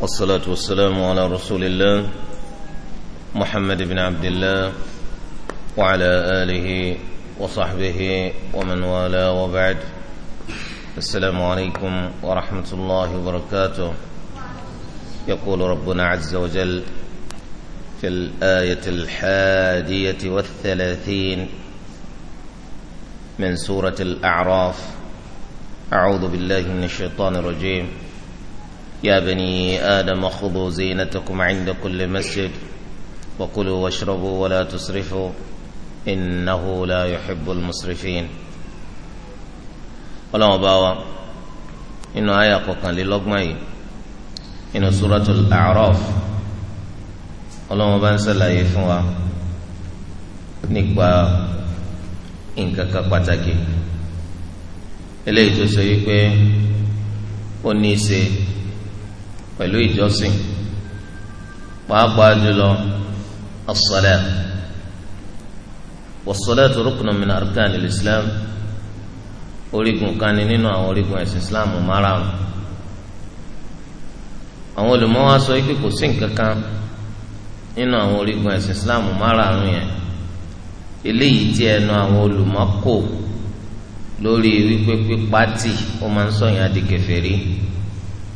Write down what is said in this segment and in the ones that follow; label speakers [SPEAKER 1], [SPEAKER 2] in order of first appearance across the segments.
[SPEAKER 1] والصلاة والسلام على رسول الله محمد بن عبد الله وعلى آله وصحبه ومن والاه وبعد السلام عليكم ورحمة الله وبركاته يقول ربنا عز وجل في الآية الحادية والثلاثين من سورة الأعراف أعوذ بالله من الشيطان الرجيم يا بني آدم خذوا زينتكم عند كل مسجد وكلوا واشربوا ولا تسرفوا إنه لا يحب المسرفين ọlọ́wọ́n bá wa inú àyà kọkànlélọ́gbọ̀n yìí inú suratul A'raf ọlọ́wọ́n bá ń sàlàyé fún wa nípa nǹkan kan pàtàkì eléyìí tó ṣe wípé ó ní í ṣe. pẹ̀lú ìjọsìn pàápàá jùlọ as-salat was-salatu ruknun min arkanil islam orígun kan ni nínú àwọn orígun ẹ̀sìn islam márùn-ún àwọn olùmọ́wá sọ pé kò sí nǹkan kan nínú àwọn orígun ẹ̀sìn islam márùn-ún yẹn eléyìí tí ẹnu àwọn olùmọ́ kò lórí wípé pípa tì ó máa ń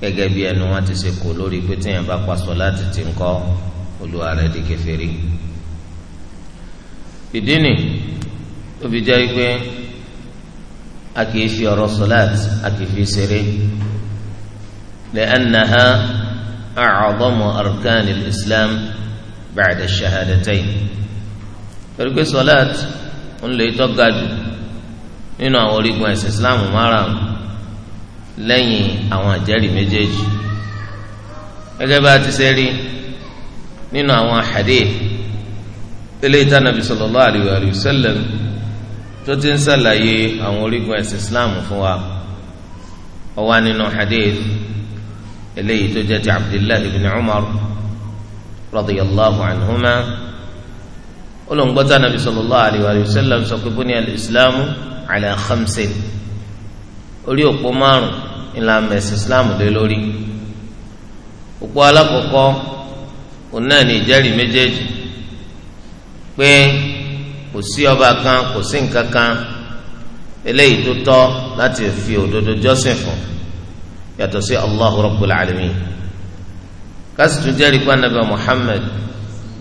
[SPEAKER 1] gẹ́gẹ́ bí ẹnu wọn ti ṣe kò lórí pé téèyàn bá pa sọ láti ti ń kọ́ olúwa rẹ̀ di kèfèrí. ìdí nì tó fi jẹ́ pé a kì í fi ọ̀rọ̀ sọ́láàtì a kì í fi ṣeré lẹ́ẹ̀nàhà a'zamu arkani islam ba'da shahadatayn. torí pé sọ́láàtì ń lè tọ́ ga nínú àwọn orígun ẹ̀sìn islam márùn-ún lẹ́yìn àwọn àjẹ́rìí méjèèjì gẹ́gẹ́ bá a ti ṣe rí nínú àwọn hadith ilé ìta nàbì sallallahu alayhi wa sallam tó ti ń ṣàlàyé àwọn orígun ẹ̀sìn islam fún wa ó wà nínú hadith eléyìí tó ti abdullahi ibn umar radiyallahu anhuma olùgbọ́tà nàbì sallallahu alayhi wa sọ pé bóni al-islamu ala khamsin orí òpó márùn ìlànà ẹ̀sìn islam lé lórí òpó alákọ̀ọ́kọ́ òun náà ní ìjẹ́rìí méjèèjì pé kò sí ọba kan kò sí nǹkan kan eléyìí tó tọ́ láti fi òdodo jọ́sìn fún yàtọ̀ sí allahu rabbul alamin kásìtú jẹ́rìí pé anabi muhammed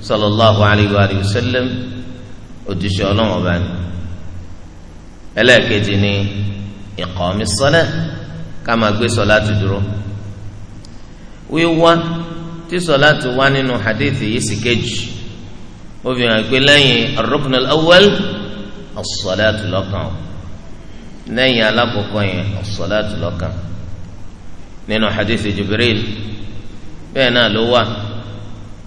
[SPEAKER 1] sallallahu alayhi wa sallam òjíṣẹ́ ọlọ́run ọba ni ẹlẹ́ẹ̀kejì ni ìkọ́mi sọ́lẹ̀ ká máa gbé sọ́láàtì dúró wíwá tí sọ́láàtì wá nínú hadith yìí sì kejì ó fi hàn pé lẹ́yìn ar-rukn al-awwal as-salatu lọ́kàn o lẹ́yìn alákọ̀ọ́kọ́ yẹn as-salatu lọ́kàn nínú hadith Jibril bẹ́ẹ̀ náà ló wà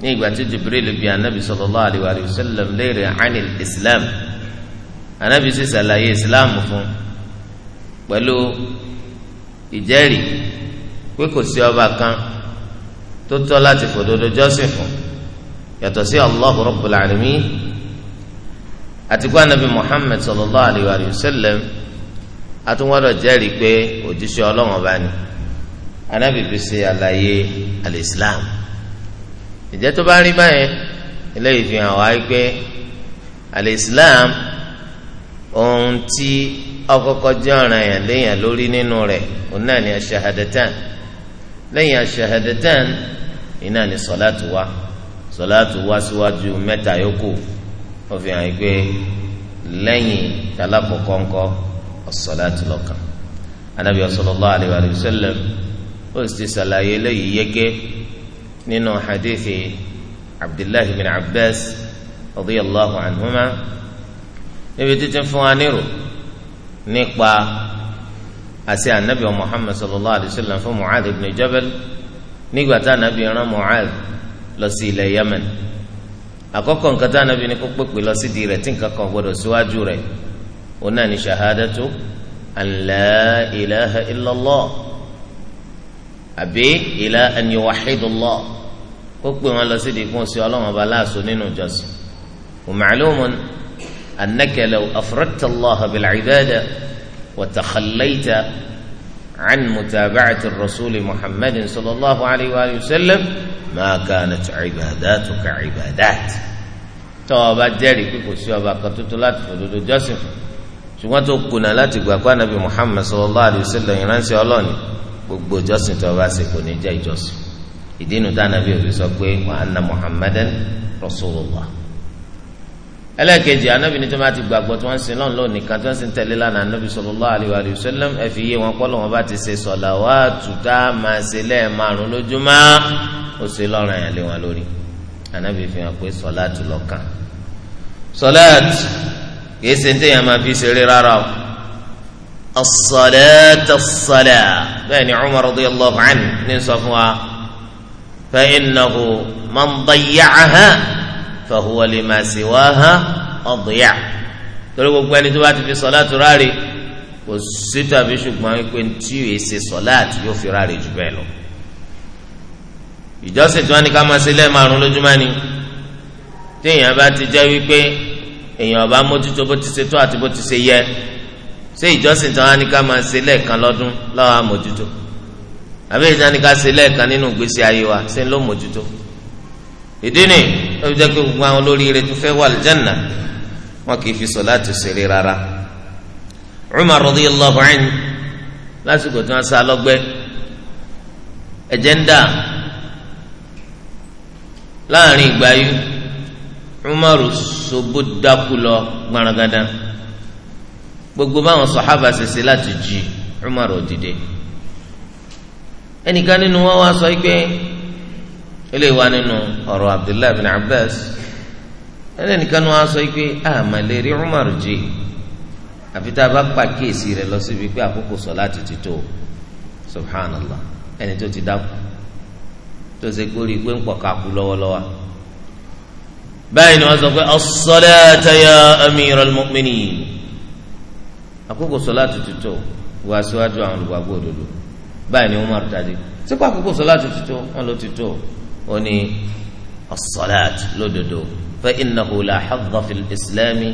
[SPEAKER 1] ní ìgbà tí Jibril bi anabi sallallahu alayhi wa léèrè anil islam anabi sì sàlàyé islam fún un pẹ̀lú ìjẹ́rìí pé kò sí ọba kan tó tọ́ láti fòdodo jọ́sìn fún yàtọ̀ sí Allahu Rabbul Alamin àti kó anabi Muhammad sallallahu alayhi wa sallam àtúwọ́dọ̀ jẹ́rìí pé òjíṣẹ́ ọlọ́run ọba ni anabi fi ṣe àlàyé al-Islam ìjẹ́ tó bá rí báyẹn eléyìí fi hàn wáyé pé al ohun tí ọkọ̀kọ̀ jẹ́ ọ̀ràn yẹn léyìn lórí nínú rẹ̀ òun náà ní aṣahadatan lẹ́yìn aṣahadatan iná ní sọ̀láàtù wá sọ̀láàtù wá síwájú mẹ́ta yòókù ó fi hàn pé lẹ́yìn alákọ̀ọ́kọ́ ńkọ́ ọ̀sọ̀láàtù lọ́kàn anábìyà sallallahu alayhi wa sallam ó sì ṣàlàyé lẹ́yìn yẹ́gẹ́ nínú hadithi abdullahi bin abbas radiyallahu anhuma níbi títí fún wa nírò nípa àti anabi muhammed sallallahu alayhi wa sallam fún mu'adh ibn jabal nígbà tá anabi rán mu'adh lọ sí ilẹ̀ yemen àkọ́kọ́ nǹkan tá anabi ní kó pèpè lọ sí di rẹ̀ tí nǹkan kan gbọdọ̀ síwájú rẹ̀ òun náà ní shahadatu an la ilaha illallah àbí ila an kó pè wọn lọ sí di kún sí ọlọ́run ọba láàṣọ nínú ìjọsìn òmàlúmọ́ni. أنك لو أفردت الله بالعبادة وتخليت عن متابعة الرسول محمد صلى الله عليه وآله وسلم ما كانت عباداتك عبادات tọ́ọ̀bá jẹ́rìí pé kò sí ọba kan tuntun láti fòdodo jọ́sìn fún ṣùgbọ́n tó kùnà láti gbà pé anabi muhammed sallallahu alayhi wa sallam ìránṣẹ́ ọlọ́ọ̀ni gbogbo jọ́sìn tọ́ọ̀bá ṣe kò ní jẹ́ ìjọsìn ìdí inú tá anabi òfin sọ pé wa anna muhammadan rasulullah ẹlẹ́ẹ̀kejì anabi ní tó máa ti gbàgbọ́ tí wọ́n ń sin lọ́n lọ́n nìkan tí wọ́n ń sin tẹ̀lé lánàá anabi sallallahu alaihi wa sallam ẹ fi yé wọn kọ́ lọ́wọ́n bá ti ṣe sọ̀làwátù tá a máa ṣe lẹ́ẹ̀márùn lójúmọ́ ó ṣe lọ́rùn àyàn lé wọn lórí anabi fi hàn pé sọ̀làtù lọ́kàn sọ̀làtù kìí ṣe ní téèyàn máa fi ṣeré rárá o as fahuwa lima siwaha ọ̀dùyà torí gbogbo ẹni tó bá ti fi sọ̀láàtì ráre kò sí tàbí ṣùgbọ́n wípé tí yóò ṣe sọ̀láàtì yóò fi ráre jù bẹ́ẹ̀ lọ. ìjọsìn tí wọ́n ní ká máa ṣe lẹ́ẹ̀márùn lójúmọ́ ni tí èèyàn bá ti jẹ́ wípé èèyàn bá mójútó bó ti ṣe tó àti bó ti ṣe yẹ ṣé ìjọsìn tí wọ́n ní ká máa ṣe lẹ́ẹ̀kan lọ́dún lọ́wọ́ àmójútó àbí ìjọsìn tí wọ́n ní ká ṣe lẹ́ẹ̀kan nínú ìgbésí ayé wa ṣé ń ló mójútó ìdí ni ó fi jẹ́ pé gbogbo àwọn olóríire tó fẹ́ wà lìjánà wọn kì í fi sọ̀láàtì ṣeré rárá Umar radiyallahu anhu lásìkò tí wọ́n sá lọ́gbẹ́ ẹ̀jẹ̀ ń dà láàrin ìgbà yìí Umar ṣubú dákú lọ gbaragada gbogbo báwọn sọ̀hábà ṣẹṣẹ láti jí Umar òdìdé ẹnìkan nínú wọn wá sọ pé ilé wa nínú ọ̀rọ̀ abdullahi bin abbas ẹlẹ́nìkan ni wọ́n á sọ pé àmàlẹ́ rí umar jì àfi tá a bá pàkíyèsí rẹ̀ lọ síbi pé àkókò sọ̀láàtì ti tó subhanallah ẹni tó ti dákú tó ṣe kórìí pé ń pọ̀ káàkú lọ́wọ́lọ́wọ́ báyìí ni wọ́n sọ pé as-salata ya amiral mu'minin àkókò sọ̀láàtì ti tó wá síwájú àwọn olùgbàgbọ́ òdodo báyìí ni umar tàdé sípò àkókò sọ̀láàtì ti tó wọ́n ló ti tó ó ní as-salat lódodo fa innahu la hadda fil islami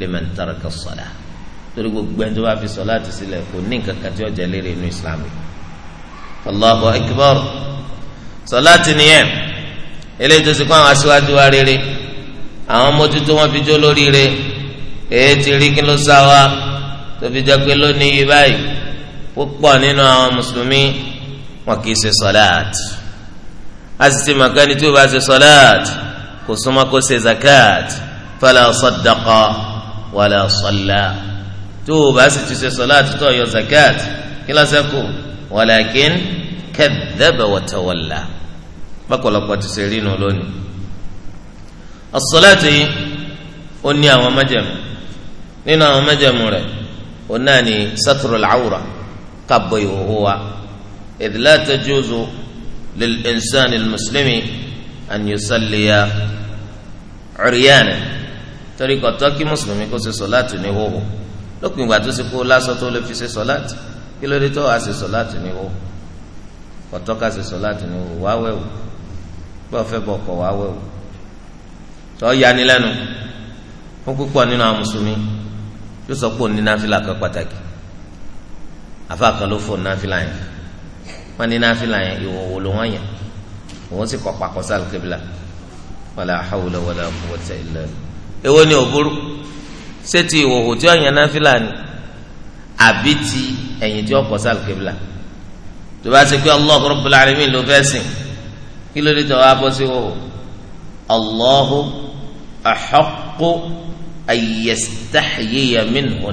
[SPEAKER 1] liman taraka as-salat torí gbogbo ẹni tó bá fi salat sílẹ̀ kò ní nǹkan kan tí ó jẹ lérè inú islam yìí allahu akbar salat nìyẹn eléyìí tó sì kó àwọn aṣíwájú wa rere àwọn mójútó wọn fi jó lóríire èyí ti rí kí ló sá wa tó fi jẹ pé lónìí yìí báyìí púpọ̀ nínú àwọn mùsùlùmí wọn kì í ṣe sọláàtì asisi makani tí o bá ṣe salat kò súnmọ́ kó ṣe zakat fala sadaqa wala salla tí o bá sì ti ṣe salat tó yọ zakat kílásẹ kù walakin kadhaba wa tawalla bákọlọpọ ti ṣe rínu lónìí as-salatu yìí ní àwọn májẹ̀mú nínú àwọn májẹ̀mú rẹ̀ ó náà ní satrul awra ká bò ìhòhò wa idh la tajuzu. للإنسان المسلم أن يصلي عريانا طريقة تاكي مسلم يكون صلاة نهوه lókùn ìgbà tó ṣe kó lásán tó lè fi ṣe sọláàtì kí ló dé tó wàá ṣe sọláàtì ní o kọtọ ká ṣe sọláàtì ní o wàá wẹ̀wò gbọ́ fẹ́ bọ̀ kọ̀ wàá wẹ̀wò tó yani lẹ́nu fún púpọ̀ nínú àwọn mùsùlùmí yóò sọ pé òní náfìlà kan pàtàkì àfa kan ló fò náfìlà yẹn wọn ní náfìlà yẹn ìwọ wò ló wọn yẹn òun sì kọ pàkọ sáà kébìlà wàlà àhàwùlà wàlà àbúwọtẹ ilẹ èwo ni òbúrú ṣé ti ìwòwò tí ọyàn náfìlà ni àbí ti ẹ̀yìn tí ọkọ sáà kébìlà tó bá ti pé Allahu Rabbul Alamin ló fẹ́ sìn kí ló dé tó wá bọ́ sí wòwò Allahu ahaqqu an yastahyiya minhu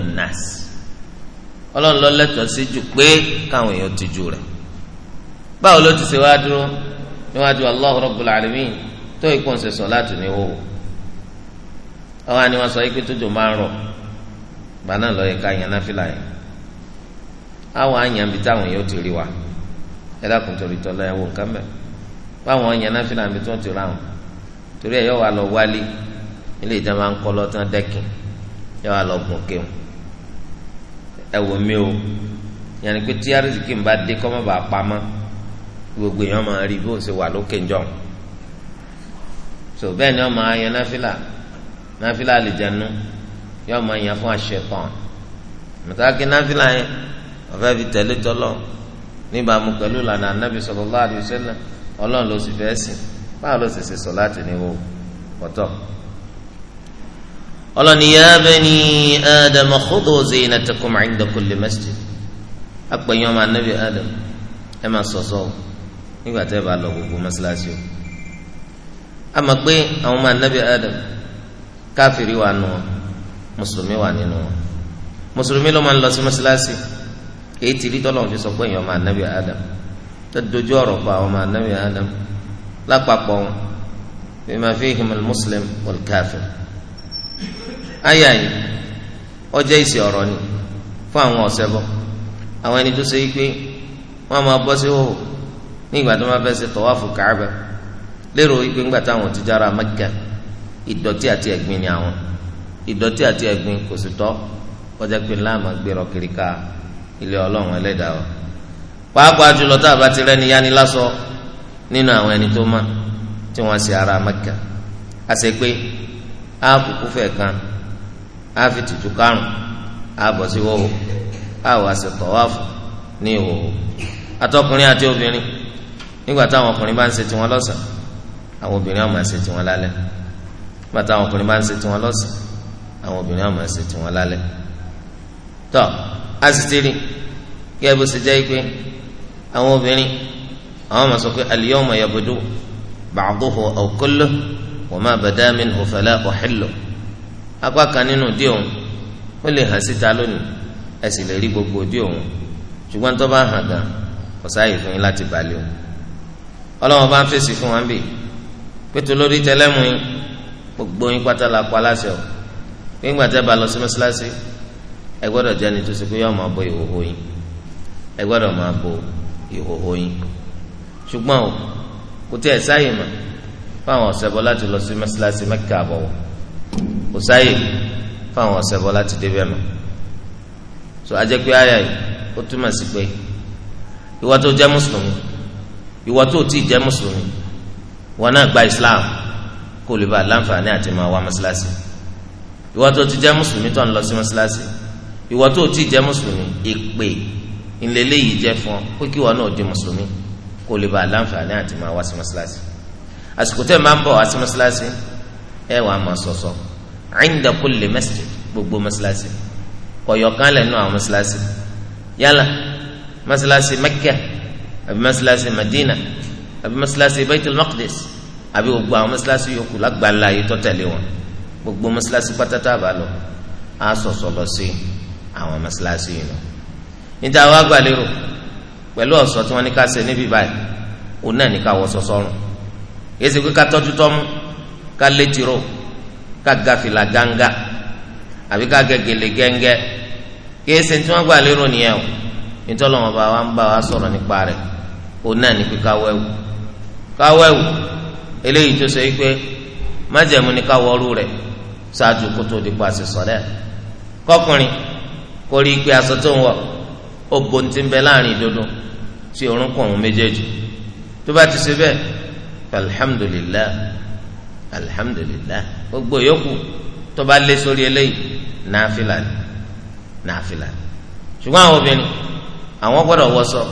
[SPEAKER 1] sí jù pé káwọn èèyàn ti jù rẹ̀. báwo ló ti ṣe wá dúró níwájú allah rabbul alamin tó ikú ń ṣe ní àni wọn sọ yìí pé máa ń gbaná lọ ká yẹn yẹn àwọn àyàn bíi táwọn ti rí wa ẹ dákun torí tọ́lá ẹ wò nǹkan mẹ́ báwọn àyàn náfìlà tó ti rà wọn torí ẹ yọ wà lọ wálé o gbogbo èèyàn máa rí bó ṣe wà lókè njọ́ so bẹ́ẹ̀ ni wọ́n máa yan náfìlà náfìlà àlìjẹnu yóò máa yan fún àṣetán mùtàkì náfìlà yẹn ọ̀fẹ́ fi tẹ̀lé tọ́lọ̀ níbàámu pẹ̀lú lànà anábì sallallahu alaihi wasallam ọlọ́run ló sì fẹ́ sìn báwo ló sì ṣe sọ láti ní wo pọ̀tọ́. ọlọ́ni ya bani adam khudhu zinatakum 'inda kulli masjid àpèyàn ọmọ anábì adam ẹ̀ máa sọ̀sọ́ o nígbà tẹ́ bá lọ gbogbo mọ́ṣáláṣí o a mọ̀ pé àwọn ọmọ anabi adam káfíìrì wà nù wọn mùsùlùmí wà nínú wọn mùsùlùmí ló máa ń lọ sí mọ́ṣáláṣí èyí ti rí tọ́lọ́run fi sọ pé èèyàn ọmọ anabi adam dojú ọ̀rọ̀ pa àwọn ọmọ anabi adam lápapọ̀ wọn bima fihim al-muslim wal-kafir àyà yìí ọjọ́ ìsì ọ̀rọ̀ ni fún àwọn ọ̀sẹ̀ bọ̀ àwọn ẹni tó ṣe é pé wọ́n máa bọ́ sí òhùn nígbà tó máa fẹ́ ṣe tọ́wáfù káàbà lérò wípé ńgbà táwọn ti jára Mẹ́kà ìdọ̀tí àti ẹ̀gbin ni àwọn ìdọ̀tí àti ẹ̀gbin kò sì tọ́ kọjá pé láàmú gbérọ kiri ká ilé ọlọ́run ẹlẹ́dàá wa pàápàá jùlọ tá a bá ti rẹ́ni yáni lásọ nínú àwọn ẹni tó tí wọ́n ara Mẹ́kà a ṣe pé a kúkú fẹ̀ kan a fi tìtú kárùn a bọ̀ sí wọ́wọ́ a wà nígbà táwọn ọkùnrin bá ń ṣe tiwọn lọ́sàn àwọn obìnrin á máa ṣe tiwọn lálẹ́ nígbà táwọn ọkùnrin bá ń ṣe tiwọn lọ́sàn àwọn obìnrin á máa ṣe tiwọn lálẹ́ tọ́ a sì ti rí gẹ́gẹ́ bó ṣe jẹ́ pé àwọn obìnrin àwọn máa sọ pé al-yawma yabdu ba'duhu aw kulluhu wa ma bada minhu fala uhillu apá kan nínú dí òun ó lè hàn síta lónìí ẹ sì lè rí gbogbo dí òun ṣùgbọ́n tó bá hàn gan kò sáàyè fún yín láti balẹ̀ òun ọlọ́wọ́n bá ń fèsì fún wa ń bì pété lórí tẹlẹ́mù yín gbogbo yín pátá la pa aláṣẹ o gbígbà tẹ́ bá lọ sí mọ́ṣáláṣí ẹ gbọ́dọ̀ jẹ́ ni tó ṣe pé yọ máa bo ìhòhò yín ẹ gbọ́dọ̀ máa bo ìhòhò yín ṣùgbọ́n o kò tí ẹ sáyè mọ̀ fáwọn ọ̀sẹ̀bọ láti lọ sí mọ́ṣáláṣí mẹ́kà àbọ̀wọ̀ kò sáyè fáwọn ọ̀sẹ̀bọ láti débẹ̀ mọ́ so ajẹ́ pé àyà yìí ó túmọ̀ sí pé ìwà tó jẹ́ mùsùlùmí ìwọ tó ti jẹ́ mùsùlùmí wọn náà gba islam kó lè bá láǹfààní àti máa wá mọ́ṣáláṣí ìwọ tó ti jẹ́ mùsùlùmí tó ń lọ sí mọ́ṣáláṣí ìwọ tó ti jẹ́ mùsùlùmí ìpè ìlélẹ́ yìí jẹ́ fún ọ pé kí ìwọ náà di mùsùlùmí kó lè bá láǹfààní àti máa wá sí mọ́ṣáláṣí àsìkò tẹ́ máa ń bọ̀ wá sí mọ́ṣáláṣí ẹ wàá máa sọ̀sọ̀ inda kulli masjid gbogbo mọ́ṣáláṣí kọ̀yọ̀kan lẹ́nu àwọn yálà mọ́ṣáláṣí Mẹ́kà àbí mọ́sálásí Madina àbí mọ́sálásí Baitul Maqdis àbí gbogbo àwọn mọ́sálásí yòókù lágbàlá yìí tọ́tẹ̀lé wọn gbogbo mọ́sálásí pátátá bá lọ á sọ̀sọ̀ lọ sí àwọn mọ́sálásí yìí lọ. níta wá gbàlérò pẹ̀lú ọ̀sọ́ tí wọ́n ní ká ṣe níbí báyìí òun náà ní ká wọ sọ̀sọ̀rùn yìí ṣe pé ká tọ́jú tọ́mú ká létiró ká gafìlà gángá àbí ká gẹ̀gẹ̀lẹ̀ gẹ́ngẹ́ kí tí wọ́n gbà nìyẹn o nítorí wọn bá wa ń bá wa sọ̀rọ̀ nípa rẹ̀ òun náà ní pé káwẹ́wù káwẹ́wù eléyìí tó sọ yìí pé májẹ̀mú ni káwọ́rú rẹ̀ ṣáájú kó tó di pa àṣìṣọ́lẹ̀ kọkùnrin kó rí i pé aṣọ tó ń wọ̀ ó bo ti ń bẹ láàrin ìdodo tí orúnkún òun méjèèjì tó bá ti ṣe bẹ́ẹ̀ alhamdulilah alhamdulilah gbogbo yòókù tó bá lé sórí eléyìí náà fìlà náà fìlà ṣùgbọ́n àwọn obìnrin àwọn gbọ́dọ̀ wọṣọ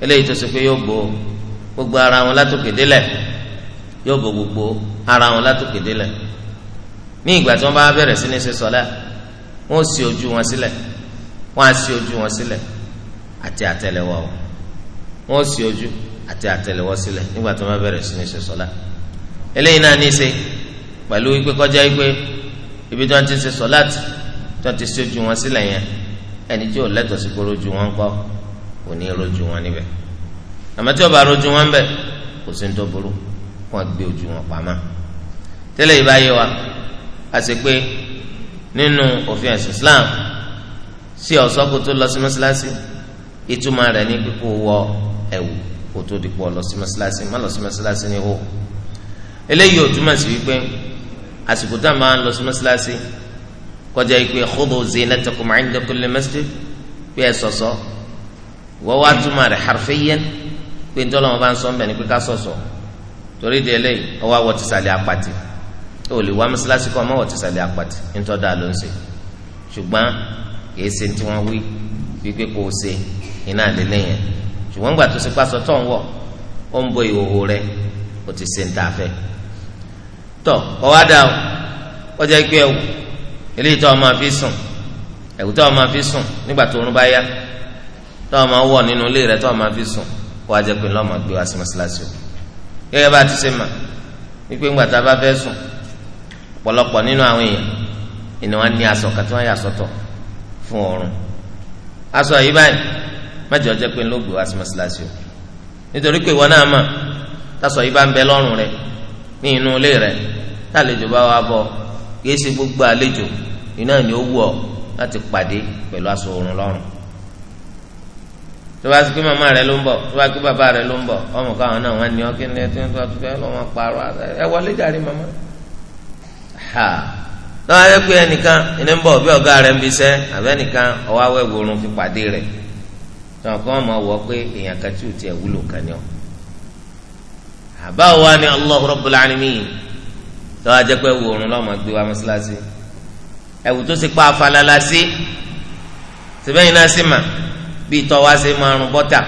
[SPEAKER 1] eléyìí tó ṣe pé yóò bo gbogbo ara wọn látòkè délẹ̀ yóò bo gbogbo ara wọn látòkè délẹ̀ ní ìgbà tí wọ́n bá bẹ̀rẹ̀ sí ní ṣe sọlá wọ́n sì ojú wọn sílẹ̀ wọ́n á sì ojú wọn sílẹ̀ àti àtẹ́lẹwọ́ wọ́n sì ojú àti àtẹ́lẹwọ́ sílẹ̀ nígbà tí wọ́n bá bẹ̀rẹ̀ sí ní ṣe sọlá eléyìí náà ní í ṣe pẹ̀lú wípé kọjá wípé ibi tí wọ́n ti ṣe sọlá tí wọ́n ti ṣe ojú wọn sílẹ̀ yẹn ẹni tí ò lẹ́tọ̀ọ́ sí kóró ju wọn kọ́ kò ní rojú wọn níbẹ̀ àmọ́ tí ó bá rojú wọn bẹ̀ kò sí ní tó burú kó wọn gbé ojú wọn pamọ́ tẹ́lẹ̀ yìí bá yé wa a sì pé nínú òfin ẹ̀sìn Islam sí ọ̀sọ́ kó tó lọ sí mọ́sálásí ìtumọ̀ rẹ̀ ní kíkó wọ ẹ̀wù kó tó dìpọ̀ lọ sí mọ́sálásí má lọ sí mọ́sálásí ní hó eléyìí ò túmọ̀ sí wípé àsìkò tá a máa lọ sí mọ́sálásí kọjá ìpè khudhu zinatakum 'inda kulli masjid pé ẹ̀ wọ́n wá túmọ̀ rẹ̀ harfiyyan pé nítorí wọn bá ń sọ ń bẹ̀ ní pé ká sọ̀sọ̀ torí de eléyìí ọwọ́ àwọ̀ ti sàlẹ̀ apàtì ó lè wá mọ́sálásí kan mọ́wọ́ ti sàlẹ̀ apàtì nítorí dáa ló ń ṣe ṣùgbọ́n kì í ṣe tí wọ́n wí wípé kò ṣe iná lélẹ̀ yẹn ṣùgbọ́n gbà tó ṣe pásọ tó ń wọ̀ ó ń bo ìhòhò rẹ̀ ó ti ṣe ń tà fẹ́ tọ́ ọwọ́ dà ó ó jẹ́ pé ẹ̀wù eléyìí tó ọmọ fi sùn ẹ̀wù tó ọmọ fi sùn nígbà tó orun bá yá tọ́wọ́ máa wọ̀ nínú ilé rẹ̀ tọ́wọ́ máa fi sùn kó a jẹ́ pé lọ́ọ́ gbé wá sí mọ́ṣáláṣí o gẹ́gẹ́ bá a ti ṣe mà wípé tá a bá fẹ́ sùn ọ̀pọ̀lọpọ̀ nínú àwọn èèyàn wọn ní aṣọ kan tí oorun aṣọ yìí báyìí mẹ́jọ jẹ́ pé tó bá sọ pé màmá rẹ ló ń bọ̀ tó bá sọ pé bàbá rẹ ló ń bọ̀ ọmọ káwọn náà wọn ni ọkẹ ní ẹtí wọn tó fẹ́ lọ́wọ́ parọ́ ẹ wọlé jàre màmá ha lọ́wọ́ ayé pé ẹnìkan ẹni ń bọ̀ bí ọ̀gá rẹ̀ ń bi sẹ́ àbẹ́nìkan ọwọ́ awẹ́ wòrun fi pàdé rẹ̀ tọ́ kọ́ ọmọ wọ pé èèyàn kan tí ò tiẹ̀ wúlò kan ni ọ àbá wa ni Allah Rabbul Alamin tọ́ ajẹ́ pé wòrun lọ́mọ gbé wa mọ́ṣáláṣí ẹ̀wù tó ti pa afalala sí tìbẹ́yìn náà sì mà bíi tọ́wá ṣe máa rún bọ́tà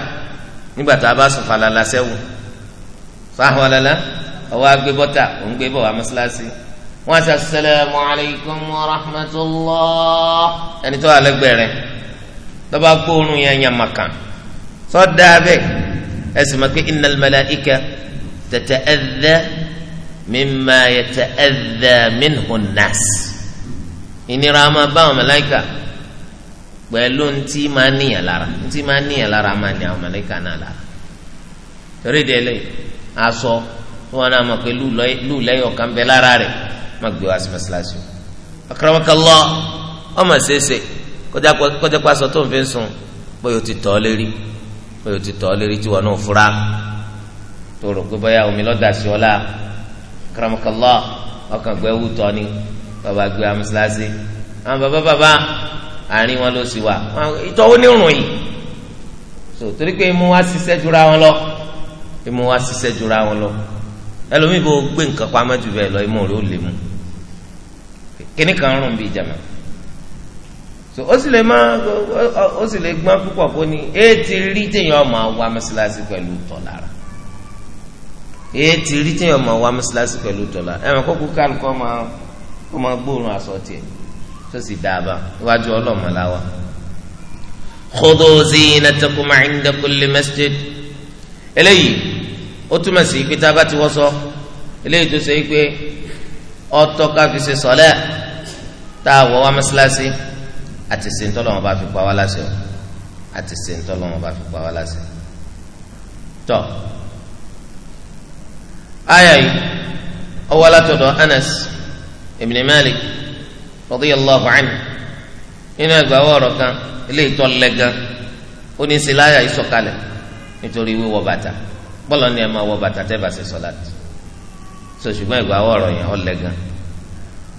[SPEAKER 1] nígbà tá a bá sùn falala sẹ́wù sáwọn ọ̀lẹ́lẹ́ ọwọ́ agbé bọ́tà ò ń gbé bọ̀ wá mọ́ṣáláṣí wọ́n ṣe assalamu alaykum wa rahmatullah ẹni tó wà lẹ́gbẹ̀ẹ́ rẹ̀ lọ́ba gbóòórùn yẹn yàn màkàn sọ́dà bẹ́ẹ̀ ẹ̀sìn mọ́ pé innal malaika tata'adha mimma yata'adha minhu an-nas ìnira máa bá àwọn màláíkà pẹ̀lú ntí máa níyàn lára ntí máa níyàn lára máa ní àwọn náà lára torí délé aṣọ tó wọn náà mọ̀ pé lù lẹ́yìn ọ̀kan bẹ lára rẹ̀ má gbé wá sí mọ́ṣáláṣí akramakallah ọmọ ṣeéṣe kọjá pa tó ń fi sùn ti tọ́ lérí o wọn ọ ọkàn tọ́ ni bàbá gbé wá àwọn bàbá àárín wọn ló sì wà ah, ìtọ́wó ní rùn yìí so torí pé imú wa ṣiṣẹ́ jura wọn lọ imú wa ṣiṣẹ́ jura wọn lọ ẹlòmíì bò gbé nǹkan pamọ́ jù bẹ́ẹ̀ lọ imú rẹ̀ ó lè mú kíní kan rùn bíi jàmá so ó sì lè má ó sì lè gbọ́n púpọ̀ kó ní ètí rí téèyàn ọmọ wa mọ́sálásí pẹ̀lú tọ̀ lára ètí rí téèyàn ọmọ wa mọ́sálásí pẹ̀lú tọ̀ lára ẹ̀wọ̀n kó kú kálukọ́ máa kó máa gbóòórùn aṣọ tiẹ̀ tó sì dáàbà iwájú ọlọ́mọláwa. khudhu zinatakum 'inda kulli masjid eléyìí ó túmọ̀ sí pé tá a bá ti wọ́sọ eléyìí tó ṣe pé ọtọ́ ká fi ṣe sọ́lẹ̀ tá a wọ̀ wá mọ́sálásí àti sèǹtọ́lọ́mọ bá fi pa wá láṣẹ o àti sèǹtọ́lọ́mọ bá fi pa wá láṣẹ. tọ́ ayà ọwọ́ látọ̀dọ̀ Anas ibn Malik radiyallahu anhu nínú ẹgbàáwọ ọ̀rọ̀ kan ilé ìtọ lẹgan ó ní síláyà ìsọ̀kalẹ̀ nítorí wíwọ bàtà bọlọ ni ẹ máa wọ bàtà tẹ́ bá ṣe sọláàtì so ṣùgbọ́n ìgbàáwọ ọ̀rọ̀ yẹn ọ lẹgan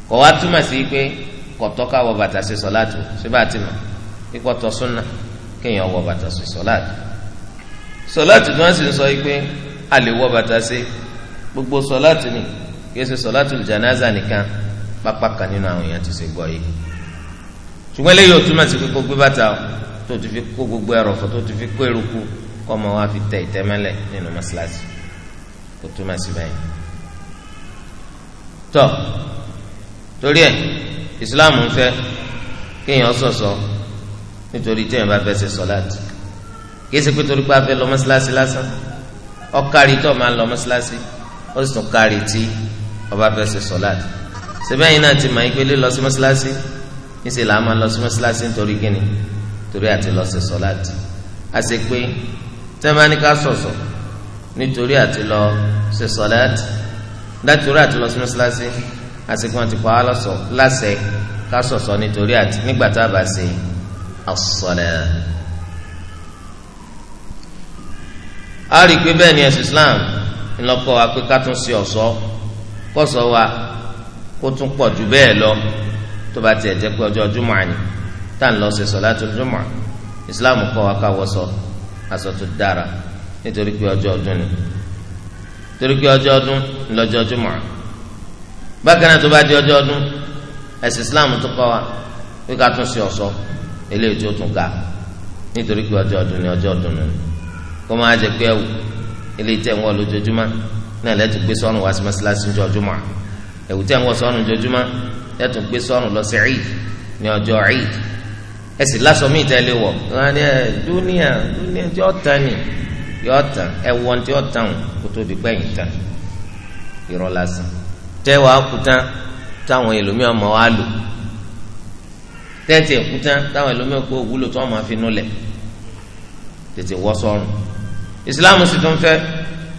[SPEAKER 1] kò wá túmọ̀ sí pé kọ̀tọ́ ká wọ bàtà ṣe sọláàtì síbà tí mà kíkọ́ tọ́ súnà kéèyàn wọ bàtà ṣe sọláàtì sọláàtì tí wọ́n sì ń sọ pé a lè wọ bàtà ṣe gbogbo sọláàtì ni kì í ṣe sọláàtì jánásà nìkan pápá kan nínú àwọn èèyàn ti ṣe gbọ́ yìí ṣùgbọ́n eléyìí ò túmọ̀ sí kíkó gbé bàtà tó ti fi kó gbogbo ẹrọ̀fọ̀ tó ti fi kó eruku kọ́ ọmọ wa fi tẹ ìtẹ́mẹ́lẹ̀ nínú mọ́ṣáláṣí kó túmọ̀ sí bẹ́ẹ̀ tọ́ torí ẹ̀ ìsìláàmù ń fẹ́ kéèyàn sọ̀sọ̀ nítorí téèyàn bá fẹ́ ṣe sọ̀láàtì kìí ṣe pé torí pé a fẹ́ lọ mọ́ṣáláṣí lásán ọ̀kárí máa lọ mọ́ṣáláṣí ó sì tún kárí ọba fẹ́ ṣe sọ̀láàtì sẹ́bẹ̀yìn náà ti mọ̀ ẹ́ pé lílọ sí mọ́ṣáláṣí níṣẹ́ là á máa lọ sí mọ́ṣáláṣí nítorí kíni torí àti lọ sí sọ́láàtì a sì pé tẹ́mánìkà sọ̀sọ̀ nítorí àti lọ sí sọ́láàtì dátorí àti lọ sí ti pa á lọ́sọ̀ láṣẹ ká sọ̀sọ̀ nítorí àti nígbà tá a bá ṣe àṣọlẹ̀. a ni ẹ̀sìn Islam ńlọkọ̀ wa pé ká tún ṣe ọ̀ṣọ́ wa kó tún pọ̀ jù bẹ́ẹ̀ lọ tó bá tiẹ̀ jẹ́ pé ọjọ́ júmọ̀ àní tá à ń lọ ṣe sọ̀láàtù júmọ̀ islam kọ́ wa ká wọṣọ aṣọ tó dára nítorí pé ọjọ́ ọdún ni torí pé ọjọ́ ọdún ńlọjọ́ júmọ̀ bákan náà tó bá di ọjọ́ ọdún ẹ̀sìn islam tó kọ́ wa pé ká tún ṣe ọ̀ṣọ́ eléyìí tó tún ga nítorí pé ọjọ́ ọdún ni ọjọ́ ọdún ni kó máa jẹ pé ẹwù eléyìí tẹ̀ ń wọ lójoojúmọ́ náà lẹ́tù gbé sọ́run wá sí mọ́ṣáláṣí ní ọjọ́ júmọ̀ ẹ̀wù tẹ̀ ń wọ sọ́run jojúmọ́ ẹ̀ tún gbé sọ́run lọ sí ẹ̀ẹ́d ní ọjọ́ ẹ̀ẹ́d ẹ̀ sì lásọ mí ìtẹ́lẹ̀ wọ̀ ẹ̀ dúníà dúníà tí ọ̀tàn ni yọ̀ ọ̀tàn ẹ̀wọ̀n tí ọ̀tàn kò tó di pẹ́yìn tán irọ́ lásán tẹ́ wàá kú táwọn ẹlòmíràn mọ̀ wá lò tẹ́tì ẹ̀kú táwọn ẹlòmíràn kó wúlò tó ọmọ àfinú lẹ̀ tètè wọ́ sọ́run ìsìláàmù sì tún fẹ́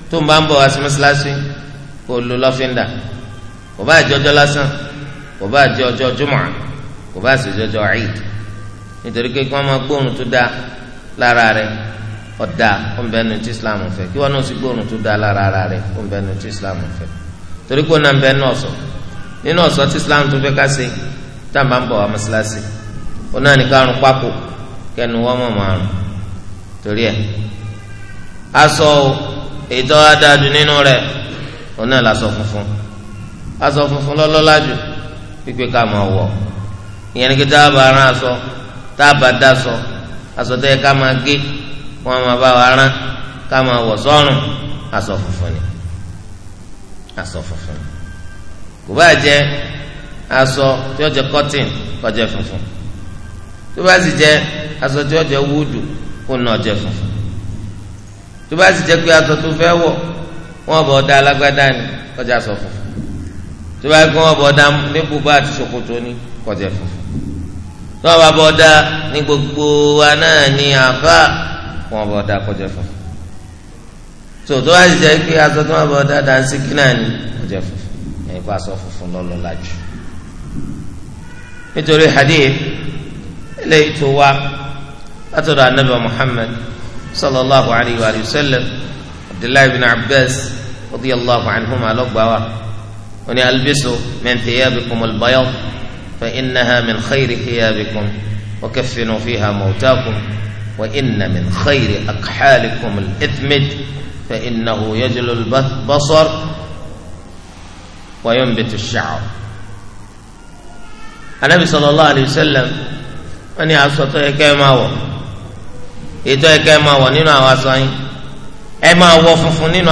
[SPEAKER 1] tó ń bá ń bọ̀ wá sí mọ́sálásí kó lo lọ́fíńdà kò bá jẹ́ ọjọ́ lásán kò bá si ọjọ́ kò bá sì jẹ́ ọjọ́ nítorí pé kí wọ́n máa gbóòórùn tó dáa lára rẹ̀ ọ̀dà ọ̀nbẹ́nu tí islam fẹ́ kí wọ́n náà sì gbóòórùn tó dáa lára tí islam torí pé ọ̀nà ọ̀sọ̀ nínú ọ̀sọ̀ tí islam tó fẹ́ ká ń aṣọ funfun lọ́lọ́lá laju, pípé ká máa wọ̀ ìyẹn ní kí tá a bá rán aṣọ tá a bá dá aṣọ aṣọ tẹ́ ká máa gé wọ́n á máa bá wa rán ká máa wọ̀ sọ́rùn aṣọ funfun ni aṣọ funfun kò bá jẹ́ aṣọ tí ó jẹ́ cotton kó jẹ́ funfun tó bá sì jẹ́ aṣọ tí ó jẹ́ wúdù kó náà jẹ́ funfun tó bá sì jẹ́ pé aṣọ tó fẹ́ wọ̀ wọ́n bọ̀ ọ́ dá alágbádá ni kó jẹ́ aṣọ funfun tó bá gbọ́n ọbọ̀ dá ní bùbá àti ṣòkòtò ní kọjá funfun tó bá bọ̀ dá ní gbogbo wa náà ní àfa wọn bọ̀ dá kọjá funfun tó tó bá ti jẹ́ pé aṣọ tó bá bọ̀ dá dá sí kí náà ní kọjá funfun ẹ̀yin kó aṣọ funfun lọ́lọ́ lájú nítorí hadith eléyìí tó wá látọ̀dọ̀ anábẹ́ Muhammad sallallahu alayhi wa sallam abdullahi bin abbas radiyallahu anhuma lọ́gbàá wa. وني ألبسوا من ثيابكم البيض فإنها من خير ثيابكم وكفنوا فيها موتاكم وإن من خير أكحالكم الإثمج فإنه يجل البصر وينبت الشعر النبي صلى الله عليه وسلم wọ́n ní كما هو yẹ كما هو máa wọ̀ ètò هو kẹ́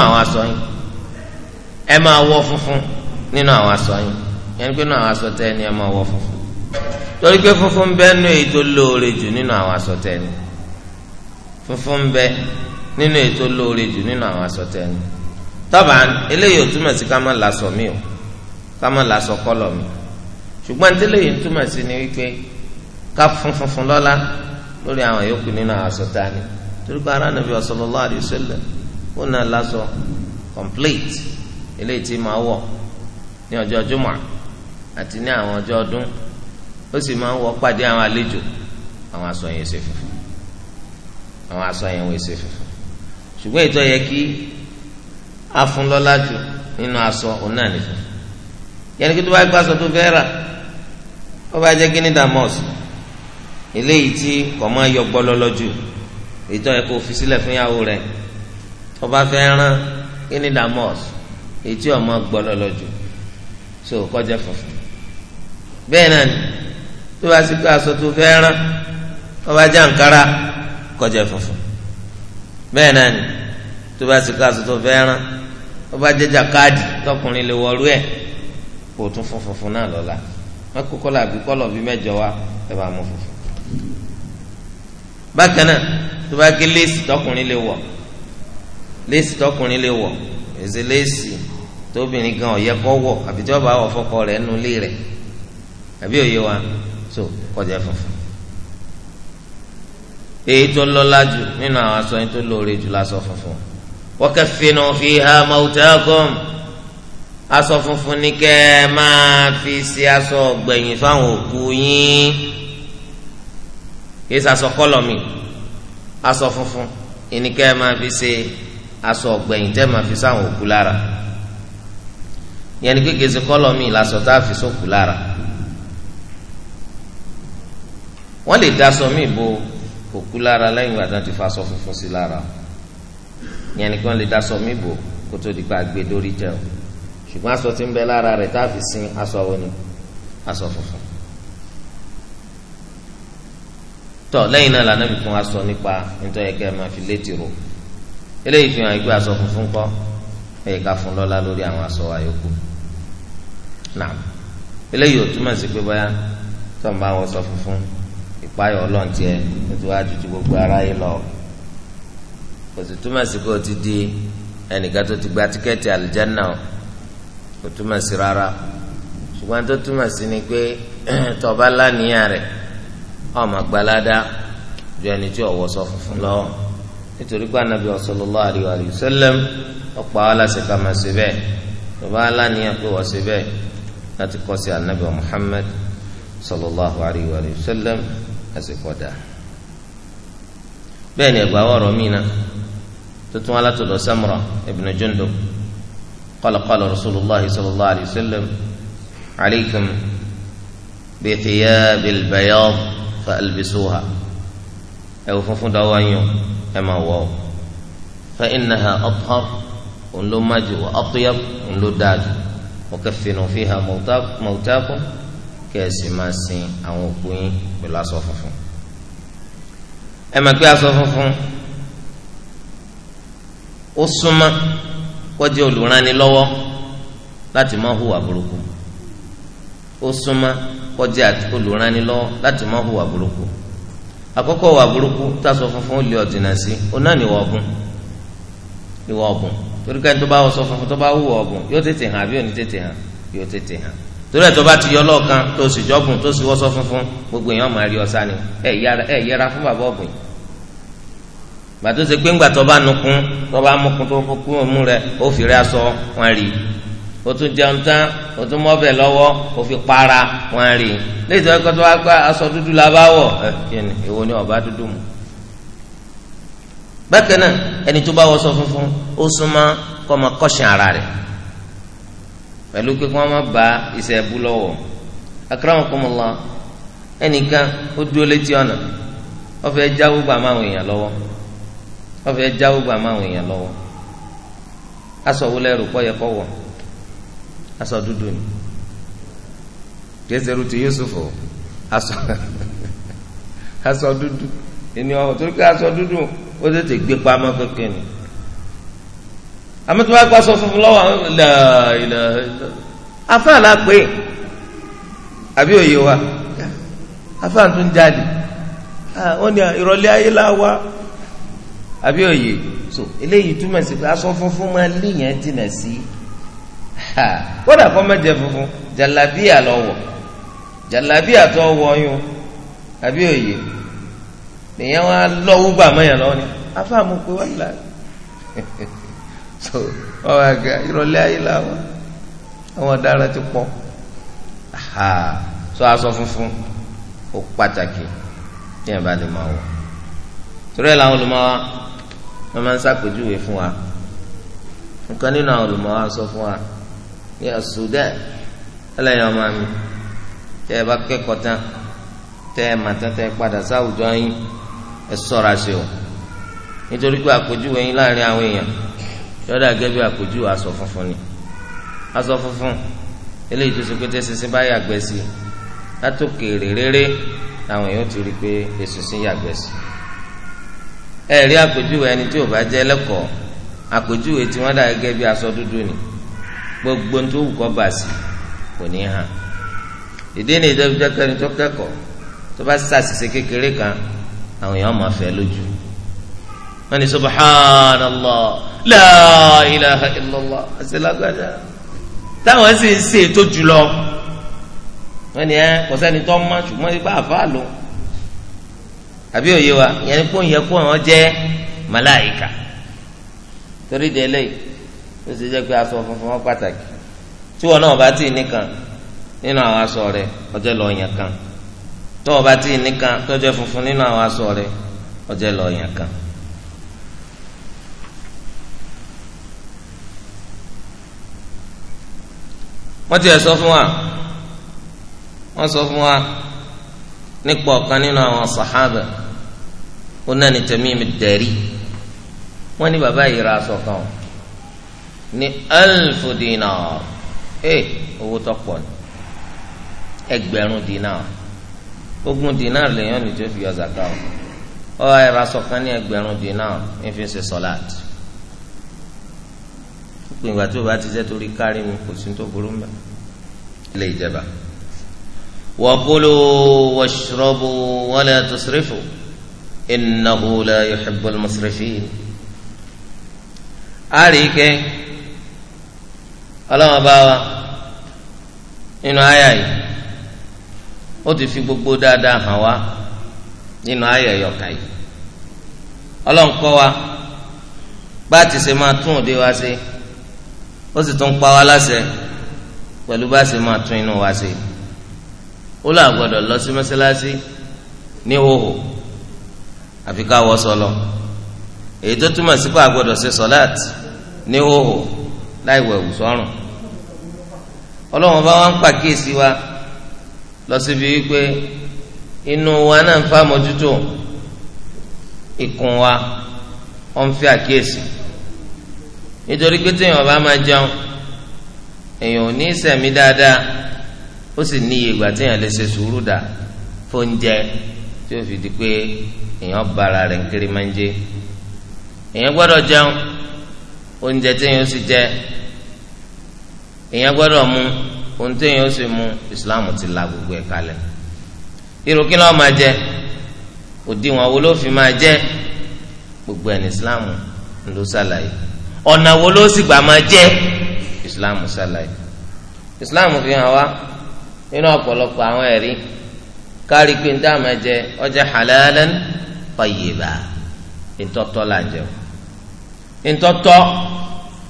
[SPEAKER 1] ẹ máa wọ̀ nínú nínú àwọn aṣọ yín yẹn pé nínú àwọn aṣọ tẹ ẹni ẹ máa wọ funfun torí pé funfun bẹ nínú èyí tó lóore jù nínú àwọn aṣọ tẹ ẹni funfun bẹ nínú èyí tó lóore jù nínú àwọn aṣọ tẹ ẹni tọ́ba eléyìí ò túmọ̀ sí ká má lasọ mi o ká má lasọ kọ́lọ̀ mi ṣùgbọ́n tẹ́lẹ̀ túmọ̀ sí ni wípé ká fún funfun lọ́la lórí àwọn yòókù nínú àwọn aṣọ tani torí pé ara nàbí sallallahu alaihi wasallam ó nà lasọ complete eléyìí tí máa wọ̀ ní ọjọ́ jùmọ̀ àti ní àwọn ọjọ́ ọdún ó sì máa ń wọ pàdé àwọn àlejò àwọn aṣọ yẹn ṣe funfun àwọn aṣọ yẹn wọ́n ṣe funfun ṣùgbọ́n ìtọ́ yẹ kí afúnlọ́lá jù nínú aṣọ òun náà ní yẹnni kí tó bá gbọ́ aṣọ tó fẹ́ rà ó bá jẹ́ gíní damos eléyìí tí kò máa yọ gbọ́lọ́lọ́ jù ìtọ́ yẹ kó fi sílẹ̀ fún ìyàwó rẹ̀ tó bá fẹ́ rán gíní damos èyí tí ò gbọ́lọ́lọ́ jù so kọjá funfun bẹ́ẹ̀ náà ni tó bá sì pé aṣọ tó fẹ́ rán ọba jẹ́ àǹkárá kọjá funfun bẹ́ẹ̀ náà ni tó bá sì pé aṣọ tó fẹ́ rán ọba jẹ́ jàkáàdì tọkùnrin lè wọlú ẹ̀ kò tún fún funfun náà lọ́la mẹ́kò kọ́lá àbí kọ́lọ̀ bíi wa ẹ bá mú funfun. bákan náà tó bá gé léèsì tọkùnrin lè wọ̀ léèsì tọkùnrin lè wọ̀ èsì léèsì tóbìnrin gan ọ̀yẹ́ kọ́ wọ̀ àbí tí wọ́n bá wọ̀ fọ́kọ rẹ̀ nínú ilé rẹ̀ àbí òye wa so kọjá funfun. èyí tó lọ́lá jù nínú àwọn aṣọ yẹn tó lóore jù lásọ funfun. wa kaffinu fiha mautakum aṣọ funfun ni kẹ́ ẹ máa fi ṣe aṣọ ọ̀gbẹ̀yìn fáwọn òkú yín kì í ṣe aṣọ kọ́lọ̀ mi aṣọ funfun ìníkẹ́ ẹ máa fi ṣe aṣọ ọ̀gbẹ̀yìn tẹ́ máa fi sáwọn òkú lára yẹn ni pé kèsì kọ́lọ̀ mi lásọ tá a fi sókù lára wọ́n lè daṣọ mi bo òkú lára lẹ́yìn ìgbà tí wọ́n ti fa aṣọ funfun sí lára yẹn ni pé wọ́n lè daṣọ mi bo kó di pa gbé dórí jẹ o ṣùgbọ́n aṣọ tí ń bẹ lára rẹ̀ tá a fi sin aṣọ wo ni aṣọ funfun tọ lẹ́yìn náà lànà bí fún aṣọ nípa nítorí ẹ̀kẹ́ máa fi létí ro eléyìí fi hàn ìgbé aṣọ funfun kọ́ ẹ̀ka fún lọ́lá lórí àwọn aṣọ àyókù náà eléyìí ò túmọ̀ sí pé báyà tó ń bá wọ sọ funfun ìpayọ̀ ọlọ́run tiẹ̀ nítorí wàá tutù gbogbo ara yìí lọ kò sì túmọ̀ sí pé o ti di ẹnìkan tó ti gba tíkẹ́ẹ̀tì àlùjáná o kò túmọ̀ sí rárá ṣùgbọ́n tó túmọ̀ sí ni pé tọba lánìyàn rẹ̀ ọmọ gbalada ju ẹni tí ọwọ́ sọ funfun lọ nítorí pé anabi sallallahu alaihi wa sallam ọ̀pọ̀ àwọn aláṣẹ kà máa ṣe bẹ́ẹ̀ tọba lánìyàn pé wọ́n ṣe bẹ́ẹ̀ láti kọ́ sí anabi muhammed sallallahu alayhi wa sallam àsìkọ́dà bẹ́ẹ̀ ni ẹgbàá wọ̀rọ̀ mìíràn tuntun alátọ̀dọ̀ samura ibn jundub qala qala rasulillah sallallahu alayhi wa sallam alaykum biqiya bilbayaad fa albisuha ẹ wò funfun dáwọ́ anyo ẹ máa wọ̀ ọ́ fa innaha athar òun ló má ju wa atyab òun ló dáa ju. وكفنوا فيها موتاكم kẹ́ẹ̀sì máa sin àwọn òkú yín pẹ̀lú aṣọ funfun ẹ máa gbé aṣọ funfun ó súnmọ́ kó jẹ́ olùrànilọ́wọ́ láti má hùwà burúkú ó súnmọ́ kó jẹ́ olùrànilọ́wọ́ láti má hùwà burúkú àkọ́kọ́ hùwà burúkú táṣọ funfun ó lé ọ̀dìnà sí ó náà ní ìwà ọ̀gùn ìwà ọ̀gùn torí ká ẹni tó bá wọ sọ funfun tó bá wù ọ̀gùn yóò tètè hàn àbí òní tètè hàn yóò tètè hàn torí ẹ̀ tó bá ti yọ lọ́ọ̀kan tó sì jọ́gùn tó sì wọ́sọ funfun gbogbo èèyàn máa rí ọ̀sá ni ẹ yẹra fún bàbá ọ̀gùn gbàtó ṣe pé ńgbà tó bá nukun tó bá mukun tó kún òmù rẹ ó fi rẹ aṣọ wọn rí o tún jẹun tán o tún mọ́bẹ̀ lọ́wọ́ o fi para wọn rí léyìí tó wá gbá aṣọ dúdú la bá wọ̀ ẹ kí ni èwo ni ọba dúdú mu bákan náà ẹni tó bá wọṣọ funfun ó súnmọ́ kó máa kọ́ṣìn ara rẹ̀ pẹ̀lú pé kí wọ́n má ba iṣẹ́ ẹbú lọ́wọ́ akramakumullah ẹnìkan ó dúró létí ọ̀nà ó fẹ́ jáwó gbà máwọn èèyàn lọ́wọ́ ó fẹ́ jáwó gbà máwọn èèyàn lọ́wọ́ aṣọ wo lẹ́rù kọ́ yẹ kọ́ wọ̀ aṣọ dúdú ni kẹsẹ̀rù ti Yusuf aṣọ dúdú ènìyàn torí ká aṣọ dúdú ó tètè gbé pamọ́ kékeré ni àmọ́ tí sọ funfun lọ́wọ́ ilẹ̀ ilẹ̀ afáà la pè é àbí òye wa afáà tún jáde wọ́n ní ìrọ̀lẹ́ ayé la àbí òye so eléyìí túmọ̀ sí pé aṣọ funfun máa léèyàn jìnà sí kódà kọ́ mẹ́jẹ funfun jàlábíà lọ́wọ́ jàlábíà tó wọ́ọ́yún àbí òye lèyàn wọn lọ́wọ́ gbà mọ́yàn lọ́wọ́ ni afáàmù pé wọ́n là so wọn wà gà ìrọ̀lẹ́ ayé làwọn àwọn ọ̀daràn ti pọ̀ so aṣọ funfun ó pàtàkì tí yẹn bá lè máa wọ̀ torí ẹ̀ làwọn olùmọ̀ wa wọ́n máa ń ṣàpèjúwe fún wa nǹkan nínú àwọn olùmọ̀ wa sọ fún wa ní Sudan ẹlẹ́yìn ọmọ mi tẹ́ ẹ bá kẹ́kọ̀ọ́ tán tẹ́ ẹ mà tán tẹ́ ẹ padà sáwùjọ yín ẹ ṣọ́ra sí o nítorí pé àpèjúwe yín láàrin àwọn èèyàn yọdà gẹ́gẹ́ bí àpèjúwe aṣọ funfun ni aṣọ funfun eléyìí tó ṣe pé tẹsíṣin bá yàgbẹ́ sí i látòkèrè réré làwọn èèyàn ti rí i pé èsùsìn yàgbẹ́ sí i ẹ rí àpèjúwe ẹni tí ò bá jẹ́ lẹ́kọ̀ọ́ àpèjúwe tí wọ́n dà gẹ́gẹ́ bí aṣọ dúdú ni gbogbo tó wù kọ́ bà sí kò ní hàn ìdí ni ìjọba ìjọba tó kẹ́kọ̀ọ́ tó bá ṣàṣìṣe kékeré kan àwọn èèyàn máa fẹ́ lójú wọ́n ní subhanallah
[SPEAKER 2] la laayilaha
[SPEAKER 1] illallah àṣelágbádá táwọn Taa ṣe ètò jùlọ wọ́n ní ẹ kò sẹ́ni tó ń mọ̀ ṣùgbọ́n ibà àfa lò àbí òye wa yẹn ni kó yẹ kó àwọn jẹ màláìka torí délé ó sì jẹ́ pé aṣọ funfun wọn pàtàkì tí wọn náà bá tì nìkan nínú àwọn aṣọ rẹ kan. tó o bá tí ì nìkan tó jẹ́ funfun nínú àwọn aṣọ rẹ̀ ọjọ́ lọ yàn kan. wọ́n ti ẹ̀ sọ fún wa wọ́n sọ fún wa nípa ọ̀kan nínú àwọn sàhábà ó náà ní Tamim ad-Dari wọ́n ní bàbá yìí ra aṣọ kan ní alfu dinar ẹ owó tó pọ̀ ẹgbẹ̀rún dinar ogún dinar lèyàn lè tó fi yọ zaka o ọ ẹ̀rọ aṣọ kan ní ẹgbẹ̀rún dinar ń fi ṣe sọ́láàt pípé ìgbà tí o bá ti jẹ́ torí kárí mi kò sí tó burú mẹ́ lè jẹba. وكلوا واشربوا ولا تسرفوا إنه لا يحب المسرفين àríkẹ́ nínú àyà yìí ó ti fi gbogbo dáadáa hàn wá nínú ayẹyẹ ọkà yìí ọlọ́nkọ́ wa bá a ti ṣe máa tún òde wa ṣe ó sì tún pa wá láṣẹ pẹ̀lú bá a ṣe máa tún inú wa ṣe ó là gbọ́dọ̀ lọ sí mọ́ṣáláṣí ní hòhò àfi ká wọ́ sọlọ èyí tó túmọ̀ sí pé a gbọ́dọ̀ ṣe sọ́láàtì ní hòhò láì wẹ̀wù sọ́rùn ọlọ́wọ́n bá wá ń pàkíyèsí wa lọ́sibí wípé inú wa náà ń fa àmójútó ikùn wa wọ́n ń fi àkíyèsí nítorí pé téèyàn bá máa jẹun èèyàn ò ní sẹ̀mí dáadáa ó sì ní iye ìgbà téèyàn lè ṣe sùúrù dà fóúnjẹ tí ó fi di pé èèyàn bara rẹ̀ ń kiri máa ń jẹ èèyàn gbọ́dọ̀ jẹun oúnjẹ téèyàn sì jẹ èèyàn gbọ́dọ̀ mu ohun téèyàn ó sì mú islam ti la gbogbo ẹ̀ kalẹ̀ irú kí ló máa jẹ òdiwọ̀n wo ló fi máa jẹ gbogbo ẹ̀ ní islam ló ṣàlàyé ọ̀nà wo ló sì gbà máa jẹ islam ṣàlàyé islam fi hàn wá nínú ọ̀pọ̀lọpọ̀ àwọn ẹ̀rí kárí pé níta máa jẹ ọjà halalan tayyiba ntọ́tọ́ là ń jẹun ntọ́tọ́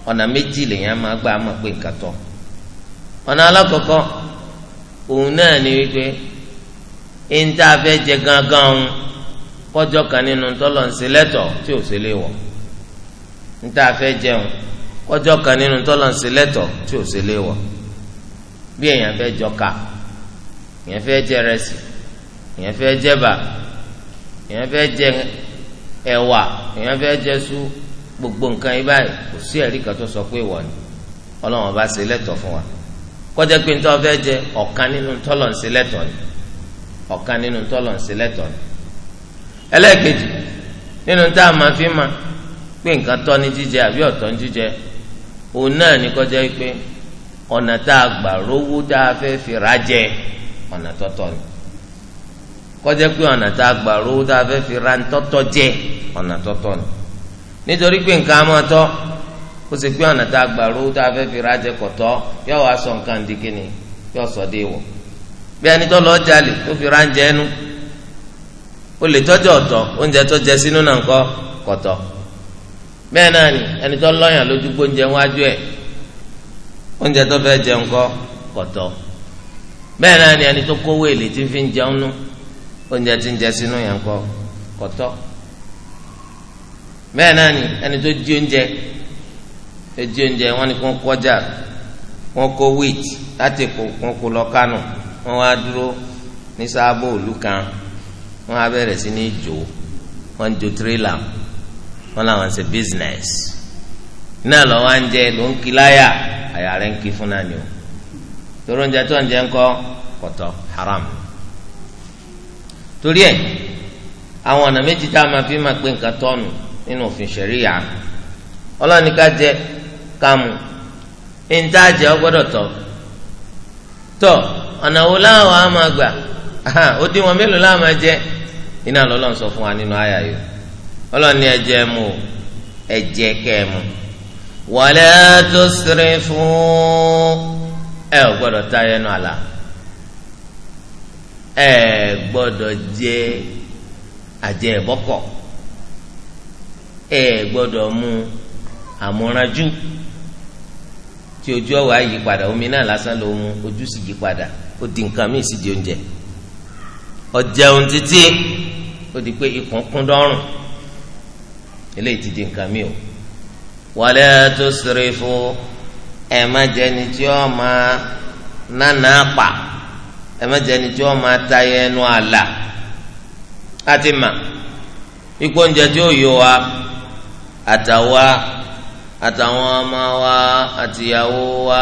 [SPEAKER 1] ọ̀nà méjì lèèyàn máa gbà máa pé nǹkan tọ́. ọ̀nà alákọ̀ọ́kọ́ òun náà ni wípé ìńtà fẹ́ jẹ gángan òun kọjọ kan nínú tọ́lọ̀ ń ṣe lẹ́tọ̀ tí ò ṣe lè wọ̀ ìńtà fẹ́ jẹun kọjọ kan nínú tọ́lọ̀ ń ṣe lẹ́tọ̀ tí ò ṣe lè wọ̀ bí èèyàn fẹ́ jọka èèyàn fẹ́ jẹ rẹsì èèyàn fẹ́ jẹ bà èèyàn fẹ́ jẹ èèyàn fẹ́ jẹ sú gbogbo nǹkan yìí báyìí kò sí ẹ̀rí kan tó sọ pé wọ̀ ni ọlọ́run ọba ṣe lẹ́tọ̀ fún wa. kọjá pé nítorí ọfẹ jẹ ọ̀kan nínú tọlọ ń ṣe ni ọ̀kan nínú tọlọ ń ṣe ni ẹlẹ́ẹ̀kejì nínú tá a máa fi ma pé nǹkan tọ́ ní jíjẹ àbí ọ̀tọ̀ ní jíjẹ òun náà ní kọjá pé ọ̀nà tá a gbà rówó tá a fẹ́ fi ra jẹ ọ̀nà tọ́tọ́ ni kọjá pé ọ̀nà tá a gbà rówó tá a fẹ́ fi ra ń tọ́tọ́ jẹ ọ̀nà tọ́tọ́ ni nítorí pé nǹkan á máa tọ́ kó ṣe pé ọ̀nà tá a gbà rówó tá a fẹ́ fi rájẹ kọ̀tọ́ yóò wá sọ nǹkan di kíni yóò sọ dé wọ̀ bí ẹni tó lọ jalè tó fi ráńjẹ ẹnu ó lè tọ́jú ọ̀tọ̀ oúnjẹ tó jẹ sínú náà ńkọ́ kọ̀tọ̀ bẹ́ẹ̀ náà ni ẹni tó lọ́yàn lójú gbóúnjẹ wájú ẹ̀ oúnjẹ tó fẹ́ jẹ ńkọ́ kọ̀tọ̀ bẹ́ẹ̀ náà ni ẹni tó kówó èlé tí fi jẹun nú oúnjẹ tí ń jẹ sínú yẹn ńkọ́ kọ̀tọ̀ bẹ́ẹ̀ náà ni ẹni tó jí oúnjẹ ejí oúnjẹ wọn ni kò kọjá wọn kó wheat láti kó wọn kó lọ kánò wọn wá dúró ní sábò òlù kan wọn á bẹ̀rẹ̀ sí ní jò wọn jò wọn làwọn ṣe business náà lọ́wọ́ à ń jẹ ló ń kí àyà ń kí fún náà haram torí àwọn ọ̀nà méjì tá a máa fi máa pé nǹkan tọ́nu nínú òfin ọlọ́ni kámú ìntàjẹ ọgbọ́dọ̀ tọ. tọ́ ọ̀nà wo láwọn á máa gbà ó dín wọn mélòó láwọn máa jẹ iná lọ́lọ́run sọ fún wa nínú àyà yìí ọlọ́run ní ẹjẹ mu o ẹjẹ kẹ mu wala tusrifu ẹ ò gbọ́dọ̀ ta ẹnu àlà ẹ jẹ àjẹ ẹ gbọdọ mu àmúranjú. tí ojú ọwọ́ àyè padà omi náà lásán ló mu ojú sì yí padà ó di nǹkan míì sì di oúnjẹ ọjẹun títí ó di pé ikùn kún dọ́rùn eléyìí ti di nǹkan míì o wala tusrifu ẹ má jẹni tí ó máa nánà pa ẹ má jẹni tí ó máa tayẹ ẹnu àlà àti mà ikú oúnjẹ tí ó yọ wa àtàwa. àtàwọn ọmọ wa àtìyàwó wa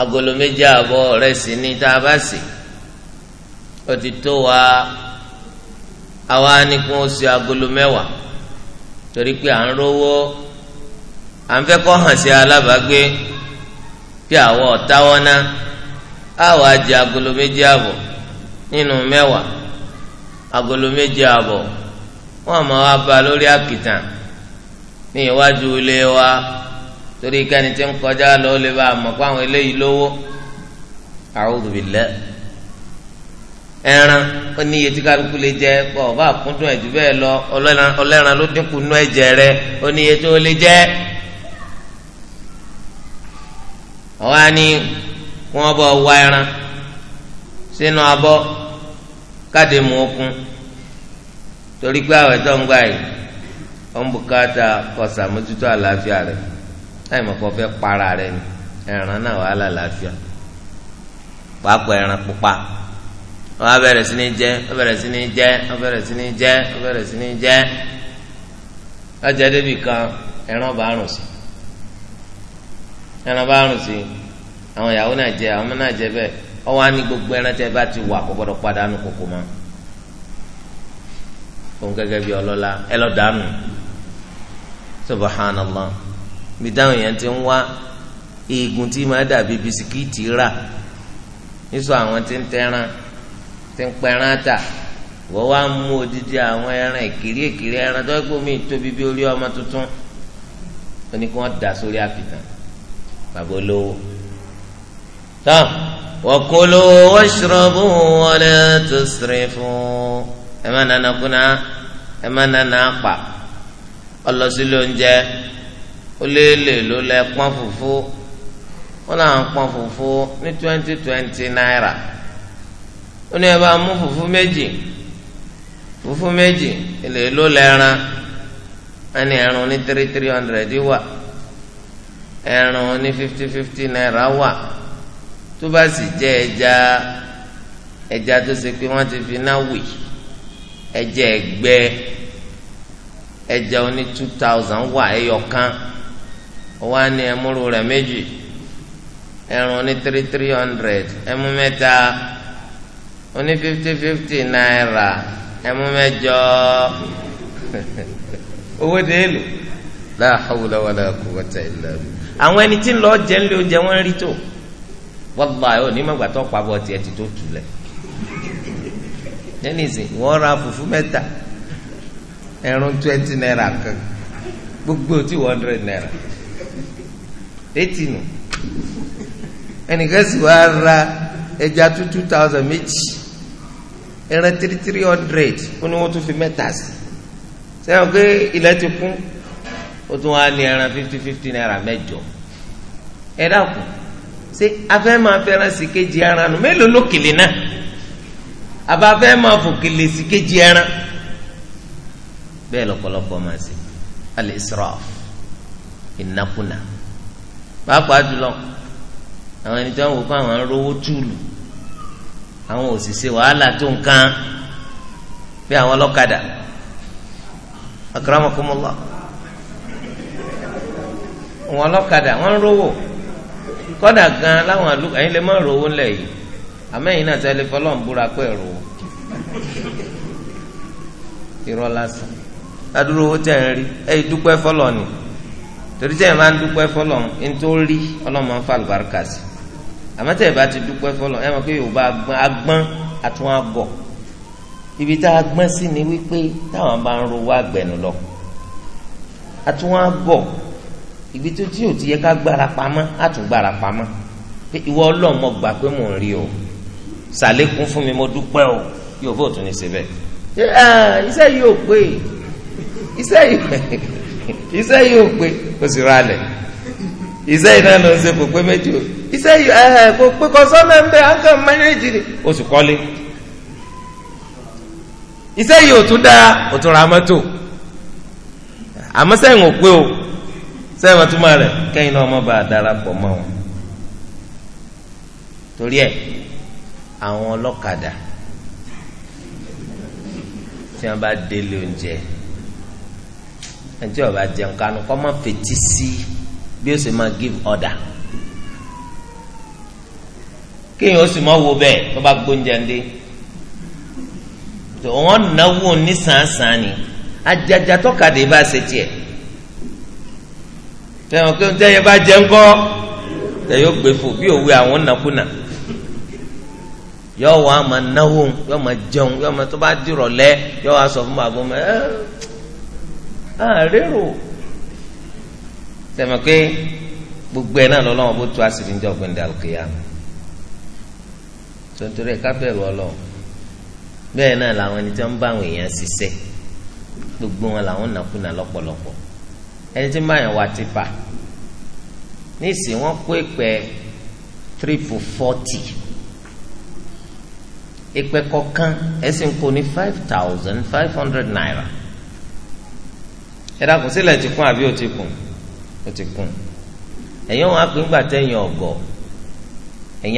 [SPEAKER 1] agolo méjì àbọ̀ rẹ̀ sí ní tá a bá sì ó ti tó wa àwa ni kí wọ́n ṣe agolo mẹ́wàá torí pé à ń rówó à ń fẹ́ kọ́ hàn sí alábàágbé kí àwọ̀ táwọn ná àwa jẹ agolo méjì àbọ̀ nínú mẹ́wàá agolo méjì àbọ̀ wọ́n àmọ́ wa ba lórí àkìtàn. ní iwájú ilé wa torí kẹ́ni tí ń kọjá lọ ó lè bá a mọ̀ pé àwọn eléyìí lówó ẹran ó ní iye tí kálukú lè jẹ ọba àkúndùn ẹ̀jú bẹ́ẹ̀ lọ ọlẹ́ran ló dínkù nú ẹ̀jẹ̀ rẹ ó ní iye tó lè jẹ. wá ẹran sínú abọ káde mú okun torí pé tó ń gbà wọn bùkátà kó ṣàmójútó àlàáfíà rẹ láì mọ̀ kó fẹ́ para rẹ ni ẹran náà wàhálà àlàáfíà pàápàá ẹran pupa wọn á bẹ̀rẹ̀ sí ní jẹ wọn bẹ̀rẹ̀ sí ní jẹ wọn bẹ̀rẹ̀ sí ní jẹ wọn bẹ̀rẹ̀ sí ní jẹ lọ́jà kan ẹran bá rùn sí ẹran bá rùn sí gbogbo ẹran tẹ bá ti wà kó padà nù kókó mọ́ subhanallah bí táwọn èèyàn ti ń wá eegun tí máa dàbí bisikíìtì rà nísọ àwọn tí ń tẹran tí ń pẹran ta wọ́n wá mú odidi àwọn ẹran ìkiri ìkiri ẹran tó gbó mi tóbi bí orí ọmọ tuntun ó ní kí wọ́n dà sórí àpìtàn bàbá olówó tó wa kulu washrabu wa la tusrifu ẹ má nana kúnà ẹ má nana pa ọlọsílẹ oúnjẹ ó léèlè ló lẹ pọ́n fùfú wọn làwọn pọ́n fùfú ní twenty twenty naira ó ní ẹ bá mú fùfú méjì fùfú méjì èlè ló lẹran ẹni ẹran ní three three hundred wà ẹran ní fifty fifty naira wà tó bá sì jẹ ẹja ẹja tó ṣe pé wọn ti fi náà wì ẹja ẹgbẹ. E ẹja oní two thousand wà ẹyọ wà ní ẹmúrú rẹ méjì ẹran oní three three hundred ẹmú mẹ́ta oní fifty fifty náírà ẹmú mẹ́jọ owó de èlò la hawla wala quwwata illa billah àwọn ẹni tí ń lọ jẹ ń lé oúnjẹ wọn rí tó wallahi onímọ̀gbà tó pa bọ̀ tiẹ̀ ti tó tu lẹ̀ lẹ́nu wọ́n ra fùfú mẹ́ta ẹ̀rún twenty naira kan gbogbo tí one hundred naira Eighteen. nù ẹnìkan sì wá ra ẹja tó two thousand méjì ẹran three three hundred ó ní wọ́n tún fi mẹ́ta sí sẹ́wọ̀n pé ilẹ̀ ti kún ó tún wá ní ẹran fifty fifty naira mẹ́jọ ẹ dákun ṣé afẹ́ máa fẹ́ràn sí kejì ẹran nù mélòó lókèlè náà àbá fẹ́ máa fòkèlè sí kejì ẹran. bẹ́ẹ̀ lọ́pọ̀lọpọ̀ máa ṣe al-israf ìnákúnà pàápàá jùlọ àwọn ẹni tó ń wò kó àwọn arówó túlù àwọn òṣìṣẹ́ wàhálà tó nǹkan bí àwọn ọlọ́kadà akramakumullah àwọn ọlọ́kadà wọ́n ń rówó kọ́dà gan láwọn àlùkò ẹ̀yin lè má rówó ńlẹ̀ yìí náà tẹ́lẹ̀ ń búra adúró owó tẹ̀ ń rí ẹ̀yìn dúpẹ́ fọlọ́ ni torí tẹ̀ máa ń dúpẹ́ fọlọ́ ń tó rí ọlọ́mọ ń fa àlùbáríkà sí àmọ́ tẹ̀ bá ti dúpẹ́ fọlọ́ ẹ̀ mọ̀ pé yorùbá agbọ́n àtún àgọ̀ ibi tá a gbọ́n sí ni wípé táwọn bá ń rowó àgbẹ̀nu lọ àtún àgọ̀ ibi tó tí ò ti yẹ ká gbára pamọ́ àtún gbára pamọ́ pé ìwọ ọlọ́mọ gbà pé mò ń rí o sàlékún fún mi mo dúpẹ́ o yóò fóòtún ní síbẹ̀ iṣẹ́ yìí ò pé iṣẹ́ yìí iṣẹ́ yìí ò pé kò sì ra lẹ̀ iṣẹ́ yìí náà ló ń ṣe kò pé méjì o iṣẹ́ yìí ẹ̀ kò pé kọ́sọ́nà ń bẹ àǹkà méjèèjì ni oṣù kọ́lé iṣẹ́ yìí ò tún ò tún ra mọ́tò àmọ́ sẹ́yìn ò pé o sẹ́yìn wọn túmọ̀ rẹ̀ kẹ́yìn náà ọmọ bá a darapọ̀ mọ́ wọn torí ẹ̀ àwọn ọlọ́kadà tí wọn bá délé oúnjẹ. ẹni tí ó bá jẹun kánú kọ́ má fetí sí bí ó sì máa give order kéèyàn ó sì máa wo bẹ́ẹ̀ tó bá gbóúnjẹ ń dé tó wọ́n náwó nísànsán ni ajaja tọ́kadì bá ṣe tiẹ̀ tẹ̀wọ̀n kí n tẹ́yẹ bá jẹ ńkọ́ tẹ̀yẹ ó gbé fò bí òwe àwọn nàkúnà yọ wọ́n a máa náwó yọ máa jẹun yọ máa tó bá dìrọ̀lẹ́ yọ wọ́n a sọ fún bàbá ọmọ ẹ́ẹ́ àrérò ah, tẹ̀mọ̀ pé gbogbo ẹ̀ náà lọ́lọ́wọ́ bó tu àṣírí níjọ́ gbẹ̀ndé àlùkìyà tontorí ẹ̀ kábẹ̀rù ọlọ́wọ́ bẹ́ẹ̀ náà làwọn ẹni tí wọ́n ń bá àwọn èèyàn ṣiṣẹ́ gbogbo wọn làwọn nàkúnà lọ́pọ̀lọpọ̀ ẹni tí máa yàn wá tipa níìsín wọ́n kó ìpẹ́ tírípù fọ́tì ìpẹ́ kọ̀ọ̀kan ẹ̀sìn kò ní five thousand five hundred naira. ẹ dákun sílẹ̀ ti kún àbí ó ti kún ó ti kún ẹ̀yin wọn apè ńgbà tẹ̀yìn ọ̀gọ̀ ni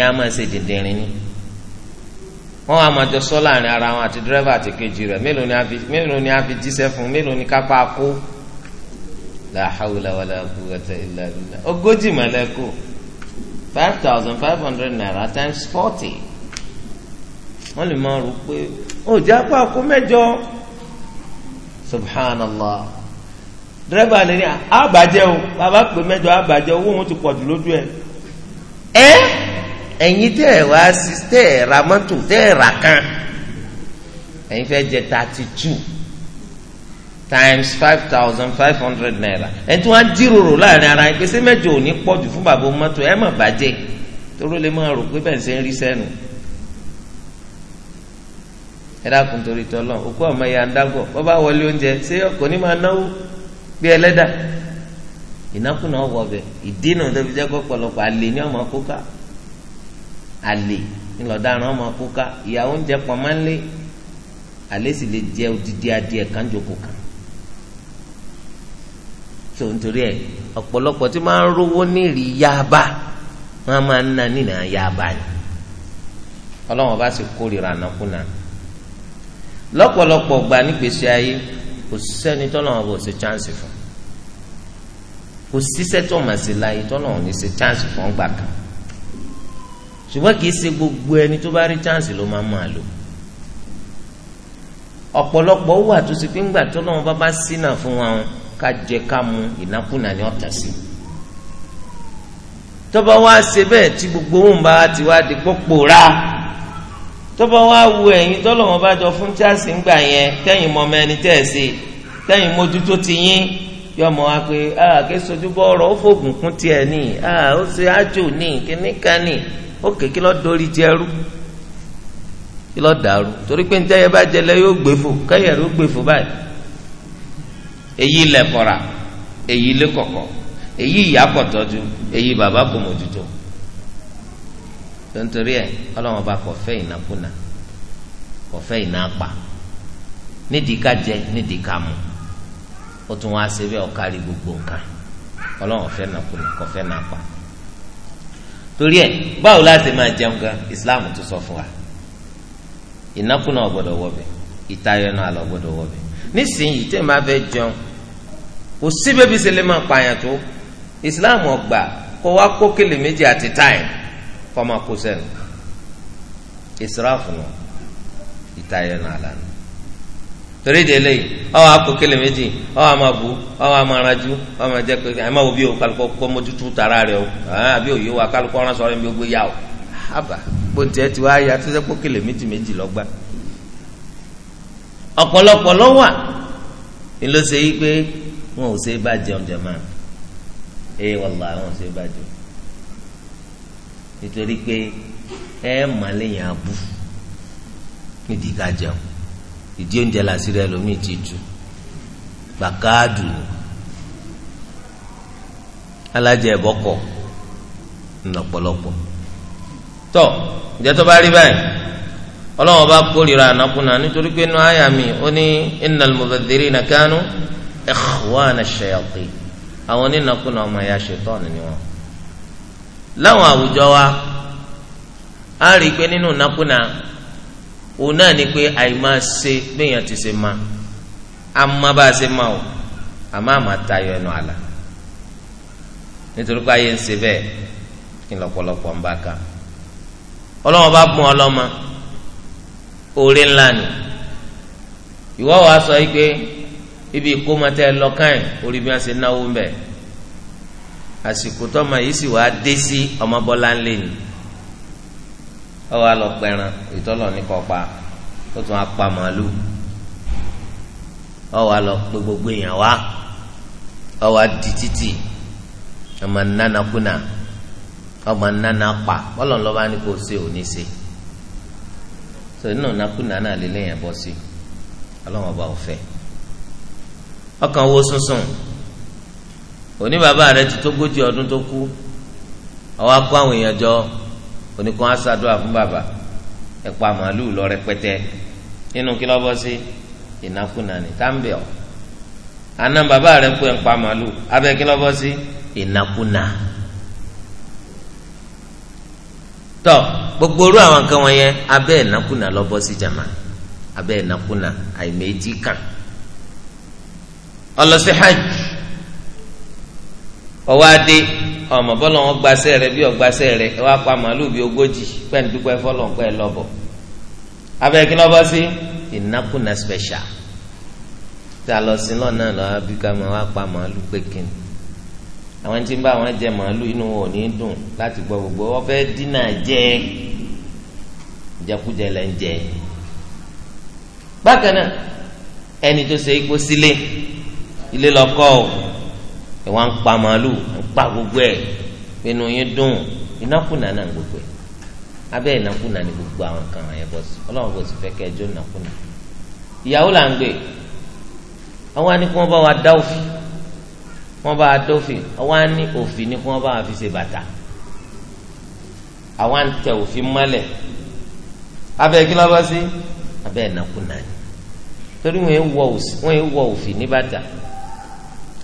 [SPEAKER 1] wọn a máa jọ sọ láàrin ara wọn àti dírẹ́fà àti kejì a fi jíṣẹ́ fún mélòó ni kápá la hawla wala quwwata ogójì mọ̀lẹ́kù five thousand five hundred naira times forty wọn lè máa rò dírẹ́fà lè ní àbàjẹ́ o bàbá pè mẹ́jọ àbàjẹ́ owó wọn ti pọ̀ jù lójú ẹ̀. ẹ ẹ̀yin tẹ́ ẹ̀ wá sí tẹ́ ẹ̀ ra mọ́tò tẹ́ ẹ̀ rà kan ẹ̀yin fẹ́ jẹ thirty two times five thousand five hundred naira ẹ̀ tí wọ́n á jíròrò láàrin ara ẹ̀ pèsè mẹ́jọ ò ní pọ̀ jù fún bàbá mọ́tò ẹ̀ mọ̀ bàjẹ́ toró lè máa rò pé bẹ́ẹ̀ ṣe ń rí sẹ́nu ẹ̀ dákun torí tọ́lọ́ òkú ọmọ ya ń dágọ̀ bọ́ bá wọlé oúnjẹ ṣé ọkọ̀ ní máa náwó. bí ẹlẹ́dà ìnákùná wọ ọbẹ̀ ìdínà tó fi jẹ́ kó pọ̀lọpọ̀ àlè ní ọmọ kóká àlè ńlọdaràn ọmọ kóká ìyàwó ń jẹ pọ̀ máa ń lé àlè sì lè jẹ odidi adìẹ kánjoko kan tó nítorí ẹ ọ̀pọ̀lọpọ̀ tí máa ń rówó nírì yaaba wọ́n máa ń na nínà yaaba ni ọlọ́wọ́n bá sì kórìíra ànákùná lọ́pọ̀lọpọ̀ gbà nígbèsè kò sẹ́ni tọ́lọ́wọ́n bò ṣe chance fún kò síṣẹ́ tó mà sí láyé tọ́lọ́wọ́n ní ṣe chance fún ọgbà kan ṣùgbọ́n kì í ṣe gbogbo ẹni tó bá rí chance ló máa máa lò ọ̀pọ̀lọpọ̀ wà tó ṣe pé ńgbà tọ́lọ́wọ́n bá bá sínà fún wa ká jẹ ká mu ìnákúnà ní ọ̀tà sí i tọ́ba wá ṣe bẹ́ẹ̀ tí gbogbo òun bá ti wá di pọ́pọ́ rà á tọ́ba wá wu ẹ̀yin tọ́lọ́mọ bá jọ fún tíásì ń gbà yẹn tẹ́yìn mọ́mọ ẹni tẹ́ ẹ̀ sí tẹ́yìn mójútó ti yín yọmọ wa pé a kì í sojú bọ́ ọ̀rọ̀ ó fògùn kún tiẹ̀ ní a ó ṣe ájò ní kíní kan ní ó kékeré lọ́ọ́ dorí jẹ rú kí lọ́ọ́ dàrú torí pé níjẹ́ yẹn bá jẹlẹ yóò gbé fò kẹ́yẹ̀ ló gbé fò báyìí èyí lẹ̀ kọ̀ra èyí lé kọ̀kọ̀ èyí ìyá kọ̀tọ́jú èyí bàbá kò mójútó tontori ẹ Ọlọ́run ọba kò fẹ́ ìnákúnà kò fẹ́ ìnápa nídìí ká jẹ nídìí ká mu ó tún wá ṣe bí ọkàrí gbogbo nǹkan Ọlọ́run ọfẹ ìnákúnà kò fẹ́ ìnápa torí ẹ báwo la ṣe máa jẹun gan Islam tó sọ fún wa ìnákúnà ọgbọ́dọ̀ wọbẹ ìtayọ náà lọ gbọ́dọ̀ wọbẹ nísìnyí tẹ máa fẹ́ jẹun kò síbẹ̀ bí ṣe lè pààyàn tó Islam ọgbà kó wá kó kele méjì àti táyà. kọ́mọ kó sẹ́nu israfu nù ìtayọ̀ torí akọ kele méjì ọwọ́ àmà bu ọwọ́ àmà arajú ọwọ́ àmà jẹ́ kékeré àmà obi o kálukọ́ kọ́ mójútó tara rẹ o àbí òye wa kálukọ́ ọ̀rán sọ̀rọ̀ mi gbé ya o haba gbòǹtì ya kele méjì méjì lọ́gbà ọ̀pọ̀lọpọ̀ lọ́wà ńlọ ṣe pé wọn ò ṣe é bàjẹ́ ọ̀jọ̀ máa ẹ nítorí pé ẹ mọ̀ lẹ́yìn abú nídìí ká jẹun ìdí oúnjẹ làásìrì ẹlòmíì ti tu gbàkáàdù ni alájẹ ẹbọkọ ńlọpọlọpọ tọ ǹjẹ́ tó bá rí báyìí ọlọ́wọ́n bá kórìíra ànákúnà nítorí pé inú àyà mi ó ní innal mubadhirina kanu ikhwana ash-shayatin àwọn onínàkúnà ọmọ ẹ̀yà ṣètọ́ọ̀nù ni wọn láwọn àwùjọ wa a rí i pé nínú nákúnà òun náà ni pé àìmáa ṣe béèyàn ti ṣe máa àmọ́ bá a ṣe máa o àmọ́ àmọ́ tayọ ẹnu àlà nítorí pé ayé ń ṣe bẹ́ẹ̀ kí lọ́pọ̀lọpọ̀ ń bá ka ọlọ́wọ́n bá bùn ọlọ́mọ oore ńlá ni ìwọ́ wa sọ yìí pé ibi ìkómọ tẹ́ ẹ lọ káyìn orí bí wọ́n ṣe náwó ń bẹ̀ẹ́ àsìkò ma yìí sì wàá dé sí ọmọ bọ́lá ńlẹ̀ ni ó wàá lọ pẹran ìtọ́lọ̀ ní kọ́pa ó tún á pa màálù ó wàá lọ pé gbogbo èèyàn wá ó wàá di títì ọmọ nana kuna ọmọ nana pa bọ́lọ̀ ńlọ́ba ni kò ṣe òní ṣe tó nínú nakuna náà lélẹ́yìn ẹ̀ bọ́ sí ọlọ́wọ́n ọba ò fẹ́ ọkàn wo sunsun. òní bàbá rẹ ti tógójì ọdún tó kú ọwọ akó àwọn èèyàn jọ oníkan aṣàdúrà fún bàbá ẹ màálù lọ rẹpẹtẹ nínú kí lọ sí ìnákùnà ní bàbá rẹ pé ń màálù abẹ kí tọ gbogbo orú àwọn sí jàmá kan hajj. ọwọ́ adé ọmọ bọ́lá wọn gbasẹ́ rẹ bí ọgbasẹ́ rẹ ẹ wá pa màálù bíi ogójì pẹ́ẹ́n dúpẹ́ fọlọ́ pẹ́ẹ́ lọ́bọ̀ abẹ́ sí special tá a lọ sí lọ́nà lọ́wọ́ bí ká pa màálù pé kíni àwọn tí ń bá wọn jẹ gbogbo wọn fẹ́ dínà jẹ jẹkújẹ ń jẹ bákan náà ẹni tó ẹ wá ń pa màálù ń pa gbogbo ẹ pinnu yín dùn ìnákùnà náà gbogbo ẹ abẹ́ ìnákùnà ni gbogbo àwọn kan yẹn bọ́ sí ọlọ́run bó sì fẹ́ kẹ́ ẹjọ́ ìnákùnà ìyàwó là ń gbé àwọn á ní kí wọ́n bá wa dá òfin wọ́n bá wa dá òfin àwọn á ní òfin ní kí wọ́n bá wa fi ṣe bàtà àwọn á ń tẹ òfin mọ́lẹ̀ abẹ́ kí lọ́ bọ́ sí abẹ́ ìnákùnà ni torí wọ́n wọ òfin ní bàtà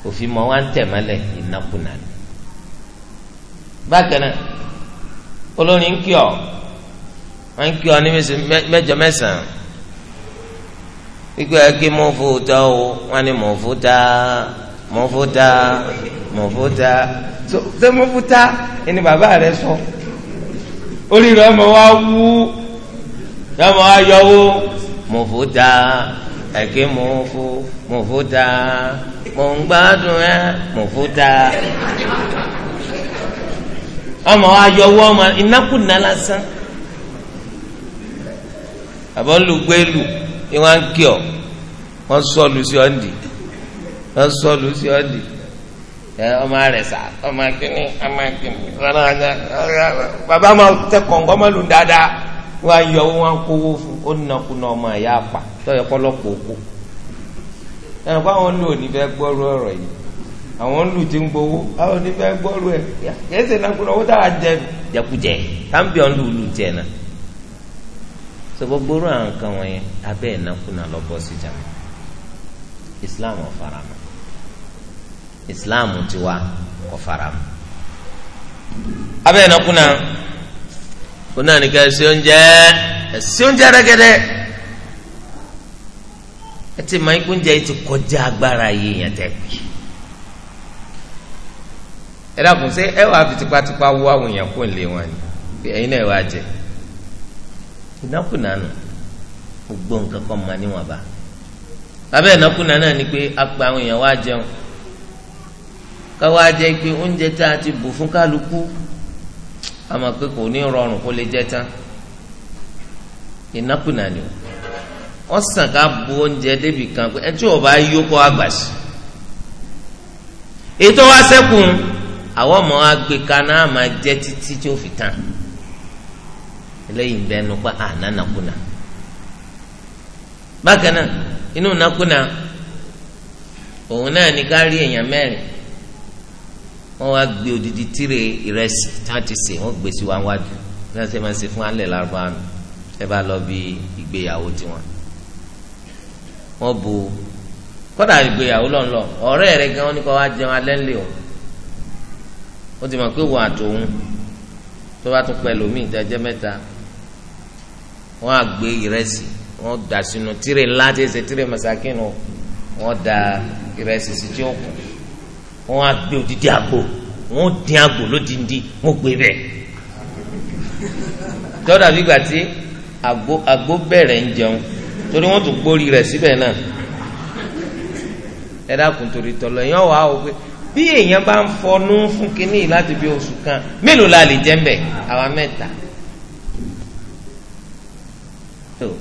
[SPEAKER 1] òfin mọ wá ń tẹ̀ mọ́lẹ̀ ìnákùnà ni. bákan náà olórin ń kí ọ wọn ń kí ọ ní mẹ́jọ mẹ́sàn-án ikú ẹ kí mọ fòótá o wọn ni mọ fòótá mọ fòótá mọ fòótá ṣé mọ fòótá ẹni bàbá rẹ sọ orí rẹ ọmọ wa wú ọmọ wa yọ wo mọ fòótá. ẹ̀kẹ́ mò ń fò mò ń fò ta mò ń gbádùn mò ń ta ọmọ ayọwọ́ ọmọ inákùnà lásán àbọ̀ lùgbẹ́lù ni wọ́n ń kí ọ wọ́n sọ sí ọ́ndì wọ́n sí ọ́ndì ọmọ rẹ̀ sà ọmọ akínní ọmọ akínní bàbá máa tẹkọ̀ọ́ ọmọ lù dáadáa wọ́n kówó fún ọmọ ẹ̀yà tọ́yọ̀ pọ́lọ́pọ̀ òkú ẹnì kan àwọn lò ní fẹ́ gbọ́rú yìí àwọn lù ti ń gbowó àwọn ní fẹ́ gbọ́rú ẹ̀ kẹsẹ̀ náà kúrò owó táwa jẹ jẹkújẹ táǹbìọ̀ ń lù lù jẹ náà àwọn nǹkan Islam Islam tiwa náà ní ká oúnjẹ oúnjẹ ẹ ti mọ ikú oúnjẹ yìí kọjá agbára yìí yẹn tẹ pé ẹ dàkún ṣé ẹ wàá fi tipátipá wọ àwọn èèyàn kó lè wọn ni pé ẹ̀yin náà jẹ ìnákùnánu gbogbo nǹkan kan náà ni pé a àwọn èèyàn jẹun pé oúnjẹ tá a ti bù fún kálukú pé kò ní rọrùn kó lè jẹ tán ọsàn ká bu oúnjẹ débì kan pé ẹjọ́ ọba yó kó àgbàsì ètò wa sẹ́kùn àwọn ọmọ wa gbé kaná máa jẹ́ títí tí ó fi tán eléyìí bẹnu àná nàkúnà bákan náà inú nàkúnà òun náà ní ká rí èèyàn odidi ìrẹsì sè wájú ṣe máa ṣe fún ẹ bá lọ bí wọ́n bu kọ́dà ìgbéyàwó lọ́nlọ́ ọ̀rẹ́ rẹ̀ gan wọn ni kọ́ wá jẹun alẹ́ ńlẹ̀ o ó ti mọ̀ pé wọ́n àtòun tó bá tún pẹ̀lú mi ìdájẹ́ mẹ́ta wọ́n á gbé ìrẹsì wọ́n dà sínú tírè ńlá tí èsè tírè mọ̀sákínù wọ́n da ìrẹsì sí tí ó kù wọ́n á gbé odidi àgbò wọ́n dín àgbò lódindi wọ́n gbé bẹ́ẹ̀ tọ́dà bí gbà tí àgbò bẹ̀rẹ̀ ń jẹun torí wọ́n tún gbórí rẹ̀ síbẹ̀ náà ẹ dákun torí tọlọ yẹn wà ó pé bí èèyàn bá ń fọnú fún kínní láti bí oṣù kan mélòó la lè jẹ́ ń bẹ̀ àwa mẹ́ta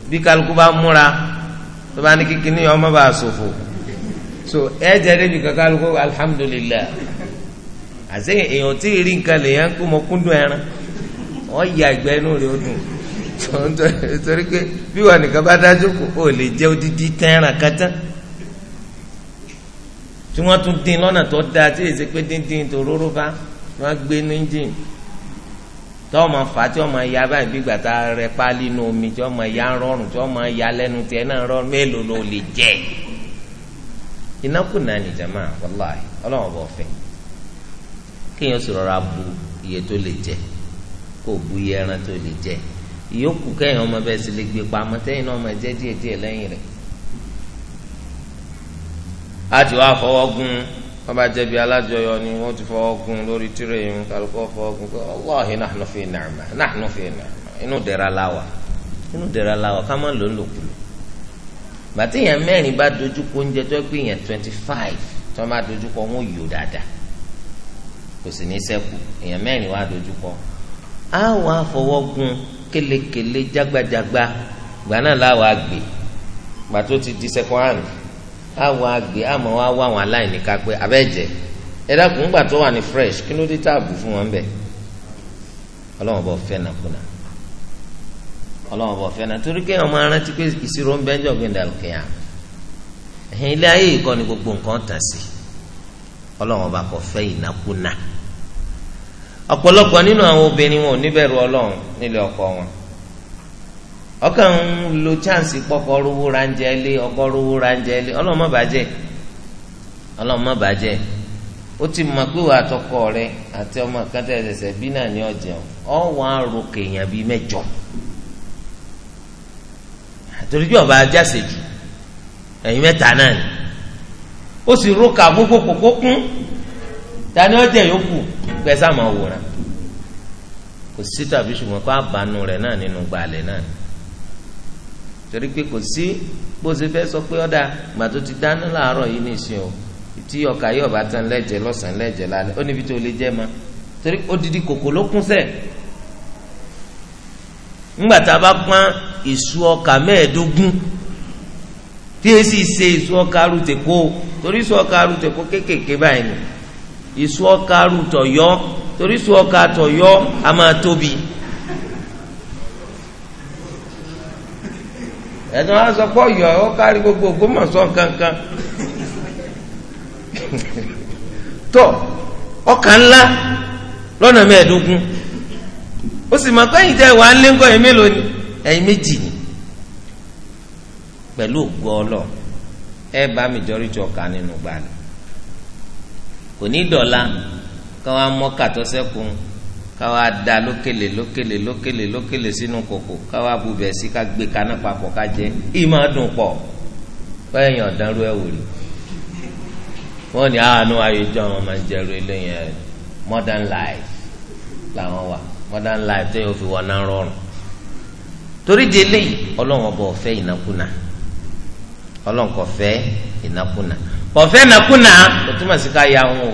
[SPEAKER 1] bí kálukú bá múra tó bá ní kíkiní ọmọ bá ṣòfò so ẹ jẹ́ débi kan kálukú alihamudulilayi àti èèyàn tí ì rí nǹkan lè yẹn kó mọ kúndùn ẹran ọ yà ìgbẹ́ inú rẹ̀ ó dùn. torí pé bí wà nìkan bá dájú kò ó lè jẹ́ odidi tẹ́ràn kátán tí wọ́n tún dín lọ́nà tó dáa tí èsì pé díndín tòróró bá wọ́n gbé ní engine tọ́ ọmọ fà tí ọmọ ya báyìí bí gbàtà rẹ pálí inú omi tí ọmọ ya rọrùn tí ọmọ ya lẹ́nu tiẹ̀ náà rọrùn mélòó ló lè jẹ́ ọlọ́wọ́n bọ̀ fẹ́ kéèyàn sì rọra bu iye tó lè jẹ kó bu iye ẹran tó lè jẹ ìyókù kẹ́yìn ọmọ bẹ́ẹ̀ sì lè gbé pamọ́ tẹ́yìn náà máa jẹ́ díẹ̀ díẹ̀ lẹ́yìn rẹ̀ láti wá fọwọ́ gun wọn bá jẹ̀bi alájọyọ̀ ni wọ́n ti fọwọ́ lórí tirẹ̀ yìí kálukọ́ fọwọ́ gun kọ́ ọlọ́ọ̀hìn nahnu fi fi inú inú ká má lòkulò bàtí bá dojú oúnjẹ tó gbé twenty five tó má dojú kélekèle jágbajàgba gbà náà láwọn àgbè gbà tó ti di sẹkọhánì àwọn àgbè agbe wá wá àwọn aláìní ká pé abẹ́jẹ ẹ dákun tó wà ní fresh kí ló dé táàbù fún wọn torí kéèyàn máa rántí pé ìṣirò ń kẹ́yà ẹ̀hìn ilé ayé ìkọ́ni gbogbo nǹkan ọ̀pọ̀lọpọ̀ nínú àwọn obìnrin wọn ò níbẹ̀rù ọlọ́run nílé ọkọ wọn ọkọ ń lo chance pọkọ rówó ránjẹ lé ọkọ rówó ránjẹ lé ó ti mọ̀ pé wàá tọkọ rẹ àti ọmọ kẹtẹ ẹsẹsẹ bí náà ọba jù náà ó sì ro gbogbo kún tani kẹsà máa wòran kò sí tàbí ṣùgbọ́n kó àbánu rẹ̀ náà nínú gbalẹ̀ náà torí pé kò sí bó ṣe fẹ́ sọ pé ọ̀dà ìgbà tó ti dáná láàárọ̀ yìí nìṣẹ́ o tí ọkà yóò bá tán lẹ́jẹ̀ lọ́sàn-án lẹ́jẹ̀ lálẹ́ ó níbi tó lè jẹ́ ma torí odidi kòkó ló kún sẹ́ẹ̀ ńgbà tá a bá pọ́n èso ọkà mẹ́ẹ̀ẹ́dógún tí èsì ṣe èso ọkà arútẹ̀kọ́ torí èso ọkà arútẹ̀kọ́ kéékèèké báyìí ìṣú ọkà arútọ̀ yọ torí ìṣú ọkà a máa tóbi. á sọ pé gbogbo kankan tọ ọkà ńlá lọ́nà mẹ́ẹ̀ẹ́dógún ó sì mọ̀ pé ìjẹ́ ìwà ńlẹ́ńkọ́ yẹn mélòó ni ẹ̀yin méjì ni pẹ̀lú ògbọ́ ọlọ́ ẹ bá mi jọrí tí kò ní dọ̀la káwa mọ́kà tó sẹ́kù káwa da lókèlè lókèlè lókèlè lókèlè sínú kòkò káwa bubẹ̀ sí ká gbé kaná papọ̀ ká jẹ ìmọ̀ dùn pọ̀ bẹ́ẹ̀yìn ọ̀dánrú ẹ̀ wò wọ́n ní àánú ah, ayéjọ́ àwọn máa ń jẹ́rú ẹ̀ modern life làwọn wà modern life tó yẹ fi wọ́n náà rọrùn torí di eléyìí ọlọ́run ọba kọfẹ nàkúnà kò túmọ̀ sí ká ya wọn o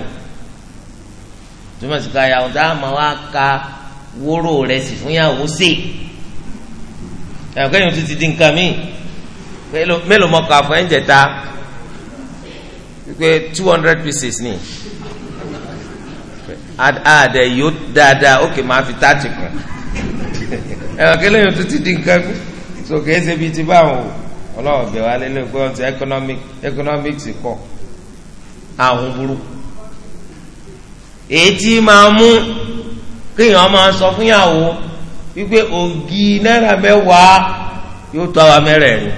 [SPEAKER 1] túmọ̀ sí ká ya wọn tá a máa wá ka wóró rẹ̀ sì fún yàwó sè ẹ̀kọ́ yìí tún ti di nǹkan míì mélòó mọ̀ kà fún ẹ̀jẹ̀ ta pé two hundred pieces ni àdẹ yóò dáadáa ókè máa fi táàtì kan ẹ̀kọ́ yìí tún ti di nǹkan míì sókè ẹ̀ bíi ti báwọn o ọlọ́wọ́ bẹ̀ wá lé lóko ọ̀tún economic economics kọ àwọn burúkú èyí tí máa mú kéèyàn máa sọ fún yàwó wípé ògì náírà mẹ́wàá yóò tó àwa mẹ́rẹ̀ẹ̀rin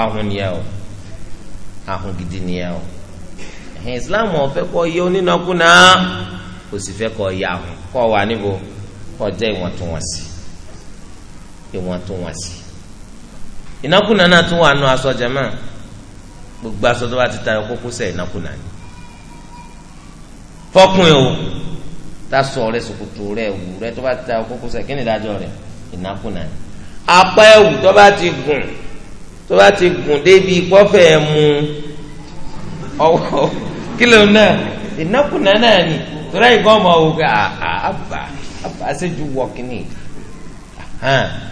[SPEAKER 1] ahun nìyẹn o ahun gidi nìyẹn o Islam ọ̀fẹ́ kọ́ yẹ onínàkúnà kò sì fẹ́ kọ́ yẹ ahun kọ́ wà níbo kọ́ jẹ́ ìwọ̀ntúnwọ̀nsì ìwọ̀ntúnwọ̀nsì ìnákùná náà tún wà nù aṣọ jẹmọ gbogbo aṣọ tó bá ti tayọ kókósẹ̀ ìnákùná ni fọkùn o tasọ rẹ ṣòkòtò rẹ wù rẹ tó bá ti tayọ kókósẹ̀ kí ni ìdájọ́ rẹ ìnákùná ni apá ẹ̀wù tó bá ti gùn tó bá ti gùn débi kọfẹ mu ọwọ́ kílò náà ìnákùná náà ni torí ẹ̀yìn kan mọ̀ ọ́ àbá àbá ṣe ju wọ̀ kínní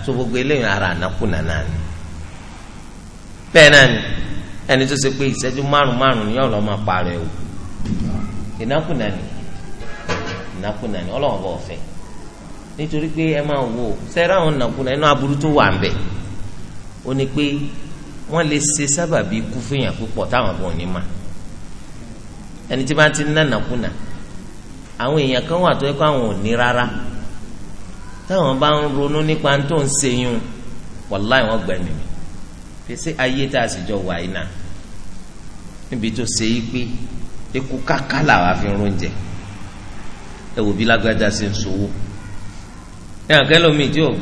[SPEAKER 1] gbogbo eléyìí ara ànákùná náà ni. bẹ́ẹ̀ náà ni ẹni tó ṣe pé ìṣẹ́jú márùn márùn ni yóò lọ máa o ìnákùnà ni ìnákùnà ni ọlọ́run bọ̀ ọ̀fẹ́ nítorí pé ẹ máa wò sẹ́rẹ́ àwọn ìnákùnà inú aburú tó wà ń bẹ̀ ó ní pé wọ́n lè ṣe sábàbí ikú fìyàn púpọ̀ táwọn bọ̀ ní ma ẹni tí bá ti ná ìnákùnà àwọn èèyàn kan wà tó yẹ kó àwọn ò ní rárá táwọn bá ń ronú nípa fèsì ayé tá a sì jọ wà yìí náà níbi tó ṣe yí pé kàkà fi ń ronjẹ ẹ wò bí lágbájá ṣe ń sowó ẹ hàn kẹlòmíì tí yóò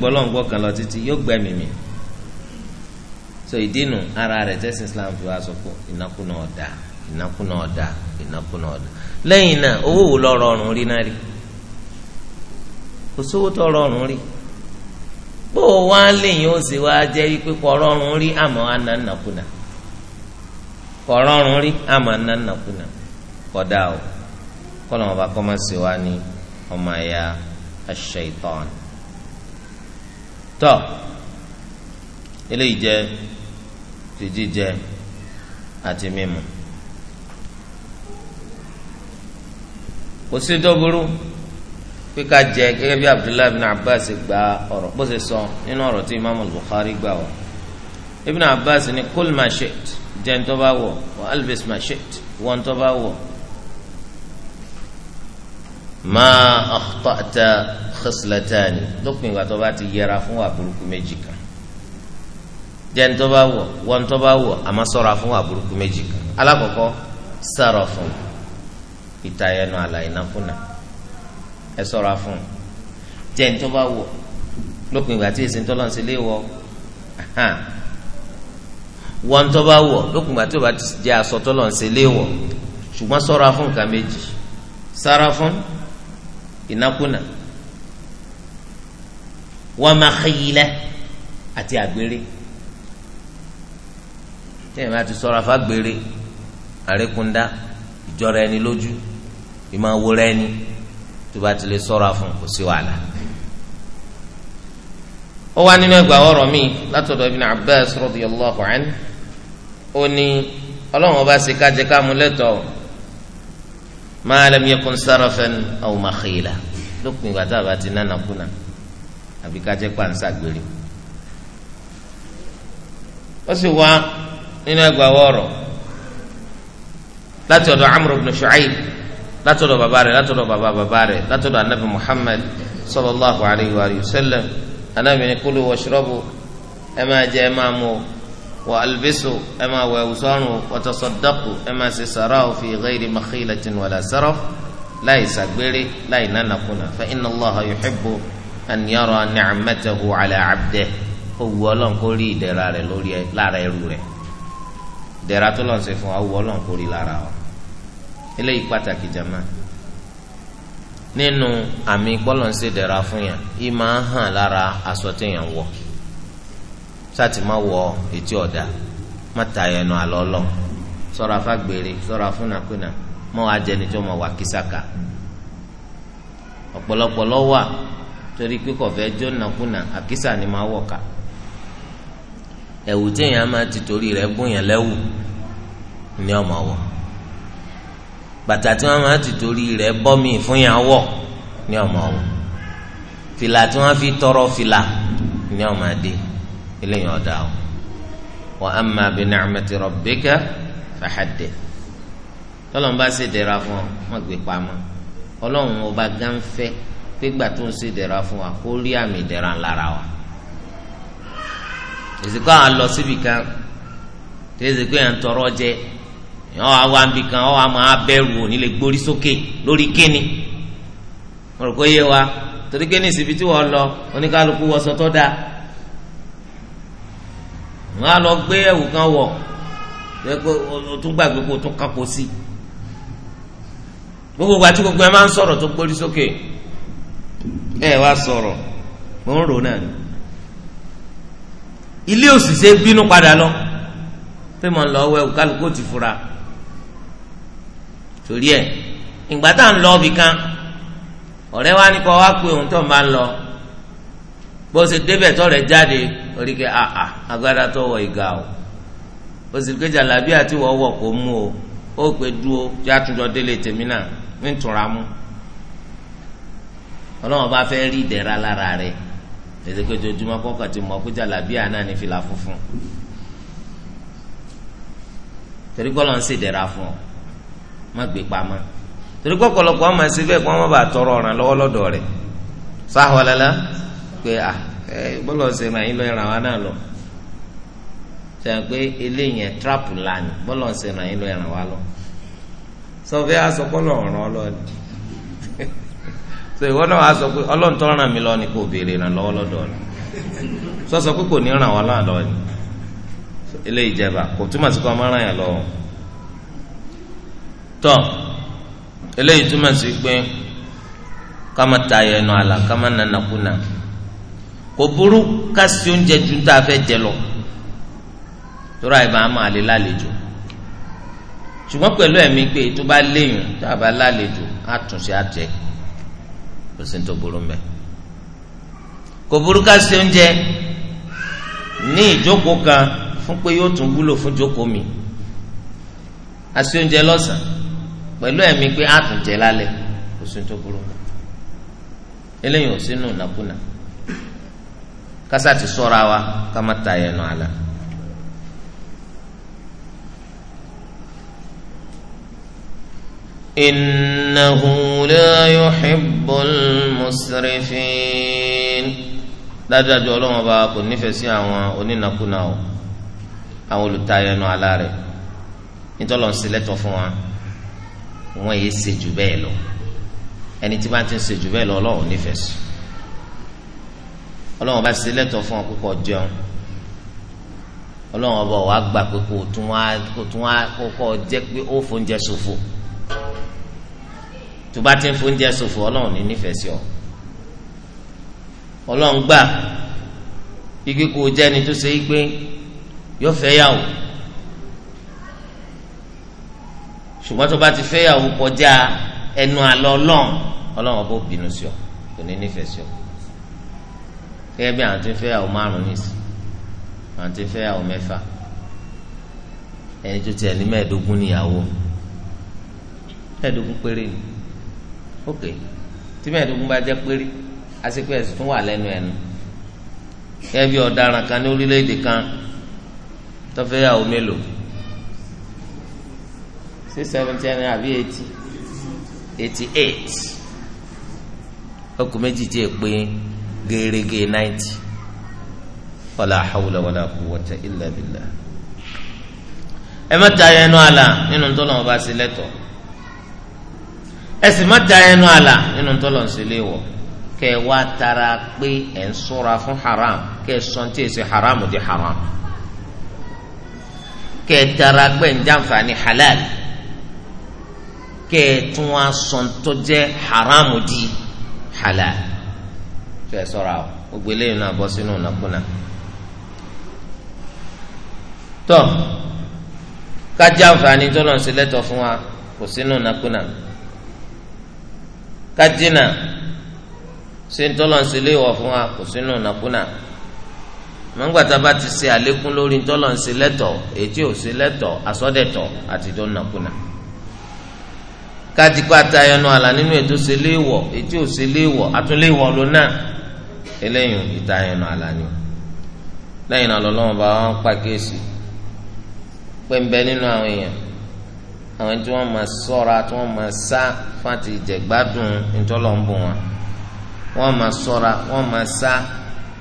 [SPEAKER 1] so ìdínú ara rẹ̀ tẹ́sí Islam fi wá sọ pé ìnákúná ọ̀dà ìnákúná ọ̀dà ìnákúná ọ̀dà lẹ́yìn náà owó wo lọ rọrùn rí náà rí kò sówó tó bó o wá léyìn ó sì wá jẹ́ wípé kọ̀rọ̀rùn rí àmọ́ rí àmọ́ anánàkúnà kọ̀dà o kọ́nà ọba kọ́ máa ṣe ní ọmọ ẹ̀yà aṣ-ṣaitan. tọ́ ti kò sí tó pé ká jẹ gẹ́gẹ́ bí abdullahi ibn abbas gba ọ̀rọ̀ bó ṣe sọ nínú ọ̀rọ̀ tí imaamu bukhari gbà wọ ibn abbas ní kul ma shi't jẹ ń tó bá wọ wa albis ma shi't wọ ń tó bá wọ ma akhta'ta khaslatani lópin ìgbà tó bá ti yẹra fún wa burúkú méjì kan jẹ ń tó wọ wọ ń tó wọ àmọ́ ṣọ́ra fún wa burúkú méjì kan alákọ̀ọ́kọ́ sàrọ̀ fún ìtayẹnu àlàyé náà fúnà ẹ ṣọ́ra fún un jẹ ní tó bá wọ lópin ìgbà tí èsì ń tọ́lọ́ sí lé wọ wọn tó bá wọ lópin ìgbà tí ó bá ti jẹ aṣọ tọ́lọ́ sí lé wọ ṣùgbọ́n ṣọ́ra fún nǹkan méjì sára fún ìnákúnà wọn máa xeyìlẹ àti àgbèrè tẹ́yìn bá ti ṣọ́ra fún àgbèrè àrékúndá ìjọra ẹni lójú ìmọ̀ àwòrán ẹni tó bá ti lè sọ́ra fún kò sí wàhálà. ó wá nínú ẹgbàá ọ̀rọ̀ mi látọ̀dọ̀ Ibn Abbas radiyallahu anhu ó ní ọlọ́run ọba ṣe kájẹ káàmú lẹ́tọ̀ọ́ ma lam yakun sarafan aw makhila lópin ìgbà tá a bá ti nánà kùnà àbí kájẹ pàǹsà gbèrè. ó sì wá nínú ẹgbàá ọ̀rọ̀ láti ọ̀dọ̀ Amr látọ̀dọ̀ bàbá rẹ̀ látọ̀dọ̀ bàbá bàbá rẹ̀ látọ̀dọ̀ anabi muhammad sallallahu alayhi wa sallam anabi ni kulu washrabu ẹ máa jẹ ẹ máa mu o wa albisu ẹ máa wẹ̀ wùsọ̀rùn o wa tasaddaqu ẹ máa ṣe sàrà o fi ghayri makhilatin wala saraf láì sàgbére láì nánàkúnà fa inna allaha yuhibbu an yara ni'matahu ala abdihi ó wù ọlọ́run rí ìdẹ̀ra rẹ̀ lórí ẹ̀ lára ẹrú rẹ̀ ìdẹ̀ra tó lọ́n ṣe fún wa ó wù ọlọ́run rí lára wa. eléyìí pàtàkì jama nínú àmì pọlọnsẹ dẹra fún yàn yìí máa hàn lára aṣọ téèyàn wọ sátì má wọ etí ọ̀dà má ta ẹnu àlọ́ lọ sọ̀rọ̀ afágbèrè sọ̀rọ̀ afúnakúnà mọ́ ajẹnijọ́ mọ́ wà kísàkà ọ̀pọ̀lọpọ̀ lọ wà torí àkísà ni wọ̀ ká ẹ̀wù ti torí rẹ̀ lẹ́wù ni bàtà tí wọn máa ti torí rẹ̀ bọmi fún yàn wọ ní ọmọ wọ fìlà tí wọn fi tọrọ fìlà ní ọmọ adé eléyìí ọdà o wa amma bi ni'mati rabbika fahadde tọlọm bá ṣe dẹra fún ọ wọn gbé pamọ́ Ọlọ́run ọba gánfẹ pégbà tó ń ṣe dẹra fún wa kó rí àmì dẹra lára wa èsì kọ́ àwọn lọ síbi kan tí èsì yẹn tọrọ jẹ ọ àwa nbì kan ọ àmọ́ abẹ̀rù òní lè gbórí sókè lórí kíni mo rò pé yé wa torí kíni síbi tí wọ́n lọ oníkálukú wọṣọ tó dáa wọ́n á lọ gbé ẹ̀wù kan wọ̀ pé o tún gbàgbé kó o tún kápò sí gbogbo ìgbà tí gbogbo ẹ máa ń sọ̀rọ̀ tó gbórí sókè ẹ wá sọ̀rọ̀ mo ń rò náà ni ilé òṣìṣẹ́ bínú padà lọ pé mo ń lọ wẹ̀ kálukú ti fura torí ẹ̀ ìgbà tá à ń lọ ibì kan ọ̀rẹ́ wa ní kọ́ wá pé òun tó máa ń lọ bó ṣe débẹ̀ tó rẹ̀ jáde oríkẹ́ àà agbára tó wọ ìgà o ó jàlábí àti wọ́ wọ̀ kó mú o ó pé dúró já túnjọ délé tèmi náà ní ìtura mú ọlọ́run bá fẹ́ rí ìdẹ̀ra lára rẹ̀ ètò ìjọjúmọ́ kọ́kọ́ ti mọ̀ pé jàlábí àná ní fìlà funfun torí gbọ́dọ̀ ń ṣèdẹ̀ra fún ọ má gbé pamọ́ torí pọ̀pọ̀lọpọ̀ ọmọ ẹsẹ̀ bẹ́ẹ̀ kó wọn bá tọrọ ọ̀ràn lọ́wọ́ lọ́dọ̀ rẹ̀ sáhọ́lẹ́lá pé à ah, ẹ bọ́lọ̀ ṣe ràn yín lọ ìràn wa náà lọ sẹ́yìn pé eléyìí ẹ̀ trap ńlá ni bọ́lọ̀ ṣe ràn yín lọ ìràn wa lọ sọfẹ́ asọ́kọ́lọ̀ ọ̀ràn ọlọ́ọ̀ni so ìwọ náà wàá pé ọlọ́run tó ràn mí lọ ni kò béèrè ràn lọ́wọ́ lọ́dọ̀ rẹ̀ sọ sọ pé kò ní ràn wá lọ́dọ̀ ni eléyìí jẹba kò túmọ̀ sí kó ọmọ ràn yàn lọ́wọ́ tọ́ eléyìí túmọ̀ sí pé ká má ta ẹnu àlà ká má nanakuna kò burú ká sí oúnjẹ ju tá a fẹ́ jẹ lọ torí àyè máa máa lè lálejò ṣùgbọ́n pẹ̀lú ẹ̀mí pé tó bá léyìn tá a bá lálejò á tún sí àjẹ kò sí tó burú mẹ́ kò burú ká oúnjẹ ní ìjókòó kan fún pé yóò tún wúlò fún jókòó mi a oúnjẹ lọ́sàn-án pẹ̀lú ẹ̀mí pé á tún jẹ lálẹ́ oṣù tó burú mọ́ eléyìí ò sínú nàkúnà kásá ti sọ́ra wa ká má ta ẹnu àlà. إنه لا يحب المسرفين dájúdájú ọlọ́run ọba kò nífẹ̀ẹ́ sí àwọn onínàkúnà o àwọn olùtayẹnu àlà rẹ̀ nítorí ọ̀n sílẹ̀ tọ́ fún wa wọn yéé ṣe jù bẹ́ẹ̀ lọ ẹni tí wọn ti ń ṣe jù bẹ́ẹ̀ lọ ọlọ́run nífẹ̀ẹ́ sí ọlọ́run bá ṣe lẹ́tọ̀ọ́ fún ọ pé kó jẹun ọlọ́run ọba wa gbà pé kó tún wá kó tún wá kó kọ́ jẹ́ pé ó fóúnjẹ ṣòfò tó bá ti ń fóúnjẹ ṣòfò ọlọ́run ní nífẹ̀ẹ́ sí ọ ọlọ́run gbà igi kò jẹ́ ẹni tó ṣe é gbé yóò fẹ́ yàwó. ṣùgbọ́n tó bá ti fẹ́ yàwó kọjá ẹnu àlọ́ ọlọ́run ọlọ́run ọba bínú sí ọ kò ní nífẹ̀ẹ́ sí ọ. gẹ́gẹ́ bí àwọn tí ń fẹ́ yàwó márùn-ún nìsí àwọn tí ń fẹ́ yàwó mẹ́fà ẹni tó tiẹ̀ ní mẹ́ẹ̀ẹ́dógún níyàwó mẹ́ẹ̀ẹ́dógún péré ni ok tí mẹ́ẹ̀ẹ́dógún bá jẹ́ péré àsìkò ẹ̀sìn tún wà lẹ́nu ẹ̀nu gẹ́gẹ́ bí ọ̀daràn kan ní orílẹ̀-èdè kan tó fẹ́ yàwó mélòó sí seventy ẹni àbí eighty eighty eight ọkùnrin méjì tí ì pé gèrègè ninety wàlá hawla wàlá quwwata illa billah ẹ má ta ẹnu àlà nínú tọ́lọ̀ wọn bá sí lẹ́tọ̀ ẹ sì má ta ẹnu àlà nínú tọ́lọ̀ sí léwọ̀ kẹ ẹ wá tara pé ẹ ń ṣọ́ra fún haram kẹ ẹ sọ tí ẹ sọ haram di haram kẹ ẹ tara pé ẹ ń jàǹfààní halal. kẹ́ ẹ tún wá di halal fẹ́ sọ̀rọ̀ àwọn gbogbo eléyìí náà tọ sínú nàkúnà tọ́ kájà àǹfààní tó kò sínú nàkúnà kájínà ṣe ń tọ́lọ̀ kò sínú nàkúnà mọ̀ngbàtà bá ti ṣe àlékún lórí tọ́lọ̀ ń ṣe lẹ́tọ̀ èyí tí ò ṣe káàtì kó àtayọnu àlà nínú ètò ṣẹlẹwọ ètò ṣẹlẹwọ àtúnlẹwọ lónà eléyìí ìtayọnu àlà ni lẹ́yìn náà lọlọrun bá wọn pàkíyèsí pé ń bẹ nínú àwọn èèyàn àwọn tí wọn máa ṣọ́ra tí wọn máa sá fáti jẹgbádùn ntọ́lọ́nbù wọn wọn máa ṣọ́ra wọn máa sá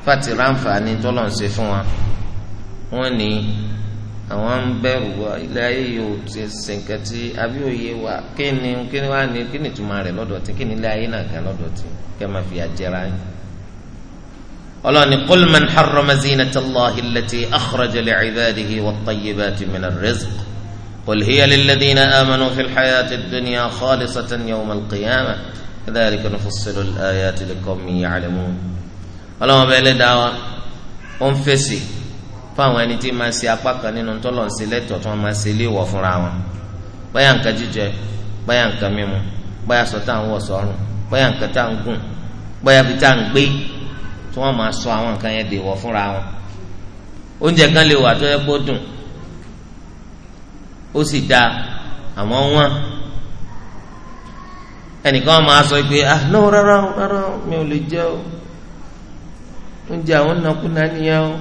[SPEAKER 1] fáti ráǹfààní ntọ́lọ́nṣe fún wọn wọn ní àwọn ń bẹ̀rù wa ilé ayé yóò ti sìnkẹ́ tí àbí òye wa kí ni kí ni wàá ní kí ni ìtumọ̀ rẹ̀ lọ́dọ̀ tí kí ni ilé ayé náà gan lọ́dọ̀ tí kẹ́ máa fi àjẹrà yín. ọlọ́ni qul man harrama zinata allahi allati akhraja li'ibadihi wat-tayyibati mina rizq qul hiya amanu fil hayati ad khalisatan yawma al-qiyamah kadhalika ayati liqawmin ya'lamun. ọlọ́wọ́n bẹ́ẹ̀ lé dáwà ó ń fèsì fáwọn ẹni tí máa ṣe apá kan nínú tọ́lọ̀ lẹ́tọ̀ tí wọ́n máa ṣe léèwọ̀ fúnra wọn báyà nǹkan jíjẹ báyà nǹkan mímu báyà sọ tá à ń wọ̀ sọ́run báyà nǹkan tá à ń gùn báyà fi tá à ń gbé tí wọ́n máa sọ àwọn nǹkan yẹn fúnra wọn. oúnjẹ ah rárá rárá mi ò lè o oúnjẹ àwọn nàkúnà nìyẹn o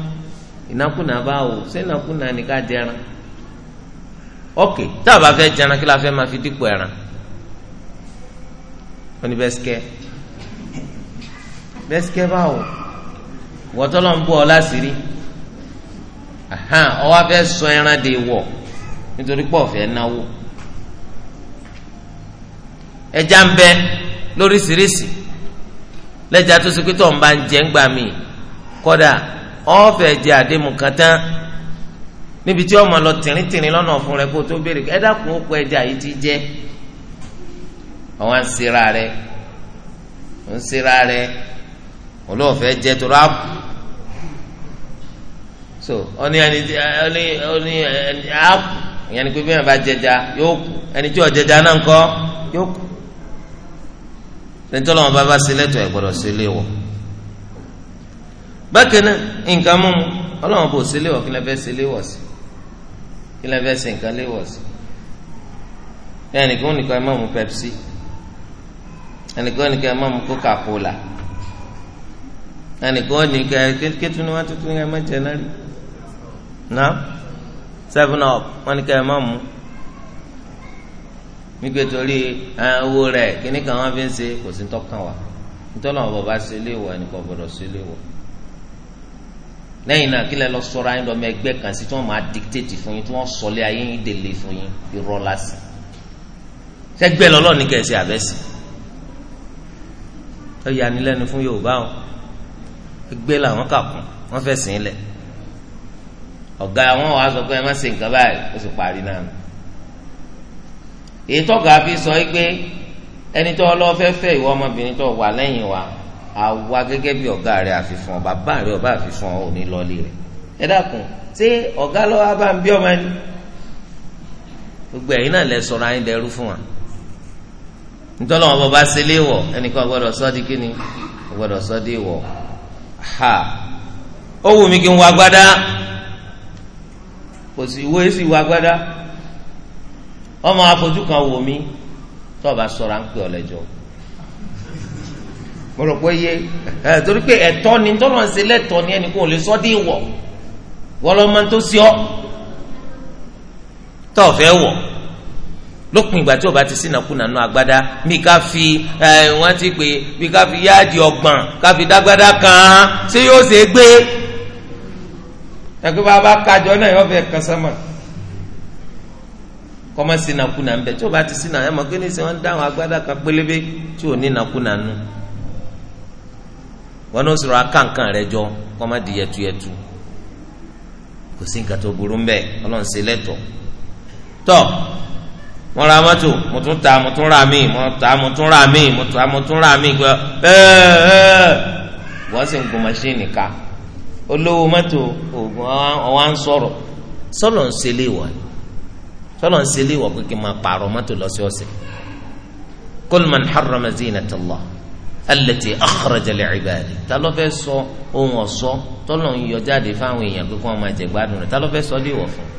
[SPEAKER 1] ìnákùnà bá wò ṣé ìnákùnà ni ká jẹran ok tá a bá fẹ́ jẹran kí la fẹ́ máa fi dípò ẹran wọ́n ní bẹ́sikẹ́ bẹ́sikẹ́ báwo wọ́tọ́lọ́ ń bọ́ ọ láṣìírí ọ wá fẹ́ sọ ẹran de wọ̀ nítorí pọ̀ fẹ́ náwó ẹja ń bẹ lóríṣiríṣi lẹ́jà tó ṣe pé tó ń bá ń jẹ́ ń gbà mí kọ́dà ọ̀fẹ́ di àdéhùn kan tán níbi tí ọmọ lọ tìrìntìrìn lọ́nà ọ̀fun rẹ kó tó béèrè ẹ dákun ó kọ ẹja yìí ti à ń sera rẹ ń sera rẹ so ẹni ẹni ìyẹn ni pé bí wọn bá jẹja yóò kù ẹni tí náà ń kọ yóò kù nítorí wọn bá bá bákan náà nǹkan mímu ọlọ́run bò sílé wọ̀ kí lè fẹ́ sílé wọ̀ sí kí lè fẹ́ sí nǹkan lé wọ̀ sí ẹnìkan nìkan ẹ má pepsi ẹnìkan nìkan ẹ má coca cola ẹnìkan nìkan kékeré ni wọn tuntun ẹ má jẹ náà rí na seven up wọn nìkan ẹ má mu nígbè torí owó rẹ kíní kan wọn fi ń ṣe kò sí tọkàn wa nítorí àwọn bàbá sílé wọ ẹnìkan gbọ́dọ̀ sílé wọ lẹ́yìn náà kí lẹ lọ sọra yín lọmọ ẹgbẹ́ kan sí tí wọ́n máa dictate fún yín tí wọ́n sọlé ayé yín délé fún yín irọ́ lásì
[SPEAKER 2] sẹgbẹ́ lọ́lọ́ọ̀ni
[SPEAKER 1] kẹsì àbẹ́sì ó yanilẹ́nu fún Yorùbá o ẹgbẹ́ làwọn kà kún wọ́n fẹ́ sìn lẹ̀ ọ̀gá wọn wàá sọ pé ẹ má ṣe nǹkan báyìí ó sì parí náà nù èyí tọ́gà fi sọ pé ẹni tó lọ́ọ́ fẹ́ fẹ́ ìwọ ọmọbìnrin tó wà lẹ́yìn wa àwa gẹ́gẹ́ bí ọ̀gá rẹ̀ àfihàn ọ bàbá rẹ̀ ọba àfihàn ọ òní lọ́ọ́lì rẹ̀ ẹ dákun ṣé ọ̀gá lọ́wọ́ bá ń bí ọmọ ẹni gbogbo ẹ̀yin náà lẹ sọ̀rọ̀ ayé dẹrú fún wa nítorí àwọn bàbá ṣe léwọ̀ ẹnìkan gbọ́dọ̀ sọ kíni gbọ́dọ̀ sọ di ha ó wù mí kí n wọ agbádá kò sí ìwé sí ìwọ agbádá ọmọ afọjú kan wò mí tó o bá sọ̀rọ̀ à ń pè ọ lẹ́jọ́. mo rò pé yé ẹ torí pé ni tọ́lọ́ ń se lẹ́tọ́ ni ẹnì kò lè dé máa tó sí o bá ti sí nàkúnà náà agbada mi ká fi ẹ ti pè mi ká fi yáàdì ọgbọ̀n ká fi dagbada kàn án ṣé yóò ṣe é gbé ẹgbẹ́ bá bá kájọ náà yọ fẹ́ kàn sánmà wọn náà sọ̀rọ̀ akáǹkan rẹ jọ kọ́ má di yẹtuyẹtu kò sí nǹkan tó burú mbẹ ọlọ́run ṣe lẹ́tọ̀ tọ́ mo ra mọ́tò mo tún ta mo tún ra mí mo ta mo tún ra mí mo ta mo tún ra mí gbọ́ ẹ́ẹ́ wọ́n sì ń gun mọ́ṣíìnì ká olówó mọ́tò oògùn ọ̀wá ń sọ̀rọ̀ sọ̀rọ̀ ń ṣe léwọ̀ sọ̀rọ̀ ń ṣe léwọ̀ pé kí n máa pààrọ̀ mọ́tò lọ́sọ̀ọ̀sẹ̀ kul man harrama Allah alẹ́tì akọ̀rọ̀jẹ̀lẹ̀ ìbàdí ta ló fẹ́ sọ ohun ọ̀sọ́ tọ́lọ̀ ń yọ jáde fáwọn èèyàn pé kí wọ́n máa jẹ gbádùn rẹ̀ ta ló fẹ́ sọ dé ìwọ̀ fún un.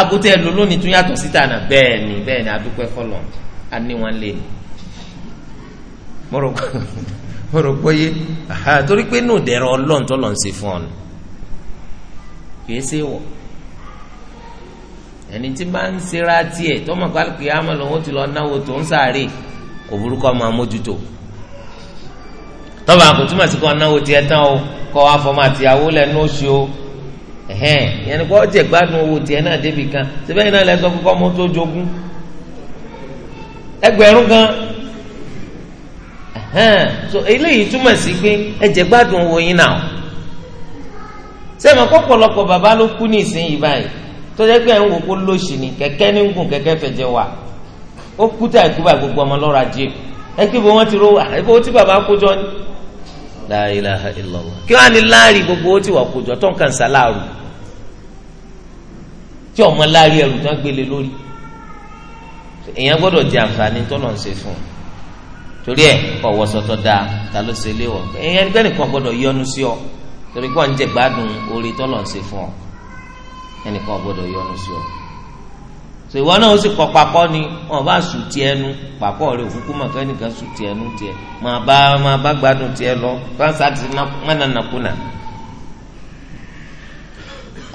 [SPEAKER 1] àbúté ẹ lò lónìí tún yàtọ̀ síta náà bẹ́ẹ̀ ni bẹ́ẹ̀ ni adúpẹ́ kọ́lọ̀ á ní wọn lé ni. mo rò pé yé torí pé nù dẹ̀rọ ọlọ́run tọ́lọ̀ ń ṣe fún ọ nù kì í ṣe wọ̀ ẹni tí bá ń ṣe ra tiẹ̀ tọ́mọ̀ kálukú yá mọ́ lọ́wọ́ ti lọ náwó tó ń sáré òbúrúkọ máa mójútó tọ́ba kò túmọ̀ sí kó anáwó tiẹ̀ tán o kọ́ afọmọ àtìyàwó lẹ́nu oṣù o ẹ̀hẹ́n ìyẹn ni kó gbádùn owó tiẹ̀ náà débì kan síbẹ̀ yìí náà lẹ́sọ̀ tó jogún ẹgbẹ̀rún kan ẹ̀hẹ́n so eléyìí túmọ̀ sí pé ẹ gbádùn owó yín náà bàbá ló kú ní ìsinyìí báyìí tó jẹ́ pé ẹ̀ ń wò kó lóṣì ó kú tá ìkú báyìí gbogbo ọmọ lọ́ra jíìpù ẹ kí bó wọn ti rówó àìkú owó tí bàbá kó jọ ni. la ilaha illallah kí wọ́n á ní láàrin gbogbo owó tí wọ́n kó jọ tó ń kàn sáláàrù tí ọmọ láàrin ẹrù tó ń gbélé lórí èèyàn gbọ́dọ̀ jẹ àǹfààní tó náà ń ṣe fún un torí ẹ ọwọ́ sọtọ́ dáa ta ló ṣe léwọ̀ èèyàn ẹnìkan gbọ́dọ̀ yọnu sí ọ torí kọ́ ń jẹ gbádùn orí tó náà ń ṣe fún ọ ẹnìkan gbọ́dọ̀ yọnu sí ọ so ìwọ náà ó sì kọ papọ̀ ni wọn bá sùn ti ẹnu papọ̀ rẹ òkúkú mọ̀ kẹ́nìkan sùn ti ẹnu tiẹ̀ máa bá máa bá gbádùn tiẹ̀ lọ kánsá ti mọ́nà nàkúnà.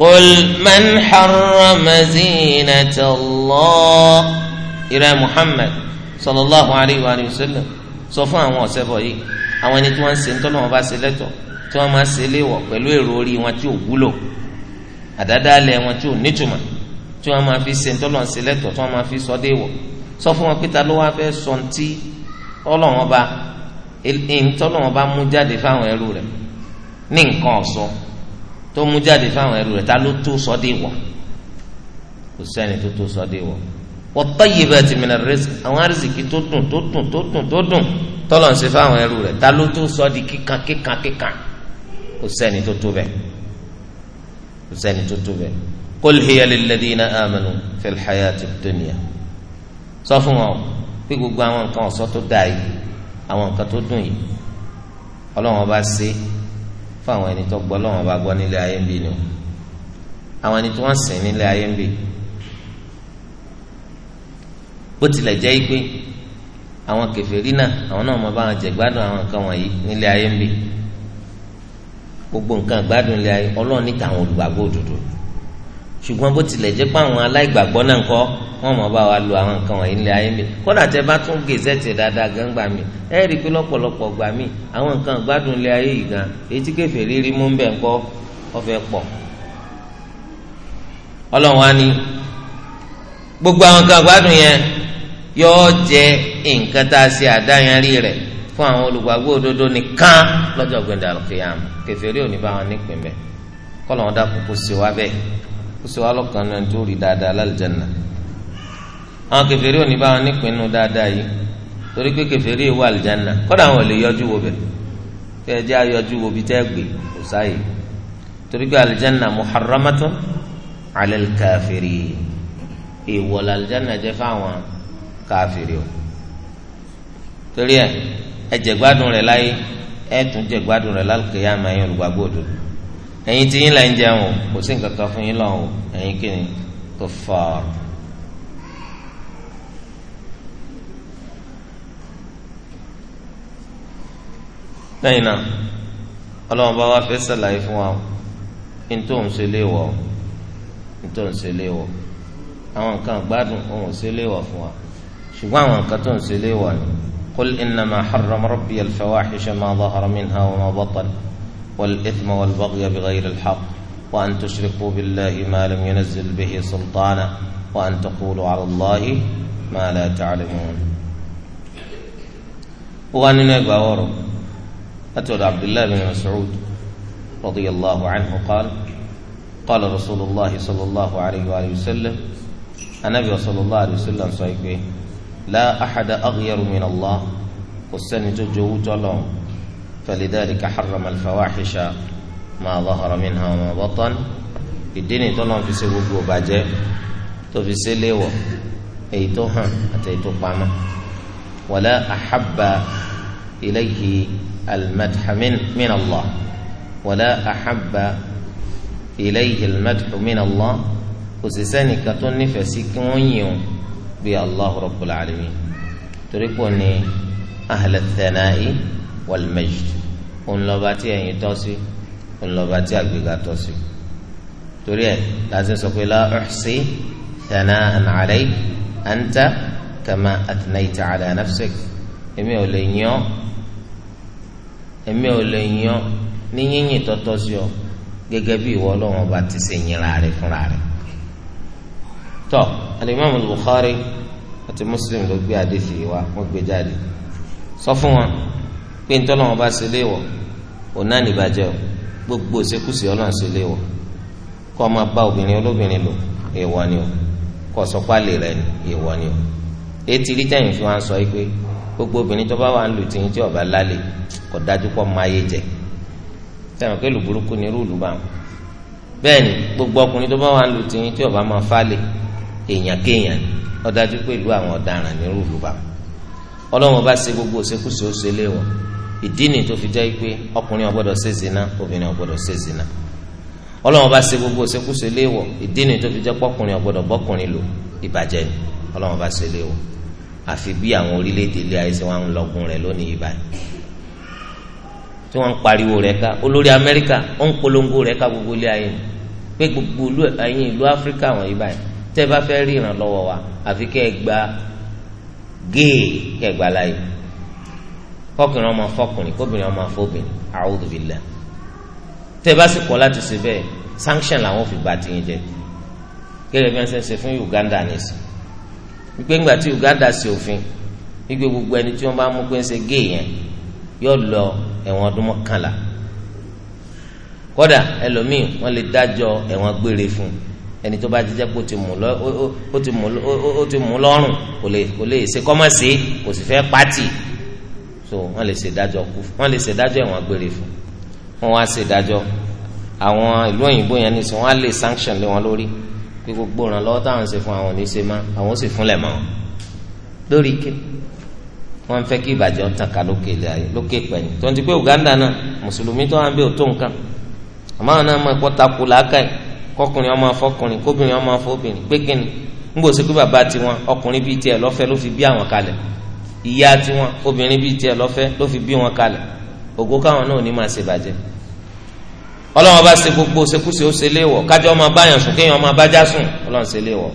[SPEAKER 1] قل من حرم زينة الله إلى محمد صلى الله عليه وآله وسلم sọ fún àwọn ọ̀sẹ̀bọ̀ yìí àwọn ẹni tí wọ́n ń ṣe ńtọ́ lọ́wọ́ bá ṣe lẹ́tọ̀ tí wọ́n máa ṣe léwọ̀ pẹ̀lú èrò orí wọn tí ò wúlò àdádálẹ̀ wọn tí ò nítumọ̀ tí wọ́n máa fi ṣe ntọ́lọ́n ṣe lẹ́tọ̀ tí wọ́n máa fi sọ dé wọ̀ sọ fún wọn pé ta ló wá fẹ́ sọ ntí ọlọ́run ọba ntọ́lọ́run ọba mú jáde fáwọn ẹrú rẹ̀ ní nǹkan ọ̀sọ́ tó mú jáde fáwọn ẹrú rẹ̀ ta ló tó sọ dé wọ̀ kò sẹ́ni tó tó sọ dé wọ̀ wat-tayyibati mina rizq àwọn arísìkì tó dùn tó dùn tó dùn tó dùn tọ́lọ̀ ń ṣe fáwọn ẹrú rẹ̀ ta ló tó sọ di kíkan kíkan kíkan kò sẹ́ni tó tó bẹ́ẹ̀ kò sẹ́ni tó tó bẹ́ẹ̀ qul hiya للذين آمنوا في الحياة الدنيا. sọ في wọn pé gbogbo àwọn nǹkan ọ̀sọ́ tó dáa yìí àwọn nǹkan tó dùn yìí ọlọ́run ọba ṣe fún àwọn ẹni tó gbọ́ ọlọ́run ọba gbọ́ nílé ayé ń bì ni o àwọn ẹni tó wọ́n sìn ayé ń bì bó tilẹ̀ jẹ́ pé àwọn kèfèrí náà àwọn náà mọ bá wọn jẹ gbádùn àwọn nǹkan wọ̀nyí nílé ayé ń bì gbogbo nǹkan gbádùn ilé ayé ọlọ́run ní tàwọn olùgbàgbọ́ òdodo ṣùgbọ́n bó tilẹ̀ jẹ́ pé àwọn aláìgbàgbọ́ náà kọ́ wọ́n mọ̀ bá wa lu àwọn nǹkan wọ̀nyí nílé ayé mi kódà tẹ bá tún dáadáa gan gbà mí ẹ rí i pé lọ́pọ̀lọpọ̀ gbà mí àwọn nǹkan gbádùn ilé ayé yìí gan etí kẹfẹ́ rírí mú bẹ́ẹ̀ kọ́ ọ̀fẹ́ pọ̀. ọlọ́run wa ni gbogbo àwọn nǹkan gbádùn yẹn jẹ ó sì wá lọ́kàn náà tó rí dáadáa lálùjáná àwọn kèfèrí ò ní bá wọn nípinnu dáadáa yìí torí pé kèfèrí wà àlùjáná kódà àwọn ò lè yọjú wo bẹ̀ kẹjẹ ayọjú wo bí tẹ́ gbé kò sáyè torí pé àlùjáná muharramatun ala al-kafiri èèwọ̀ làlùjáná fáwọn káfìrí o torí ẹ ẹ jẹ gbádùn rẹ láyé ẹ tún jẹ gbádùn rẹ lálùkẹyàmẹ yẹn olùgbàgbọ́ ẹ̀yin tí yín là ń jẹun o kò sí nǹkan kan fún yín lọ́hùn o ẹ̀yin kí ni kò fà á. lẹ́yìn náà ọlọ́run bá wá fẹ́ sàlàyé fún wa kí n tó ń ṣe léèwọ̀ n tó ń ṣe léèwọ̀ àwọn nǹkan gbádùn òun ò ṣe léèwọ̀ fún wa ṣùgbọ́n àwọn nǹkan tó ń ṣe léèwọ̀ ni qul innama harrama rabbi al-fawahisha ma zahara minha wa والإثم والبغي بغير الحق وأن تشركوا بالله ما لم ينزل به سلطانا وأن تقولوا على الله ما لا تعلمون وأن باورو أتود عبد الله بن مسعود رضي الله عنه قال قال رسول الله صلى الله عليه وآله وسلم النبي صلى الله عليه وسلم صحيح لا أحد أغير من الله والسنة جوت الله فلذلك حرم الفواحش ما ظهر منها وما بطن ìdíni tọ́lọ́n fi ṣe gbogbo bàjẹ́ tó fi ṣe léwọ̀ èyí tó hàn àti èyí tó pamọ́ wala ahabba ilayhi almadha min Allah wala ahabba ilayhi almadha min Allah kò sì sẹ́nìkan tó nífẹ̀ẹ́ sí kí wọ́n yìn ọ́n bí Allahu rabbul alamin torí pò ní ahla thanai wal-majd ònlọ́ba tí ẹ̀yìn tọ́ sí ònlọ́ba tí àgbéga tọ́ sí torí ẹ̀ láti sọ pé la uhsi thana'an 'alayk anta kama athnayta 'ala nafsik èmi ò lè yàn èmi ò lè yàn ní yínyìn tọ́tọ́ sí ọ gẹ́gẹ́ bí ìwọ Ọlọ́run ọba ti ṣe yìnra rẹ̀ fúnra rẹ̀ tọ́ alimami Bukhari àti Muslim ló gbé adé fi wa wọ́n gbé jáde sọ fún wọn pé ntọ́lọ́ wọn bá ṣe léwọ̀ òun náà nìbàjẹ́ o gbogbo ṣekúṣe ọlọ́run ṣe léwọ̀ kọ́ ọ máa bá obìnrin olóbìnrin lò èèwọ̀ ni o kọ́ ọ sọpá lè rẹ ni èèwọ̀ ni o etí rí tẹ̀yìn fún wa sọ yìí pé gbogbo obìnrin tó bá wà ń lù tìyín tí ọba lálẹ́ kò dájú pọ̀ máa yé jẹ tẹ̀wọ̀n pé lùbúrúkú ni rúùlù bá wọn bẹ́ẹ̀ ni gbogbo ọkùnrin tó bá wà ń lù tìyín tí ọba máa falẹ̀ èèyàn kéèyàn ó dájú pé ìlú àwọn ọ̀daràn ni rúùlù bá wọn ọlọ́run bá ṣe gbogbo ṣekúṣe ó ṣe léwọ̀n ìdí ni tó fi jẹ́ pé ọkùnrin ò gbọ́dọ̀ ṣe zina obìnrin ò gbọ́dọ̀ ṣe zina ọlọ́run bá ṣe gbogbo ṣekúṣe léèwọ̀ ìdí ni tó fi jẹ́ pọ́kùnrin ò gbọ́dọ̀ bọ́kùnrin lò ìbàjẹ́ ni ọlọ́run bá ṣe léèwọ̀ àfi bí àwọn orílẹ̀-èdè ilé ayé ṣe wá ń lọ́gùn rẹ̀ lónìí ìbàdí tí wọ́n ń pariwo rẹ̀ ká olórí amẹ́ríkà ó ń polongo rẹ̀ ká gbogbo ilé ayé pé gbogbo ẹ̀yin ìlú áfíríkà wọ̀nyí báyìí tẹ́ bá fẹ́ rí ìrànlọ́wọ́ wa àfi kẹ́ ẹ gba géè kẹ́ ẹ gba láyé kọkùnrin ọmọ fọkùnrin kóbìnrin ọmọ fọbìnrin a'udhu billah tẹ bá sì kọ̀ láti ṣe bẹ́ẹ̀ sanction làwọn fi gba tiyín jẹ gẹ́gẹ́ bí wọ́n ṣe ń ṣe fún Uganda nìsín wípé ńgbà tí Uganda ṣe òfin wípé gbogbo ẹni tí wọ́n bá mú pé ń ṣe géè yẹn yóò lọ ẹ̀wọ̀n ọdún mọ́kànlá kódà ẹlòmíì wọ́n lè dájọ́ ẹ̀wọ̀n gbére fún ẹni tó bá jíjẹ́ pé ó ti mú lọ́rùn kò lè ṣe kọ́mọ̀sí kò sì fẹ́ pátì so wọ́n lè ṣèdájọ́ kú wọ́n lè ṣèdájọ́ ẹ̀wọ̀n gbére fún wọ́n wá ṣèdájọ́ àwọn ìlú òyìnbó yẹn nìsọ wọ́n á lè sanction lé wọn lórí pé gbogbo ìrànlọ́wọ́ táwọn ṣe fún àwọn ò ní ṣe má àwọn ó sì fúnlẹ̀ mọ́ wọn lórí ike wọ́n fẹ́ kí ìbàjẹ́ ọ̀tàn ká lókè lókè pẹ̀lú tó ń ti pé Uganda náà mùsùlùmí tó wà ń bẹ òtó nǹkan àmọ́ àwọn náà mọ ẹ̀kọ́ takò làákàyè kọkùnrin ọmọ afọkùnrin kóbìnrin ọmọ afọbìnrin pé kíni ń gbòòsí pé bàbá tiwọn ọkùnrin bíi tiẹ̀ lọ́fẹ́ ló fi bí àwọn kalẹ̀ ìyá tiwọn obìnrin bíi tiẹ̀ lọ́fẹ́ ló fi bí wọn kalẹ̀ ògo káwọn náà ní máa ṣe bàjẹ́ ọlọ́wọ́n bá ṣe gbogbo ṣekúṣe ó ṣe léèwọ̀ kájọ́ máa báyàn sùn kéèyàn máa bájá sùn ọlọ́run ṣe léèwọ̀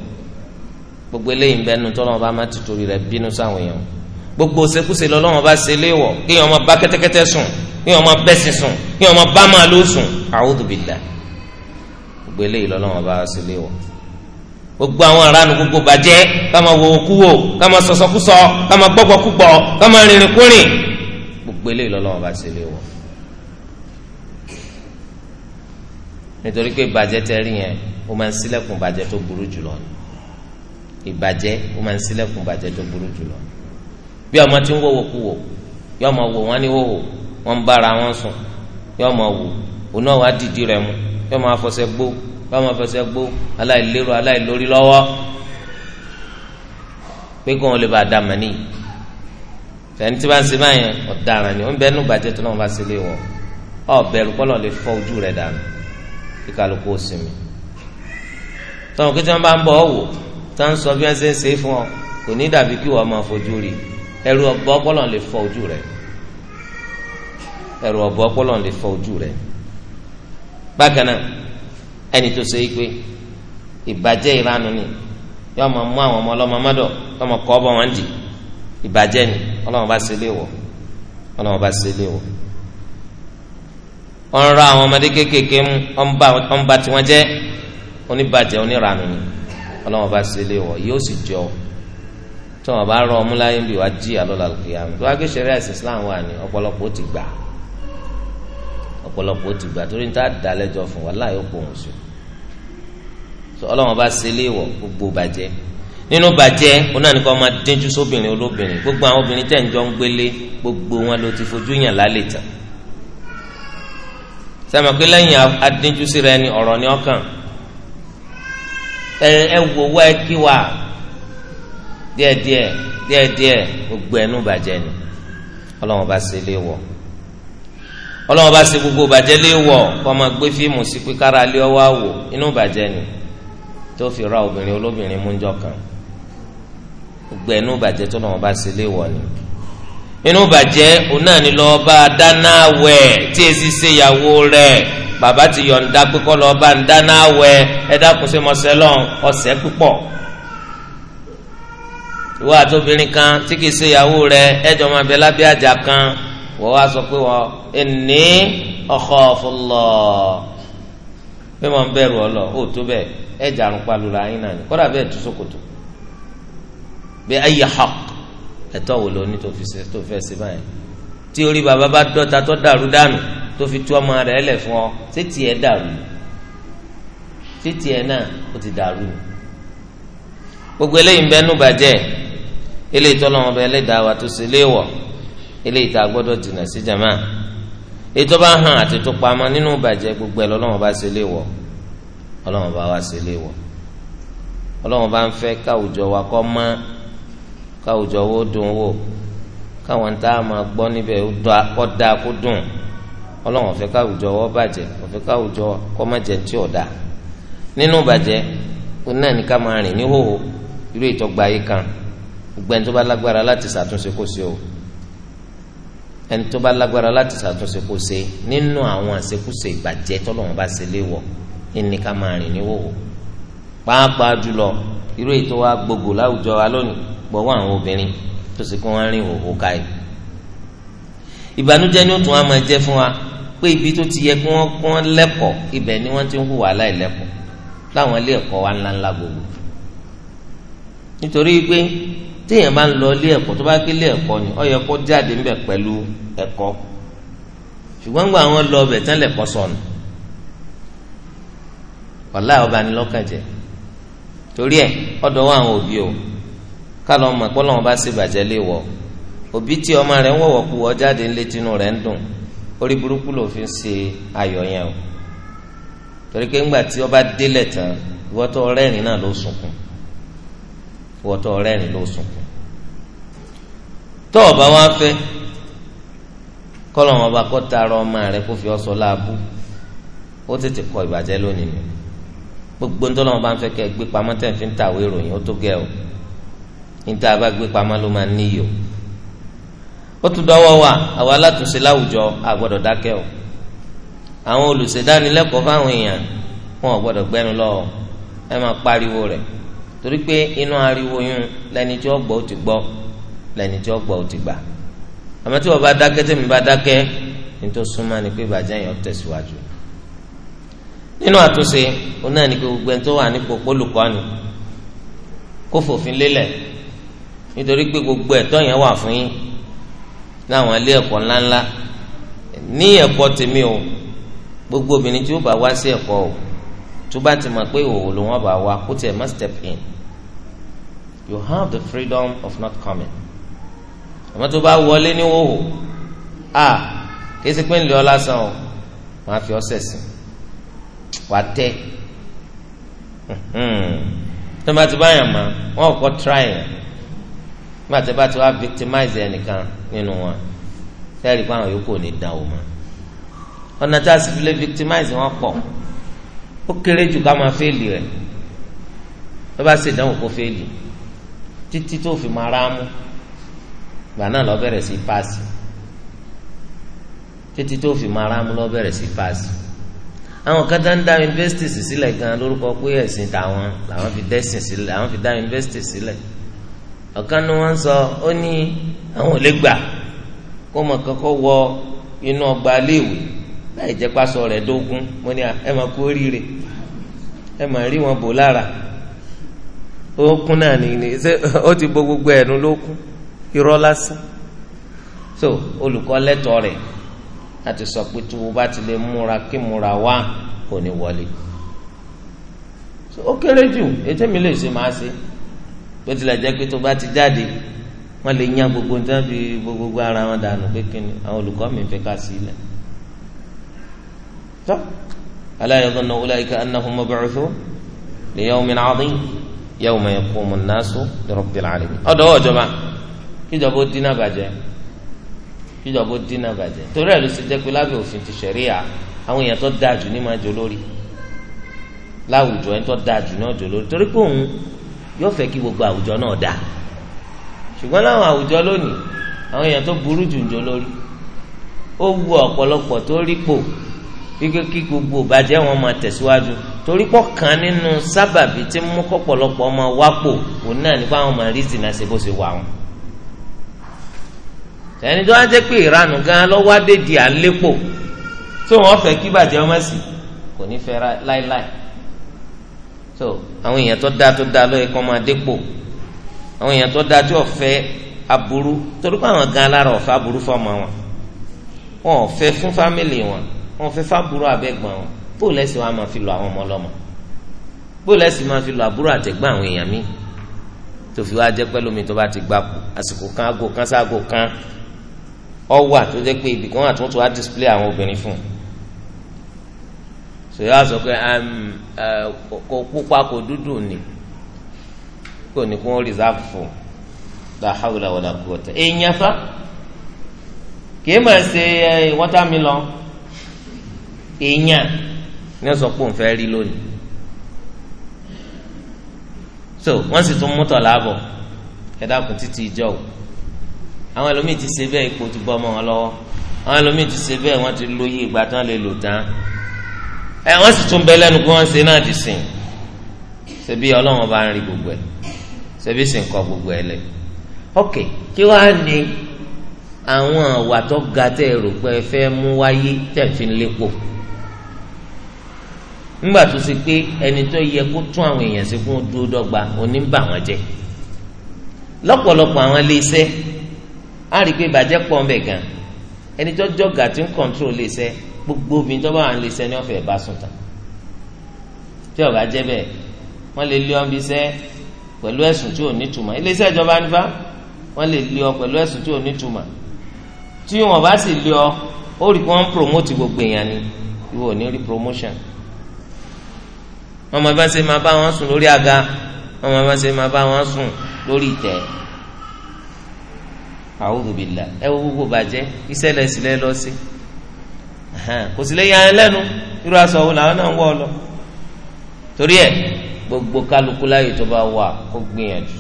[SPEAKER 1] gbogbo eléyìí ń bẹnu tọ́lọ́wọ́n bá má ti torí rẹ̀ bínú sáwọn èèyàn gbogbo ṣekúṣe lọ́lọ́wọ́n bá ṣe léèwọ̀ kéèyàn máa bá kẹ́tẹ́kẹ́tẹ́ sùn kéèyàn máa bẹ́sìn sùn kéèyàn máa bá màálù sùn a'udhu billah gbogbo eléyìí lọ́lọ́wọ́n bá ṣe léèwọ̀ gbogbo àwọn aráàlú gbogbo bàjẹ́ káma wo kúwò káma sọsọkúsọ káma gbọgbọkúgbọ kama rìnrìnkúrìn gbogbo eléyìí lọ́lọ́wọ́ bá ṣe lé wọ. nítorí pé bàjẹ́ tẹ rí yẹn ó máa ń ṣílẹ̀kùn bàjẹ́ tó burú jùlọ ìbàjẹ́ ó máa ń ṣílẹ̀kùn bàjẹ́ tó burú jùlọ bí ọmọ tí ń wọ̀wọ̀ kúwò yóò máa wò wọ́n ní wòwò wọ́n ń bára wọn sùn yóò máa wò òun náà wàá dìdí rẹ̀ mu yóò máa fọṣẹ gbó káwọn afẹsẹ̀ gbó aláìlérò aláìlórí lọ́wọ́ pé kí wọn lè bá a dá màní fẹ̀yìn tí wọ́n ń ṣe báyẹn ọ̀daràn ni wọ́n bẹ́ẹ̀ nù bàjẹ́ tó náà wọ́n bá ṣe lé wọn ọ̀bẹ̀rù kọ́lọ̀ lè fọ́ ojú rẹ̀ dànù kí kálukú ó sinmi tọ́wọ́n kí tí wọ́n bá ń bọ̀ ọ́ wò tá ń sọ bí wọ́n ṣe ń ṣe fún ọ kò ní dàbí kí wọ́n máa fojú rí ẹ̀rù ọ̀bọ kọ́lọ̀ lè fọ́ ojú rẹ̀ ẹ̀rù ọ̀bọ kọ́lọ̀ lè fọ́ ojú rẹ̀ bákan náà ẹni tó ṣe é pé ìbàjẹ́ ìranu ni yọ ọmọ mú àwọn ọmọ ọlọ́mọ mọ́dọ̀ yọ ọmọ kọ́ ọbọ̀ wọn dì ìbàjẹ́ ni ọlọ́mọ bá ṣe léwọ̀ ọlọ́mọ bá ṣe léwọ̀ wọ́n ra àwọn ọmọdé kéékèèké mú ọ̀n bá tiwọn jẹ́ oníbàjẹ́ oníranu ni ọlọ́mọ bá ṣe léwọ̀ yóò sì jọ tí wọn bá rọ ọmúláyé bí wàá jí àlọ́ làlùkìyàmù tó wàá gé sẹ́rí àìsàn Islam wà ní ọ̀pọ̀lọpọ̀ ó ti gbà á ọ̀pọ̀lọpọ̀ ó ti gbà torí níta dá lẹ́jọ́ fún wa láàyò pòun sùn tó ọlọ́wọ́n bá ṣe léèwọ̀ gbogbo bàjẹ́
[SPEAKER 2] nínú bàjẹ́
[SPEAKER 1] onáni kọ́ máa dínjú sóbìnrin olóbìnrin gbogbo àwọn obìnrin tẹ̀ ń jọ ń gbélé gbogbo wọn ló ti fojú yàn lálẹ́ tán sẹ́mi pé lẹ́yìn adínjú síra ẹni ọ̀rọ̀ ni ọkàn ẹ ẹ wò wá ẹ kí wa díẹ̀díẹ̀ díẹ̀díẹ̀ gbogbo ẹnu bàjẹ́ ni ọlọ́wọ́n bá ṣe léèwọ̀ ọlọ́wọ́ bá ṣe gbogbo bàjẹ́ lé wọ̀ kọ́ máa gbé fíìmù sí pé kára lé ọwọ́ àwò inú bàjẹ́ ni tó fi ra obìnrin olóbìnrin mú jọ kan gbogbo ẹnu bàjẹ́ tó náà bá ṣe lé wọ̀ ni inú bàjẹ́ òun náà ni lọ́ọ́ bá dáná wẹ̀ tí se ṣèyàwó rẹ̀ bàbá ti yọ̀ǹda pé kọ́ lọ́ọ́ bá ń dáná wẹ̀ ẹ dákun sí mọ́sẹ́lọ́n ọ̀sẹ̀ púpọ̀ ìwọ àtobìnrin kan tí kì í ṣèyàwó rẹ̀ wọ́n wá sọ pé wọ́n inni akhafullah pé wọ́n ń bẹ̀rù ọlọ ó tó bẹ́ẹ̀ ẹ jàrún palùlà yín náà ni kọ́dà bẹ́ẹ̀ tú sókòtò bí ayé haq ẹ̀tọ́ wò lóní tó fi ṣe tó fẹ́ ṣe báyìí tí orí bàbá bá dọ́ta tó dàrú dànù tó fi tú ọmọ rẹ̀ lẹ̀ fún ọ ṣé tiẹ̀ dàrú ṣé tiẹ̀ náà ó ti dàrú gbogbo eléyìí ń bẹ́ẹ̀ nù bàjẹ́ eléyìí tọ́lọ́mọbẹ ẹlẹ́dàá wa tó eléyìí tá a gbọ́dọ̀ jìnnà sí jama ètò bá hàn àti tó pamọ́ nínú ìbàjẹ́ gbogbo ẹ̀ lọ́lọ́wọ́n bá ṣe lé wọ̀ ọlọ́wọ́n bá wá ṣe lé wọ̀ ọlọ́wọ́n bá ń fẹ́ káwùjọ wa kọ́ mọ́ káwùjọ wo dùn wò káwọn tá a máa gbọ́ níbẹ̀ kọ́ da kó dùn ọlọ́wọ́n fẹ́ káwùjọ wọ́ bàjẹ́ ọ̀fẹ́ káwùjọ kọ́ má jẹ́ tí ò nínú ìbàjẹ́ ó náà ní ká máa rìn níhòòhò irú ìtọ́gba yìí kan gbẹ́ni tó bá lágbára láti ṣàtúnṣe kó ṣe o ẹni tó bá lágbára láti ṣàtúnṣe kó ṣe nínú àwọn àṣekúṣe ìbàjẹ́ tọ́lọ́wọ́n bá ṣe léwọ̀ ẹni ká máa rìn níwòwò pàápàá jùlọ irú èyí tó wá gbogbo láwùjọ wa lónìí gbọ́wọ́ àwọn obìnrin tó sì kó wọn rìn òwò káyì. ìbànújẹ́ ni ó tún wá máa jẹ́ fún wa pé ibi tó ti yẹ kí wọ́n kún lẹ́kọ̀ọ́ ibẹ̀ ni wọ́n ti ń hùwà láìlẹ́kọ̀ọ́ láwọn ilé ẹ̀kọ́ wa ńláńlá gbogbo nítorí pé téèyàn bá ń lọ ilé ẹ̀kọ́ tó bá gbé ilé ẹ̀kọ́ ni ó yẹ kó jáde ńbẹ̀ pẹ̀lú ẹ̀kọ́ ṣùgbọ́n gba àwọn lọ ọbẹ̀ tán lẹ̀kọ́ sọnù wàlá ọba ni lọ́kàn jẹ torí ẹ̀ ọ̀dọ̀ wọn àwọn òbí o kálọ̀ ọmọ ìpọ́nlọ́ wọn bá ṣe bàjẹ́ lé wọ òbí tí ọmọ rẹ̀ ń wọ̀wọ̀ kú ọ jáde ńlé tinú rẹ̀ ń dùn orí burúkú ló fi ń ṣe ayọ̀ yẹn o torí pé ńgbà tí ọba délẹ̀ tán ìwọ́tọ̀ rẹ́rìn náà ló sunkún ìwọ́tọ̀ rẹ́rìn ló sunkún tó o bá wá fẹ́ kọlọmọ ọba kọ taara ọmọ rẹ kó fi ọsọ láàbù ó tètè kọ ìbàjẹ́ lónìí ni gbogbo ń tọ́lọ́mọ bá ń fẹ́ kẹ́ gbé pamọ́ tẹ̀ fi ń tàwé ìròyìn ó tó gẹ̀ o níta bá gbé pamọ́ ló máa níyò ó tún dọ́wọ́ wa àwọn alátùnṣe láwùjọ àgbọ́dọ̀ dákẹ́ o àwọn olùṣèdánilẹ́kọ̀ọ́ fáwọn èèyàn wọn ò gbọ́dọ̀ gbẹ́nu lọ́wọ́ ẹ máa pariwo rẹ̀ torí pé inú ariwo yún lẹni tí ó gbọ́ ó ti gbọ́ lẹ́ni tí ó ò ti gbà àmọ́ tí wọ́n bá dákẹ́ tẹ̀mí bá dákẹ́ nítorí súnmọ́ ni pé ìbàjẹ́ yẹn ó nínú àtúnṣe òun náà ni pé gbogbo ẹni tó wà nípò pólùkọ́ni kó fòfin lélẹ̀ nítorí pé gbogbo ẹ̀tọ́ yẹn wà fún yín láwọn ilé ẹ̀kọ́ ńláńlá ní ẹ̀kọ́ tèmi o gbogbo obìnrin tí ó bá wá sí ẹ̀kọ́ o tó bá ti mọ̀ pé òwò ló wọ́n bá wá kó tiẹ̀ má step in you have the freedom of not coming àmọ́ tó bá wọlé ní wòwò a kìí pé ńlẹ̀ ọ o máa fi ọsẹ̀ sí wà tẹ́ hmm. tó bá ti bá yàn mọ́ wọn kọ́ try yàn nígbà tó bá ti wá victimize ẹnìkan nínú wọn sẹ́ẹ̀rì pé àwọn yòókù ò ní dán o mọ́ ọ̀nà tá a sì fi lè victimize wọn pọ̀ ó kéré jù ká máa fẹ́ẹ̀lì rẹ̀ tó bá ṣèdánwò kó fẹ́ẹ̀lì títí tó fi máa rámú gbà náà lọ bẹ̀rẹ̀ sí paasi títí tó fi máa rámú lọ bẹ̀rẹ̀ sí paasi àwọn kan tá ń dá yunifásitì sílẹ̀ gan lórúkọ pé ẹ̀sìn tàwọn làwọn fi dẹ́sìn sílẹ̀ àwọn fi dá yunifásitì sílẹ̀ ọ̀kan ni wọ́n sọ ó ní àwọn ò lè gbà kó mọ̀ kọ́kọ́ wọ inú ọgbà léèwé láì jẹ́ pásọ rẹ̀ dógún mo ní ẹ máa kú oríire ẹ máa rí wọn bò lára ó kún náà ní ṣé ó ti bo gbogbo ẹ̀nu ló kún irọ́ lásán so olùkọ́ lẹ́tọ̀ọ́ rẹ̀ láti sọ pé tí wọ́n bá ti lè múra kí múra wá kò ní wọlé so ó kéré jù ètò mi lè ṣe máa ṣe bó tilẹ̀ jẹ́ pé tó bá ti jáde wọ́n lè yan gbogbo tí wọ́n fi gbogbo ara wọn dànù pé kí ni àwọn olùkọ́ mi fẹ́ ká sí ilẹ̀ tó ala yadhunnu ulaika annahum mab'uthun li yawmin 'adhim yawma yaqumu an-nasu li rabbil 'alamin ọ̀dọ́ ọ̀jọba kíjọba ó dín náà bàjẹ́ kíjọba ó dín náà bàjẹ́ torí ẹ̀ ló ṣe jẹ́ pé lábẹ́ òfin ti ṣẹ̀ríà àwọn èèyàn tó dáa jù ní máa jọ lórí láwùjọ ẹni tó dáa jù náà jọ lórí torí pé òun yóò fẹ́ kí gbogbo àwùjọ náà dáa ṣùgbọ́n láwọn àwùjọ lónìí àwọn èèyàn tó burú jù ń jọ lórí ó wu ọ̀pọ̀lọpọ̀ tó rí pò wípé kí gbogbo ìbàjẹ́ wọn máa tẹ̀síwájú torí pọ̀ kan nínú sábàbí tí mú kọ́pọ̀lọpọ̀ ọmọ wápò òun náà nípa àwọn ọmọ rí zina ṣe bó ṣe wà wọn ẹni tó wá jẹ́ pé ìranù gan lọ́wọ́ adédi à ń lépò tó wọ́n fẹ́ kí bàjẹ́ ọmọ sí kò ní fẹ́ láéláé tó àwọn èèyàn tó dáa tó dáa lóye kọ́ máa dépò àwọn èèyàn tó dáa tí ò fẹ́ aburú torí pé àwọn gan alára ọ̀fẹ́ aburú fọmọ wọn wọn ò fẹ́ fún fámìlì wọn wọn ò fẹ́ fáburú abẹ́gbọ̀n wọn bóòlù ẹ̀sìn wa máa fi lọ àwọn ọmọ ọlọ́mọ bóòlù ẹ̀sìn máa fi lọ àbúrò àtẹ̀gbọ́n àwọn èèyàn míì tó fi wá jẹ́ pẹ́lú mi tó bá ti gbapò àsìkò kan aago kan sáago kan ọwọ́ àtúnjẹ pé ibì kan àtúntò á display àwọn obìnrin fún un sọ yóò sọ pé um, uh, kò pupa kò dúdú ni kò ní kó reserve fún la hawla wala quwwata èèyàn fa kì í máa ṣe eh, watermelon èèyàn ní sọ pé òun fẹ́ rí lónìí so wọ́n sì tún mú tọ̀ láàbọ̀ ẹ dákun títí ìjọ o àwọn ẹlòmíì ti ṣe bẹ́ẹ̀ ipò ti bọ́ ọmọ wọn lọ́wọ́ àwọn ẹlòmíì ti ṣe bẹ́ẹ̀ wọ́n ti lo iye ìgbà tán lè lò tán ẹ wọ́n sì tún bẹ lẹ́nu pé wọ́n ṣe náà ti sìn ṣebí ọlọ́wọ́n bá ń rí gbogbo ẹ̀ ṣebí sì ń kọ gbogbo ẹ̀ lẹ̀ ok kí wàá ní àwọn àwà tó ga tẹ́ ẹ rò pé ẹ fẹ́ mú wáyé tẹ̀ fi ń lépo nígbà tó ṣe pé ẹni tó yẹ kó tún àwọn èèyàn sí fún dúró dọ́gba oníbàwọ̀n jẹ lọ́pọ̀lọpọ̀ àwọn ilé iṣẹ́ á rí i pé ìbàjẹ́ pọ̀ ń bẹ̀ gan ẹni tó jọ̀gà tí ń kọ̀ǹtrol lè sẹ́ gbogbo obìnrin tó bá wà ń lè sẹ́ ní ọ̀fẹ́ bá sùn tán tí ọ̀gá jẹ́ bẹ́ẹ̀ wọ́n lè lé ọ́n bí sẹ́ pẹ̀lú ẹ̀sùn tí ò ní tùmọ̀ iléeṣẹ́ ìjọba ń bá wọ́n lè lé ọ pẹ̀lú ẹ̀sùn tí ò ní tùmọ̀ tí wọ́n bá sì lé ọ ó rí i pé wọ́n ń promote gbogbo èèyàn ni ìwọ ò ní rí promotion wọ́n bá ṣe máa bá wọn sùn lórí àga wọ́n bá ṣe máa bá wọn sùn lórí ìtẹ́ a'udhu billah ẹ wo gbogbo bàjẹ́ iṣẹ́ lẹ sílẹ̀ lọ sí kò sí lè yan ẹ lẹ́nu irú aṣọ wo làwọn náà ń wọ̀ lọ torí ẹ gbogbo kálukú láyè tó bá wà kó gbìyànjú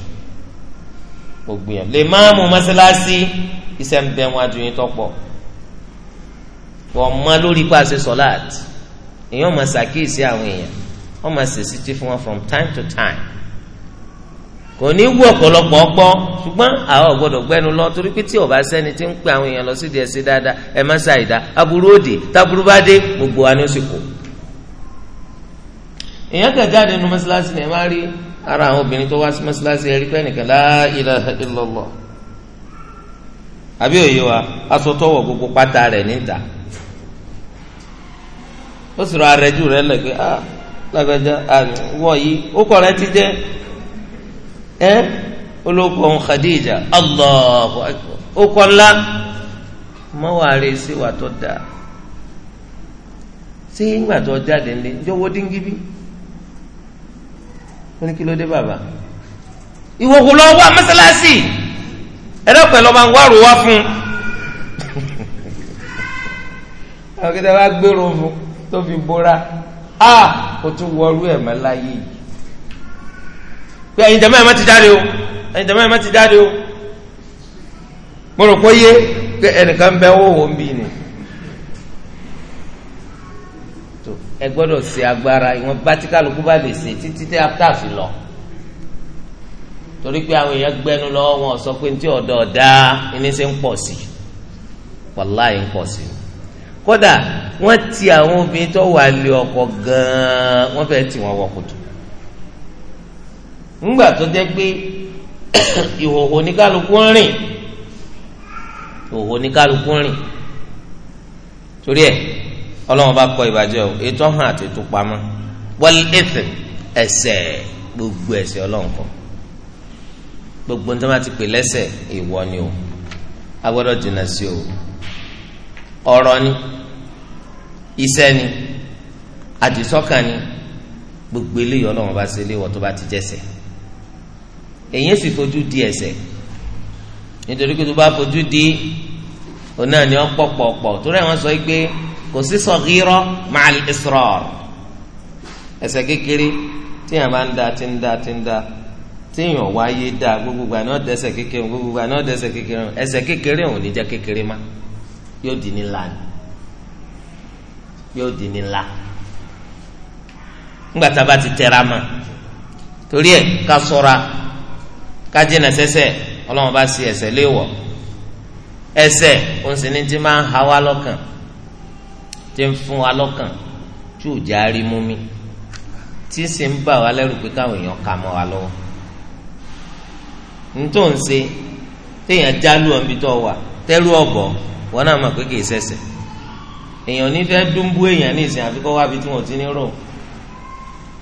[SPEAKER 1] kó gbìyànjú lè máa mú mọ́sálásí iṣẹ́ ń bẹ wọn adùnyìn tó pọ̀ wọ́n mọ lórí pàṣẹ sọ́láàtì èèyàn máa ṣàkíyèsí àwọn èèyàn wọ́n máa fún wọn from time to time kò ní wú ọ̀pọ̀lọpọ̀ ọgbọ́ ṣùgbọ́n àwọn lọ torí pé tí ọba sẹ́ni ti ń pe àwọn èèyàn lọ sí sí dáadáa ẹ gbogbo wa ni ó sì kù. èèyàn kan jáde mọ́ṣáláṣí ni ẹ máa rí ara àwọn obìnrin tó wá sí mọ́ṣáláṣí ẹ rí pé nìkan wa aṣọ tọwọ gbogbo pátá níta ó sì rọ arẹjú rẹ ẹ olóko ọhún Khadija Allahu akbar ó kọ ńlá mọwàárẹ sí wà tó dáa ṣé ìgbà tó jáde ńlẹ ǹjọ́ wo díngí bí ó ní kí ló dé bàbá ìwòkò lọ wá mọ́sálásì
[SPEAKER 2] ẹ̀rọ̀pẹ̀ lọ́ba ń wá rò fún
[SPEAKER 1] un àwọn kí ni gbèrò fún tó fi bóra a ah! ó tún wọlú ẹ̀ mọ́ láyé yìí pé ẹ̀yin jàmáà ẹ̀ ti jáde o ẹ̀yin jàmáà ẹ̀ má ti jáde o mo rò pé yé pé ẹnìkan bẹ wọ́wọ́ ń bì ní. ẹ gbọ́dọ̀ ṣe agbára ìwọ̀n bá tí kálukú bá lè ṣe títí tẹ́ àtàfi lọ torí pé àwọn èèyàn gbẹnu lọ́wọ́ wọn sọ pé ntí ọ̀dọ̀ ọ̀dá iníṣẹ́ ń pọ̀ sí wàláì ń pọ̀ sí kódà wọ́n ti àwọn obìnrin tó wà lé ọkọ gan-an wọ́n tì wọ́n wọ kùtù ńgbà tó jẹ́ pé ìhòhò ní kálukú ń rìn ìhòhò ní kálukú ń rìn torí ẹ̀ ọlọ́run bá kọ ìbàjẹ́ o ètò hàn àti ètò pamọ́ wal ithm ẹ̀ṣẹ̀ gbogbo ẹ̀ṣẹ̀ ọlọ́run kọ gbogbo nítorí ti pè lẹ́ṣẹ̀ ìwọ ni o a gbọ́dọ̀ jìnnà sí o ọ̀rọ̀ ni iṣẹ́ ni àdìsọ́kàn ni gbogbo eléyìí ọlọ́run bá ṣe léwọ́ tó bá ti jẹ́ṣẹ̀ èyí sì fojú di ese. nítorí pé tó bá fojú di òun náà ni wọn pọ pọpọ tó rẹ wọn sọ pé kò sí sọgírọ màálì israr ẹ̀ṣẹ̀ kékeré tí yàn bá ń da ti ń da tí ń da tí yàn wáyé da gbogbo gba ní ọdẹ kékeré gbogbo gba ní ọdẹ kékeré ẹ̀ṣẹ̀ kékeré òun ní jẹ kékeré má di ní ńlá yóò di ní ńlá ńgbàtà ti tẹra ma torí ẹ ká kájínà sẹ́ṣẹ̀ Ọlọ́run bá sí ẹ̀ṣẹ̀ léèwọ̀ ẹ̀ṣẹ̀ òun sì ni ti máa ń ha wá lọ́kàn ti ń fún wa lọ́kàn tí ò já rí mú mi tí sì ń bà wá lẹ́rù pé káwọn èèyàn kà mọ́ wa lọ́wọ́ ntò ń ṣe téèyàn jálù ọ̀nbi tó wà tẹ́rù ọ̀bọ̀ wọn náà mọ̀ pé kì í ṣẹ̀ṣẹ̀ èèyàn ní fẹ́ dúnbú èèyàn ní ìsìn àfikọ́ wá bí tí wọ́n ti ní rò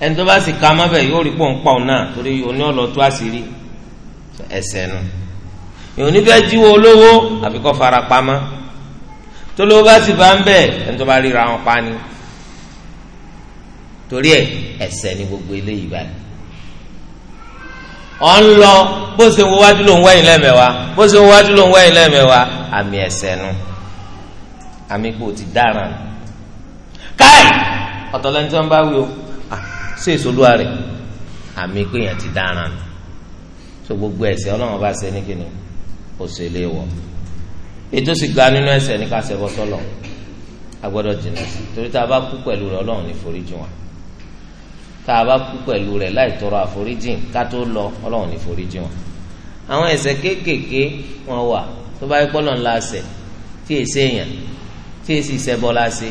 [SPEAKER 1] ẹni tó bá sì ka mọ́bẹ̀ yóò rí pòun náà torí oní ọ̀lọ́ àṣírí ẹsẹ̀ nu èèyàn nífẹ̀ẹ́ jíwó olówó àfi kọ́ fara pamọ́ tólówó bá sì bá ń bẹ̀ ẹni tó bá ríra wọn pa ni torí ẹ ẹsẹ̀ ni gbogbo eléyìí báyìí ọ ń lọ bó ṣe wo wájú ló ń wẹ̀yìn lẹ́mẹ̀wàá bó ṣe wo wájú ló ń wẹ̀yìn lẹ́mẹ̀wàá àmì ẹsẹ̀ nu àmì kò ti dára nù káì ọ̀tọ̀ lẹ́ni tí wọ́n bá wí o ṣé èso lúwa àmì pé yẹn ti dára nù so gbogbo ẹ̀ṣẹ̀ Ọlọ́run bá ṣe ní kíni kò ṣe lé wọ ètò sì ga nínú ẹ̀ṣẹ̀ ní ká ṣẹbọ sọlọ a gbọ́dọ̀ jìnnà sí torí tá a bá kú pẹ̀lú rẹ̀ Ọlọ́run ní foríjì wọn tá a bá kú pẹ̀lú rẹ̀ láì tọrọ àforíjì ká tó lọ Ọlọ́run ní foríjì wọn àwọn ẹ̀ṣẹ̀ kéékèèké wọn wà tó bá yẹ kọlọ ńlá ṣẹ̀ tí èsì èèyàn tí èsì ìṣẹbọ la ṣe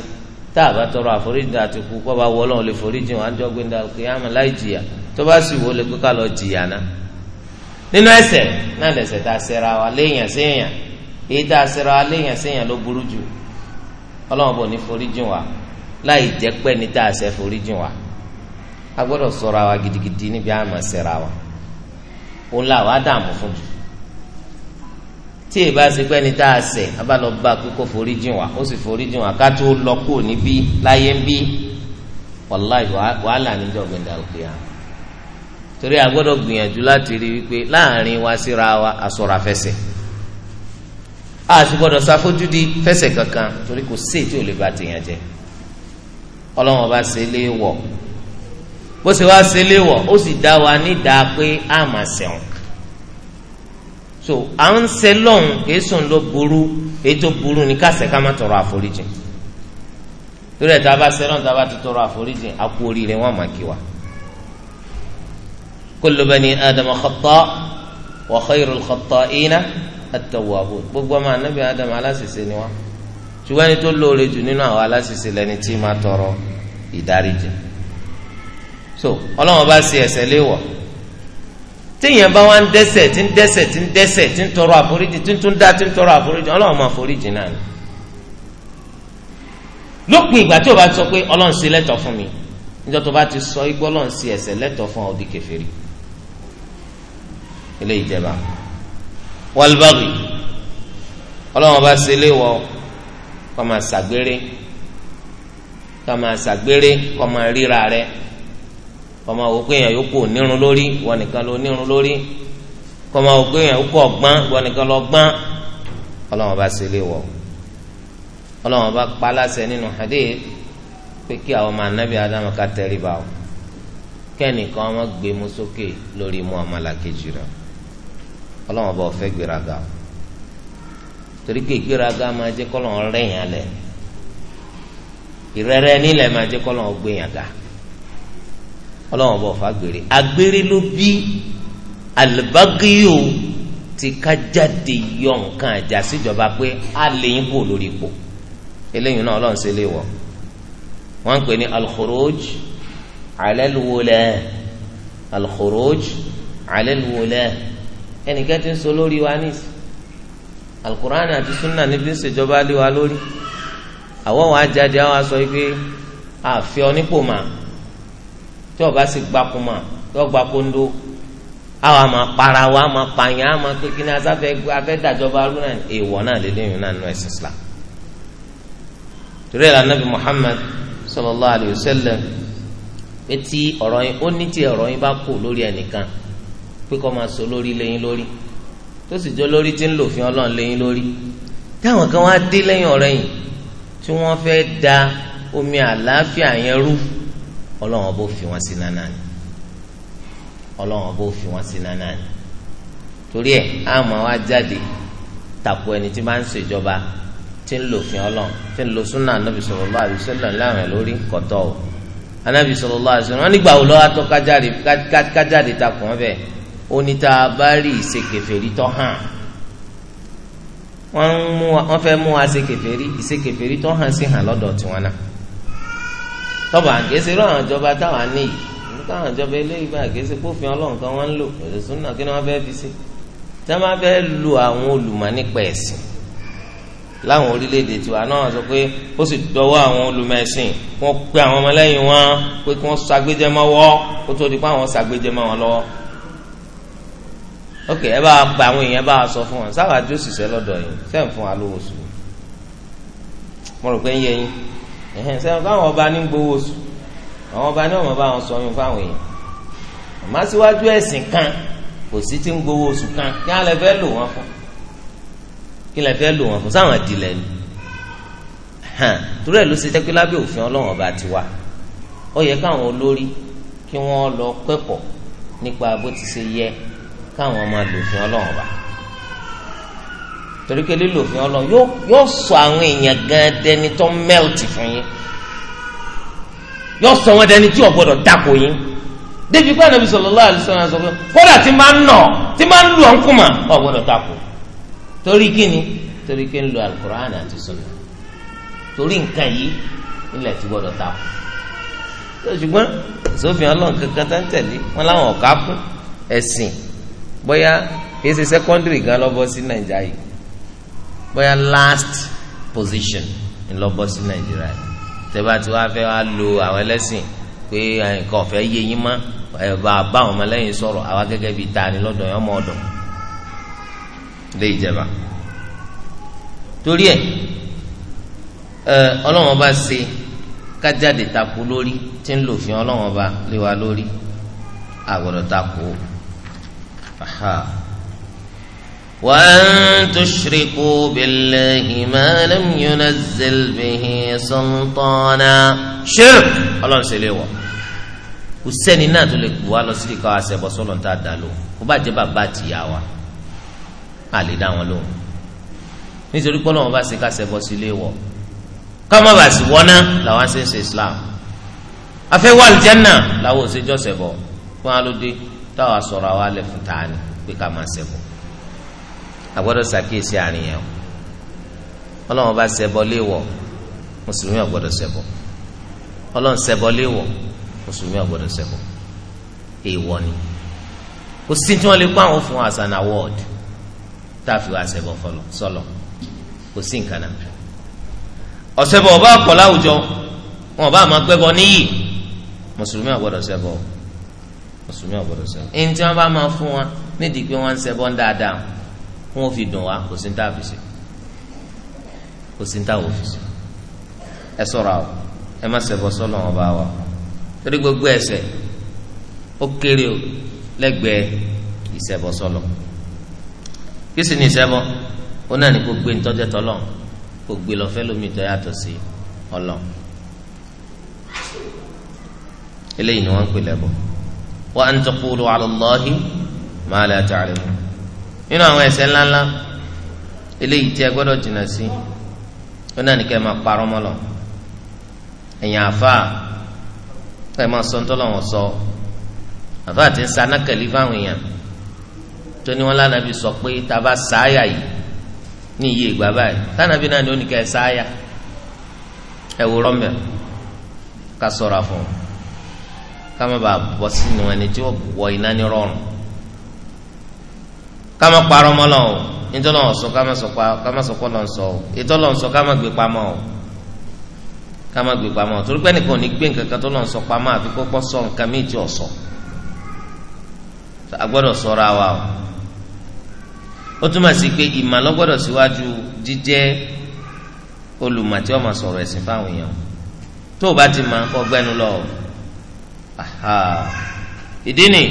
[SPEAKER 1] tá a bá tọrọ àforíjì àti kú kọ́ bá wọ Ọlọ́run lè foríjì wọn á jọ gbé ńdà kí á jìyà tó bá sì wọlé pé ká lọ jìyà náà nínú ẹ̀ṣẹ̀ náà lẹ̀ṣẹ̀ tá a ṣẹra wa léèyàn séèyàn èyí tá a wa léèyàn séèyàn ló burú jù ní wa láì jẹ́ pé ní tá a wa a gbọ́dọ̀ wa gidigidi níbi àmọ́ wa là wá dààmú fún jù tí èyí bá ṣe ní tá a ṣẹ̀ a wa ó sì lọ kó láyé ń bí wàláì wàhálà níjọ́ gbẹ̀dẹ̀ torí a gbọ́dọ̀ gbìyànjú láti rí wípé láàrin wa síra wa àsọ̀rọ̀ àfẹsẹ̀ a sì gbọ́dọ̀ sọ afójúdi fẹsẹ̀ kankan torí kò sí èyí tí ò lè ba tèèyàn jẹ́ ọlọ́run ọba ṣe lé wọ̀ bó ṣe wá ṣe lé wọ̀ ó sì dá wa nídàá pé a máa ṣẹ̀wọ̀n so à ń ṣe lọ́hùn èso ń lọ burú ètò burú ni ká ṣe ká má tọrọ àforíjì torí ẹ̀ tá a bá ṣe lọ́hùn tá a bá ti tọrọ àforíjì a oríire wọn máa kí wa kullu bani adama khata wa khayrul khata'ina at-tawwabun gbogbo ọmọ anabi adam aláṣẹṣe ni wọn ṣùgbọ́n ẹni tó lóore jù nínú àwọn aláṣẹṣe lẹni tí máa tọrọ ìdáríjì so ọlọ́wọ́n bá ṣe ẹ̀ṣẹ̀ léwọ̀ tíyẹn bá wá ń dẹ́ṣẹ̀ tí ń dẹ́ṣẹ̀ tí ń dẹ́ṣẹ̀ tí ń tọrọ àforíjì tí ń tún dá tí ń tọrọ àforíjì ọlọ́wọ́n máa foríjì náà ni lópin ìgbà tí o bá sọ pé ọlọ́run ṣe lẹ́tọ̀ fún mi níjọ́ tó bá ti sọ igbó ọlọ́run ṣe ẹ̀ṣẹ̀ lẹ́tọ̀ fún ọ di kèfèrí ilé ìjẹba wàlúbàgì ọlọ́wọ́n bá ṣe lé wọ kọ́ máa ṣàgbére kọ́ máa ṣàgbére kọ́ máa ríra rẹ kọ́ máa wò pé èèyàn yóò kó nírun lórí wọn nìkan ló nírun lórí kọ́ máa wò pé èèyàn yóò kó ọgbọ́n wọn nìkan ló gbọ́n ọlọ́wọ́n bá ṣe lé wọ ọlọ́wọ́n bá pa nínú hadith pé kí àwọn ọmọ anábì adamu ká tẹríba o kẹ́nìkan ọmọ gbé mu sókè lórí mu ọmọ làkejì rẹ̀ ọlọ́wọ́n bá ọ̀fẹ́ gbéraga torí pé ìgbéraga máa jẹ́ kọ́lọ́wọ́n rẹ̀yàn lẹ̀ ìrẹ́rẹ́ nílẹ̀ máa jẹ́ kọ́lọ́wọ́n gbéyàn ga ọlọ́wọ́n bá ọ̀fà gbére agbére ló bí alibagiyo ti ká jáde yọ nǹkan àjà síjọba pé a lè ń bò lórí ipò eléyìí náà ọlọ́run ṣe lè wọ̀ wọ́n ń pè ní alkhuruj alẹ́luwọlẹ́ alkhuruj alẹ́luwọlẹ́ ẹnìkan ti ń sọ lórí wa ní alukur'an àti sunna níbi ń ṣèjọba lé wa lórí àwọn wa jáde àwọn aṣọ yìí pé àfi onípò mà tí ọba sì gbapò mà tí ọgbà kóńdó àwọn àmà para wa àmà pààyàn àmà pé kí ni asáfẹ́ afẹ́ dàjọba lónà èèwọ̀ náà lé lẹ́yìn náà nù ẹ̀sìn Islam torí ẹ̀la nabi Muhammad sallallahu alayhi wa sallam etí ọ̀rọ̀ yín ó ní tí ọ̀rọ̀ yín bá kù lórí ẹnìkan pé kọ́ máa sọ lórí lẹ́yìn lórí tó sì jọ lórí tí ń lò fi ọlọ́run lẹ́yìn lórí táwọn kan wá dé lẹ́yìn ọ̀rẹ́ yìí tí wọ́n fẹ́ da omi àlàáfíà yẹn rú ọlọ́run ọba ò fi wọn sí nánà ni ọlọ́run ọba ò fi wọn sí nánà ni torí ẹ̀ á máa wá jáde tàpọ̀ ẹni tí máa ń ṣèjọba tí ń lò fin ọlọ́run tí ń lo súnà anábì sallallahu alaihi wasallam láwọn lórí kọ̀tọ́ o anábì sallallahu alaihi wọn nígbà wo lọ́wọ́ tó kájáde takùn wọn bẹ́ẹ̀ oníta bá rí ìṣekèfèrí tó hàn wọ́n mú wọ́n fẹ́ mú aṣekèfèrí ìṣekèfèrí tó hàn sí hàn lọ́dọ̀ tiwọn náà tọba àgẹsẹ lọ àwọn ìjọba táwa níyì táwọn ìjọba eléyìí bá àgẹsẹ pófin Ọlọ́run kan wọ́n ń lò pẹ̀lú súnà kí ni wọ́n fẹ́ẹ́ fi sí tí wọ́n bá fẹ́ẹ́ lu àwọn olùmọ̀ nípa ẹ̀sìn láwọn orílẹ̀-èdè tiwa náà sọ pé ó sì dọwọ́ àwọn olùmẹ̀sìn wọ́n pe àwọn ọmọlẹ́yìn wọn pé kí wọ́n ṣàgbéjẹmọ́wọ́ kó tó di pé àwọn ṣàgbéjẹmọ́ wọn lọ́wọ́ ok ẹ bá gba àwọn èèyàn bá sọ fún wọn sáwà jó ṣiṣẹ́ lọ́dọ̀ yìí fẹ́ fún wa lówó oṣù mo rò pé ń yẹ yín ẹ̀hẹ́n káwọn ọba ní gbowó oṣù àwọn ọba ní ọmọ bá wọn sọ yín fáwọn èèyàn àmọ́ síwájú ẹ̀sìn kan kò sí ti ń gbowó oṣù kan kí á lè fẹ́ lò wọ́n fún kí lè fẹ́ lò wọ́n fún sáwọn àdìlẹ̀ ni torí ló ṣe jẹ́ pé lábẹ́ òfin ọlọ́wọ́n ọba ti wà ó yẹ káwọn olórí kí wọ́n lọ kẹ́kọ̀ọ́ nípa bó ti ṣe yẹ káwọn máa lòfin ọlọ́run bá torí pé lílòfin ọlọ́run yóò sọ àwọn èèyàn gan dẹni tó mẹ́ltì fún yín yóò sọ wọn dẹni tí ò gbọdọ̀ dàpọ̀ yín débi pé ànábi sallallahu alaihi wasallam sọ pé kódà tí máa ń nà tí máa ń lù ọ́ ń kùmà ò gbọdọ̀ dàpọ̀ torí kí ni torí pé ń lo alukur'an àti sunna torí nǹkan yìí nílẹ̀ tí gbọdọ̀ dàpọ̀ ṣùgbọ́n sófin ọlọ́run kankan tá ń tẹ̀lé wọn láwọn ọ̀ká kún ẹ̀sìn bóyá kìí ṣe secondary gan lọ́bọ́ sí nàìjíríà yìí bóyá last position ńlọ́bọ́ sí nàìjíríà yìí tẹ́bà tí wàá fẹ́ wàá lo àwọn ẹlẹ́sìn pé nǹkan ọ̀fẹ́ yé yín mọ́ ẹ̀ bá a bá àwọn ọmọlẹ́yìn sọ̀rọ̀ àwa gẹ́gẹ́ bíi tani lọ́dọ̀ ẹ̀ ọmọ ọ̀dọ̀ lé ìjẹba torí ẹ̀ ọlọ́wọ́n bá ṣe kájáde takò lórí tí ń lòfin ọlọ́wọ́n bá lé lórí àgbọ̀dọ̀ takò ó. وأن تشركوا بالله ما لم ينزل به سلطانا شرك الله سيلي وا usẹni náà tó lè gbọ́ lọ sí kíkọ àṣẹbọ sọlọ ń tà dá lò kó bá jẹ bàbá àtìyá wa má lè dá wọn lò nítorí pé Ọlọ́run bá ṣe káṣẹbọ sí ilé wọ káwọn bá sì wọ́ná làwọn ṣe ń ṣe Islam
[SPEAKER 2] afẹ́ wà lìjẹ́ náà
[SPEAKER 1] làwọn ò ṣe jọ́ṣẹ̀bọ fún alóde táwa sọ̀rọ̀ àwa lẹ̀ fún tani pé ká máa ṣẹbọ àgbọ́dọ̀ ṣàkíyèsí àárín yẹn o ọlọ́run bá ṣẹbọ léèwọ̀ mùsùlùmí ọ̀gbọ́dọ̀ ṣẹbọ ọlọ́run ṣẹbọ léèwọ̀ mùsùlùmí ọ̀gbọ́dọ̀ ṣẹbọ èèwọ̀ ni kò sí tí wọ́n lè kó àwọn fún as an award tá a fi wá ṣẹbọ fọlọ sọlọ kò sí nǹkan náà ọ̀ṣẹbọ ọba àpọ̀ láwùjọ wọn ọba àmọ́ gbẹ́bọ mùsùlùmí ọ̀gbọ́dọ̀ sẹ́wọ̀n. èyí tí wọ́n bá máa fún wa nídìí pé wọ́n ń ṣe bọ́n dáadáa wọn ò fi dùn wá kò sí ní táà fi ṣe kò sí ní táà fi ṣe. ẹ sọ̀rọ̀ àwọ̀ ẹ má ṣe bọ́ sọ́lọ́ wọn bá wa torí gbogbo ẹ̀ṣẹ̀ ó kéré o lẹ́gbẹ̀ẹ́ ìṣẹ̀bọ̀ sọ́lọ́ kí sì ni ìṣẹ̀bọ̀ ó náà ní kó gbé nítọ́jẹ́ tọ́lọ́ kó gbé lọ fẹ́ lómi ìtọ́ yàtọ̀ sí ọlọ́ eléyìí ni wọ́n ń pè lẹ́bọ̀ọ́ wa an taqulu ala allahi ma la ta'lamu inu awon ese nla nla eleyi ti egbodo jina si o nike ma kparo mo lo eyan afa e ma so ntolo won so afa ti sa na kali fa awon eyan to ni so pe ta ba saaya yi ni iye igba bayi ta nabi naa ni o nike saaya ẹ wúrọ mbẹ kasọra fún Kama má bàa bọ́ sínú ẹni tí ó wọ iná ní rọrùn ká má parọ́ mọ́ lọ́wọ́ nítorí wọn sọ ká má sọ ká má sọ kọ́ lọ́n sọ o ètò lọ́n sọ ká má gbé pamọ́ o ká má gbé pamọ́ o torí pé nìkan ò ní gbé nǹkan kan tó lọ́n sọ àfi kókó sọ nǹkan míì tí ò sọ a gbọ́dọ̀ wa o ó túmọ̀ sí pé ìmọ̀ ló gbọ́dọ̀ síwájú jíjẹ́ olùmọ̀ tí wọ́n fáwọn èèyàn tó o bá ti mọ̀ kọ́ gbẹ́nu o ìdí ni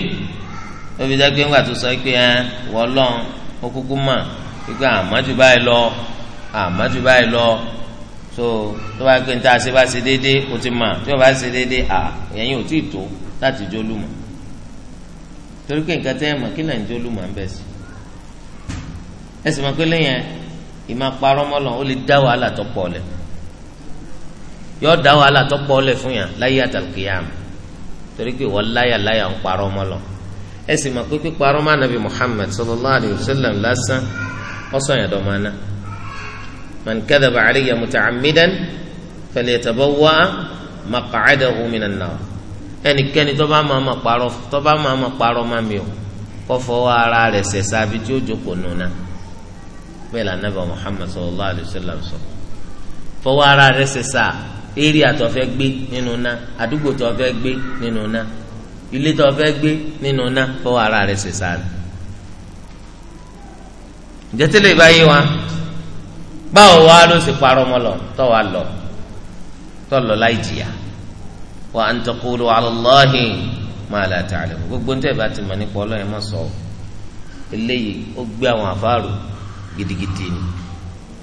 [SPEAKER 1] òbí dágbé ńgbà tó sọ pé wọ́n lọ́n ó kúkú mọ̀ pé àmọ́jú báyìí lọ àmọ́jú báyìí lọ so tó bá gbé níta ṣe bá ṣe déédéé o ti mọ̀ tí o bá ṣe déédéé à ẹ̀yin ò tí ì tó láti jólúmọ̀ torí pé nǹkan tẹ́ ẹ mọ̀ kí náà ń jólúmọ̀ ń bẹ̀ sí ẹ sì mọ̀ pé lẹ́yìn ìmọ̀ parọ́ mọ́lọ̀ ó lè dá wàhálà tó pọ̀ lẹ̀ yọ dá wàhálà tó pọ̀ lẹ̀ fún yàn láyé àtàlùkìyàmù torí pé wọ́n láyà láyà ń parọ́ mọ́ lọ ẹ sì mọ̀ pé píparọ́ mọ́ anabi muhammed sallallahu alayhi wa sallam lásán ọ̀sán yẹn dọ̀ máa ná man kadhaba alayya muta'ammidan falyatabawwa maq'adahu minan nar ẹnikẹ́ni tó bá máa ma parọ́ tó bá máa ma parọ́ má mi o kó fọwọ́ ara rẹ̀ sẹ̀sà bí tí ó jókòó nù bẹ́ẹ̀ lànà bá muhammed sallallahu alayhi wa sallam sọ ara rẹ̀ sẹ̀sà. eri tó fẹ́ gbé nínú ná àdúgbò tó fẹ́ gbé nínú ná ilé tó fẹ́ gbé nínú ná fọwọ́ ara rẹ̀ ṣe sáré. ìjẹ́tẹ̀lẹ̀ ìbáyé wa báwo wá ló sì parọ́ mọ́ lọ wa ala ma gbogbo ń tẹ̀ ti mọ̀ nípa ọlọ́run mọ̀ sọ́ọ́ eléyìí ó gbé àwọn àfáàrò gidigidi ni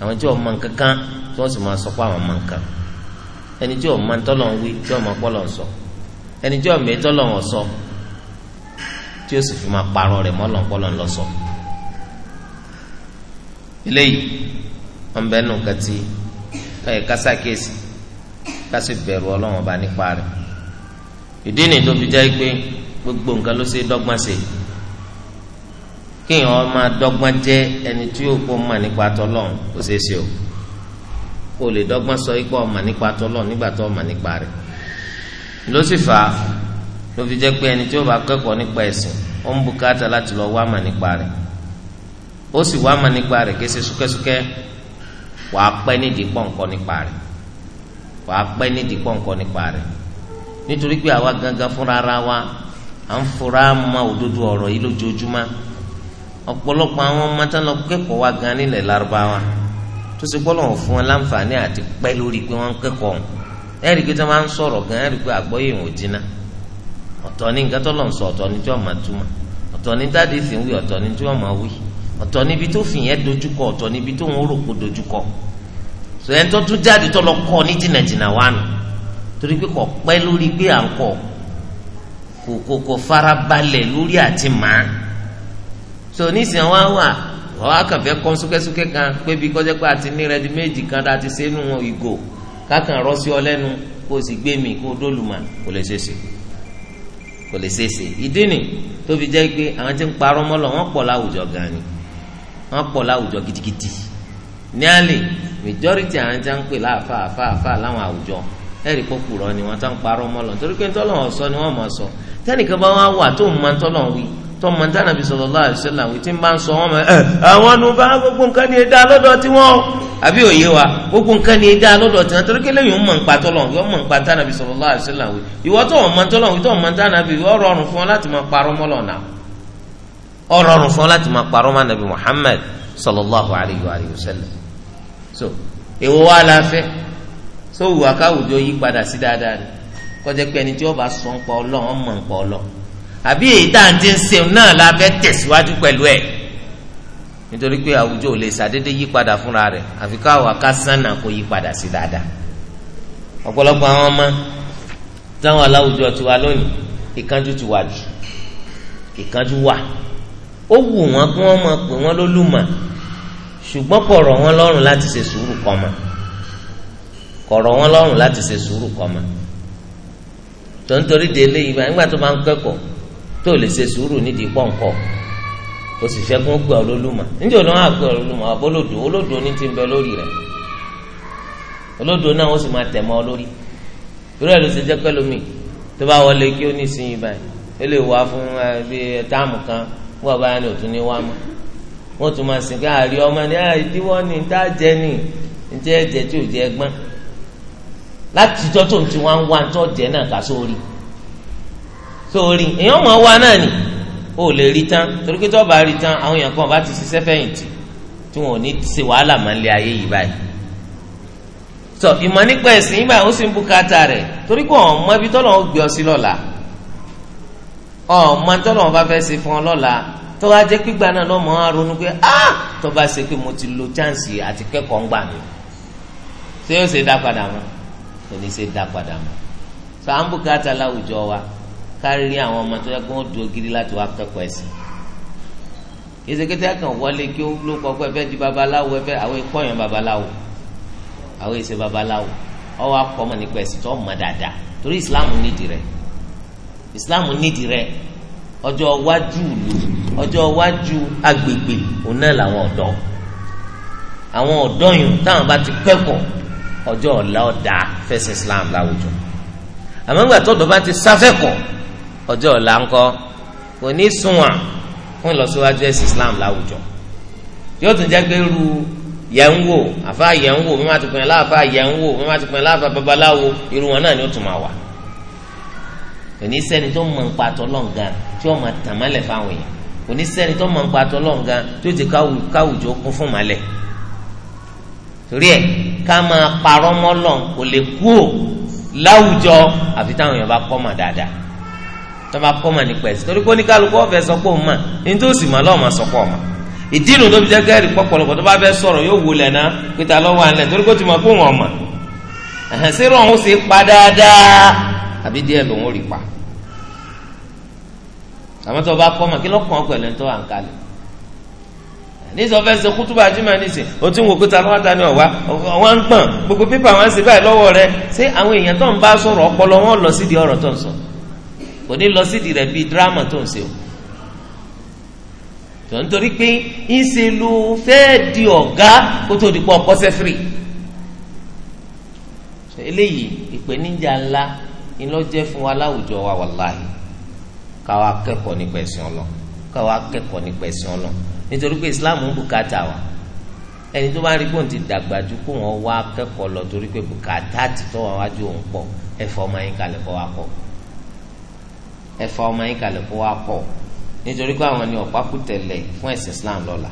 [SPEAKER 1] àwọn tí wọn mọ ma ẹni tí ọmọ tọ́lọ̀ ń wí tí ọmọ pọ́lọ̀ ń sọ ẹni tí ọmọ tọ́lọ̀ ń sọ tí ó sì fi máa parọ́ rẹ̀ mọ́ lọ́npọ́lọ́ ń lọ sọ. eléyìí wọn bẹ nù kẹtì ẹ kásákèsì kásì bẹ̀rù ọlọ́wọ́n ọba nípa rẹ̀ ìdí ni tó fi jẹ́ pé gbogbo nǹkan ló ṣe dọ́gbọ́n ṣe kéèyàn máa dọ́gbọ́n jẹ́ ẹni tí yóò kó mọ̀ nípa tọ́lọ́run ó ṣeé ṣe o kó lè dọ́gbọ́n sọ ipò ọmọ nípa tọ́lọ̀ nígbà tó ọmọ nípa rẹ̀ ló sì fà á ló fi jẹ́ pé ẹni tí ó bá kẹ́kọ̀ọ́ nípa ẹ̀sìn ó ń bùkátà láti lọ wá mà nípa rẹ̀ ó sì wá mà nípa rẹ̀ kí ṣe súkẹ́súkẹ́ wàá pẹ́ nídìí pọ̀nkọ́ nípa rẹ̀ wàá pẹ́ nídìí pọ̀nkọ́ nípa rẹ̀ nítorí pé àwa gangan fúnra ara wa à ń fura ma òdodo ọ̀rọ̀ yìí lójoojúmọ́ ọ̀pọ̀lọpọ̀ àwọn ọmọ tán lọ kẹ́kọ̀ọ́ wa gan nílẹ̀ lárúbáwá tó ṣe gbọ́dọ̀ fún wọn láǹfààní àti pẹ́ lórí pé wọ́n ń kẹ́kọ̀ọ́ ọ̀hún ẹ̀rí pé tí wọ́n máa ń sọ̀rọ̀ gan ẹ̀rí pé àgbọ́yé wọn ò jìnnà ọ̀tọ̀ ní nǹkan tó lọ́n sọ ọ̀tọ̀ ní tí wọ́n máa túmọ̀ ọ̀tọ̀ ní dáàdi sì ń wí ọ̀tọ̀ ní tí wọ́n máa wí ọ̀tọ̀ níbi tó fi yẹn dojúkọ ọ̀tọ̀ níbi tó ń rò pé dojúkọ sọ yẹn tó tún jáde tó lọ kọ́ ní jìnnàjìnnà wa nù torí pé kò pẹ́ lórí pé à ń kọ́ kò kò kò farabalẹ̀ lórí àti màá so nísìnyí wọn wà wọ́n wá kàn fẹ́ kọ́ súkẹ́súkẹ́ kan pé bí kọ́jẹ́ pé àti ní rẹ́dí méjì kan dá ti sẹ́nu ìgò kákan rọ́ sí ọ lẹ́nu kó o sì gbé mi kó o dólùmọ̀ kò lè ṣeéṣe kò lè ṣeéṣe ìdí ni tó fi jẹ́ pé àwọn tí ń parọ́ mọ́lọ̀ wọ́n pọ̀ láwùjọ gan ni wọ́n pọ̀ láwùjọ gidigidi ní àlè majority àwọn tí wọ́n ń pè láàfà àfà àfà láwọn àwùjọ ẹ̀rí pọ̀kùrọ̀ ni wọ́n tán parọ́ mọ́lọ̀ torí pé ntọ́lọ́wọ́ sọ ni tọmọ tí anabi sallallahu alaihi wasallam tí ń bá ń sọ wọn mọ ẹ eh, àwọn nu bá gbogbo nǹkan ní ẹdá lọ́dọ̀ tí wọn àbí òye wa gbogbo nǹkan ní ẹdá lọ́dọ̀ tí wọn torí kí lẹ́yìn ọmọ nǹpa tọlọ ìwọ mọ nǹpa tí anabi sallallahu alaihi wasallam ìwọ tó ọmọ tọlọ ìwọ tó ọmọ tí anabi ìwọ rọrùn fún ọ láti máa parọ́ mọlọ náà ọ rọrùn fún ọ láti máa parọ́ mọ anabi Muhammad sallallahu alaihi wasallam so èwo wa la fẹ́ so wùwà káwùjọ yí padà sí dáadáa ni kọjá pé ẹni tí wọn bá sọ ń pa Ọlọ́run ọmọ ń pa Ọlọ́run àbí èyí tá à ń ti ń sèun náà la fẹ́ tẹ̀síwájú pẹ̀lú ẹ̀ nítorí pé àwùjọ ò lè ṣàdédé yí padà fúnra rẹ̀ àfi káwọn akásánà kò yí padà sí dáadáa ọ̀pọ̀lọpọ̀ àwọn ọmọ táwọn aláwùjọ ti wá lónìí ìkánjú ti wà jù ìkánjú wà ó wù wọ́n kí wọ́n máa pè wọ́n lólùmọ̀ ṣùgbọ́n kọ̀rọ̀ wọn lọ́rùn láti ṣe sùúrù kọ́mọ kọ̀rọ̀ wọn lọ́rùn láti ṣe sùúrù kọ́mọ tó de eléyìí nígbà tó máa ń kẹ́kọ̀ọ́ tó lè ṣe sùúrù nídìí pọ̀npọ̀ òṣìṣẹ́ kún gbọ́ olólùmọ̀ níjẹ́ olóhùn àgbẹ̀ olólùmọ̀ àbọ̀ olódò olódò ní ti ń bẹ lórí rẹ̀ olódò náà ó sì máa tẹ̀ mọ́ lórí irú ẹ̀ ló ṣe jẹ́ pẹ́lómi tó bá wọlé kí ó ní ìsinyìí báyìí ó lè wá fún kan wọ́n bá ní òtún ní wá mọ́ wọ́n tún máa a jẹ ní ẹ̀jẹ̀ tí ò jẹ́ gbọ́n tó ti wá ń wá ń tọ́ jẹ́ náà sórí èèyàn mọ̀ wá náà nì ó lè rí tán torí pé tó bá rí tán àwọn èèyàn kan bá ti ṣiṣẹ́ fẹ̀yìntì tí wọn ò ní ṣe wàhálà máa ń lé ayé yìí báyìí sọ ìmọ̀ nípa ẹ̀sìn yìí báyìí ó sì ń bùkátà rẹ̀ torí pé ọ̀n mọ ibi tọ́lọ̀ ń gbé ọ sí lọ́la ọ̀n mọ tọ́lọ̀ ń bá fẹ́ ṣe fún ọ lọ́la tó wá jẹ́ pígbà náà lọ́mọ á pé ah tó bá ṣe pé mo ti lo chance àti kẹ́kọ̀ọ́ ń gbà mí ṣé yóò ṣe dá padà mọ́ kò ní ṣe dá padà mọ́ sọ à ń bùkátà láwùjọ wa kárí àwọn ọmọ tó yẹ kó wọn dúró gidi láti wá kẹ́kọ̀ọ́ ẹ̀sìn ìsèkété àkàn wọlé kí ó ló kọ pé ẹfẹ di babaláwo ẹfẹ àwọn ikọ yẹn babaláwo àwọn èsè babaláwo ọwọ akọ ọmọ nípa ẹ̀sìn tó mọ̀ dáadáa torí islam nídìí rẹ̀ islam nídìí rẹ̀ ọjọ́ iwájú ìlú ọjọ́ iwájú agbègbè òun náà làwọn ọ̀dọ́ àwọn ọ̀dọ́ yìí táwọn bá ti kẹ́kọ̀ọ́ ọjọ́ ọ̀la ọ̀dà fẹsẹ̀ islam láwùjọ àmọ́ ńgbà tọ́dọ̀ bá ti sáfẹ́kọ̀ọ́ ọjọ́ ọ̀la ńkọ́ kò ní sunwọ̀n fún ìlọsíwájú ẹ̀sìn Islam láwùjọ yóò tún jẹ́ pé ru yẹn wò àfa yẹn wò mímá ti pinnu láàfa yẹn wò mímá ti pinnu láàfa babaláwo irú wọn náà ni ó tún máa wà kò ní sẹ́ni tó mọ̀ nípa tọ́lọ́ǹgà tí ó máa tàn mọ́lẹ̀ fáwọn èèyàn kò ní sẹ́ni tó mọ̀ nípa tọ́lọ́ǹgà tí ó ti káwùjọ kún fún mọ́lẹ̀ torí ẹ̀ ká máa parọ́ mọ́lọ̀ kò lè kú ò láwùjọ àfi táwọn èèyàn bá kọ́ mọ̀ dáadáa tó bá kọ́ mọ̀ nípa ẹ̀sìn torí pé oníkálukú ọ̀fẹ́ sọ pé òun mọ̀ ní tó sì mọ̀ lọ́ọ̀mọ̀ sọ pé ọ̀mọ̀ ìdí inú tó fi jẹ́ kẹ́rì pọ̀pọ̀lọpọ̀ tó bá fẹ́ sọ̀rọ̀ yóò wò lẹ̀ náà pété alọ́wọ́ àlẹ́ torí pé ó ti mọ̀ pé òun ọ̀mọ̀ ẹ̀hẹ́n sẹ́rọ̀ ọ̀hún sì pa dáadáa àbí díẹ̀ lòun ò rí pa àmọ́ tó bá kọ́ mọ̀ kí lọ́kàn pẹ̀lú ẹni tó wà ń kalẹ̀ nísọ fẹ́ ṣe kútúbà jimá nísìn o ti ń wo kúta lọ́wọ́ta ni ọ̀wá wọ́n ń gbọ̀n gbogbo pépà wọn ń ṣe báyìí lọ́wọ́ rẹ ṣé àwọn èèyàn tó ń bá sọ̀rọ̀ ọpọlọ wọn lọ sídìí ọ̀rọ̀ tó ń sọ̀rọ̀ kò ní lọ sídìí rẹ̀ bíi dírámà tó ń ṣe o tó ń torí pé ńṣe ló fẹ́ẹ́ di ọ̀gá kó tó di pọ̀ kọ́sẹ́ firi eléyìí ìpèníjà ńlá ńlọ jẹ́ fún wa láwùjọ wa wàláhì káwa kẹ́kọ̀ọ́ nípa ẹ̀sìn ọlọ káwa kẹ́kọ̀ọ́ nípa ẹ̀sìn ọlọ nítorí pé Islam ń bùkátà wa ẹni tó bá rí kóun ti dàgbà ju kóun wá kẹ́kọ̀ọ́ lọ torí pé bùkátà ti tọ́ wa wájú òun pọ̀ ẹ̀fọ́ máa ń kalẹ̀ kọ́ wa kọ́. efu ọmọ yín kalẹ̀ kó wá pọ̀ nítorí pé àwọn ni ọ̀pá kú tẹ̀lẹ̀ fún ẹ̀sìn Islam lọ́la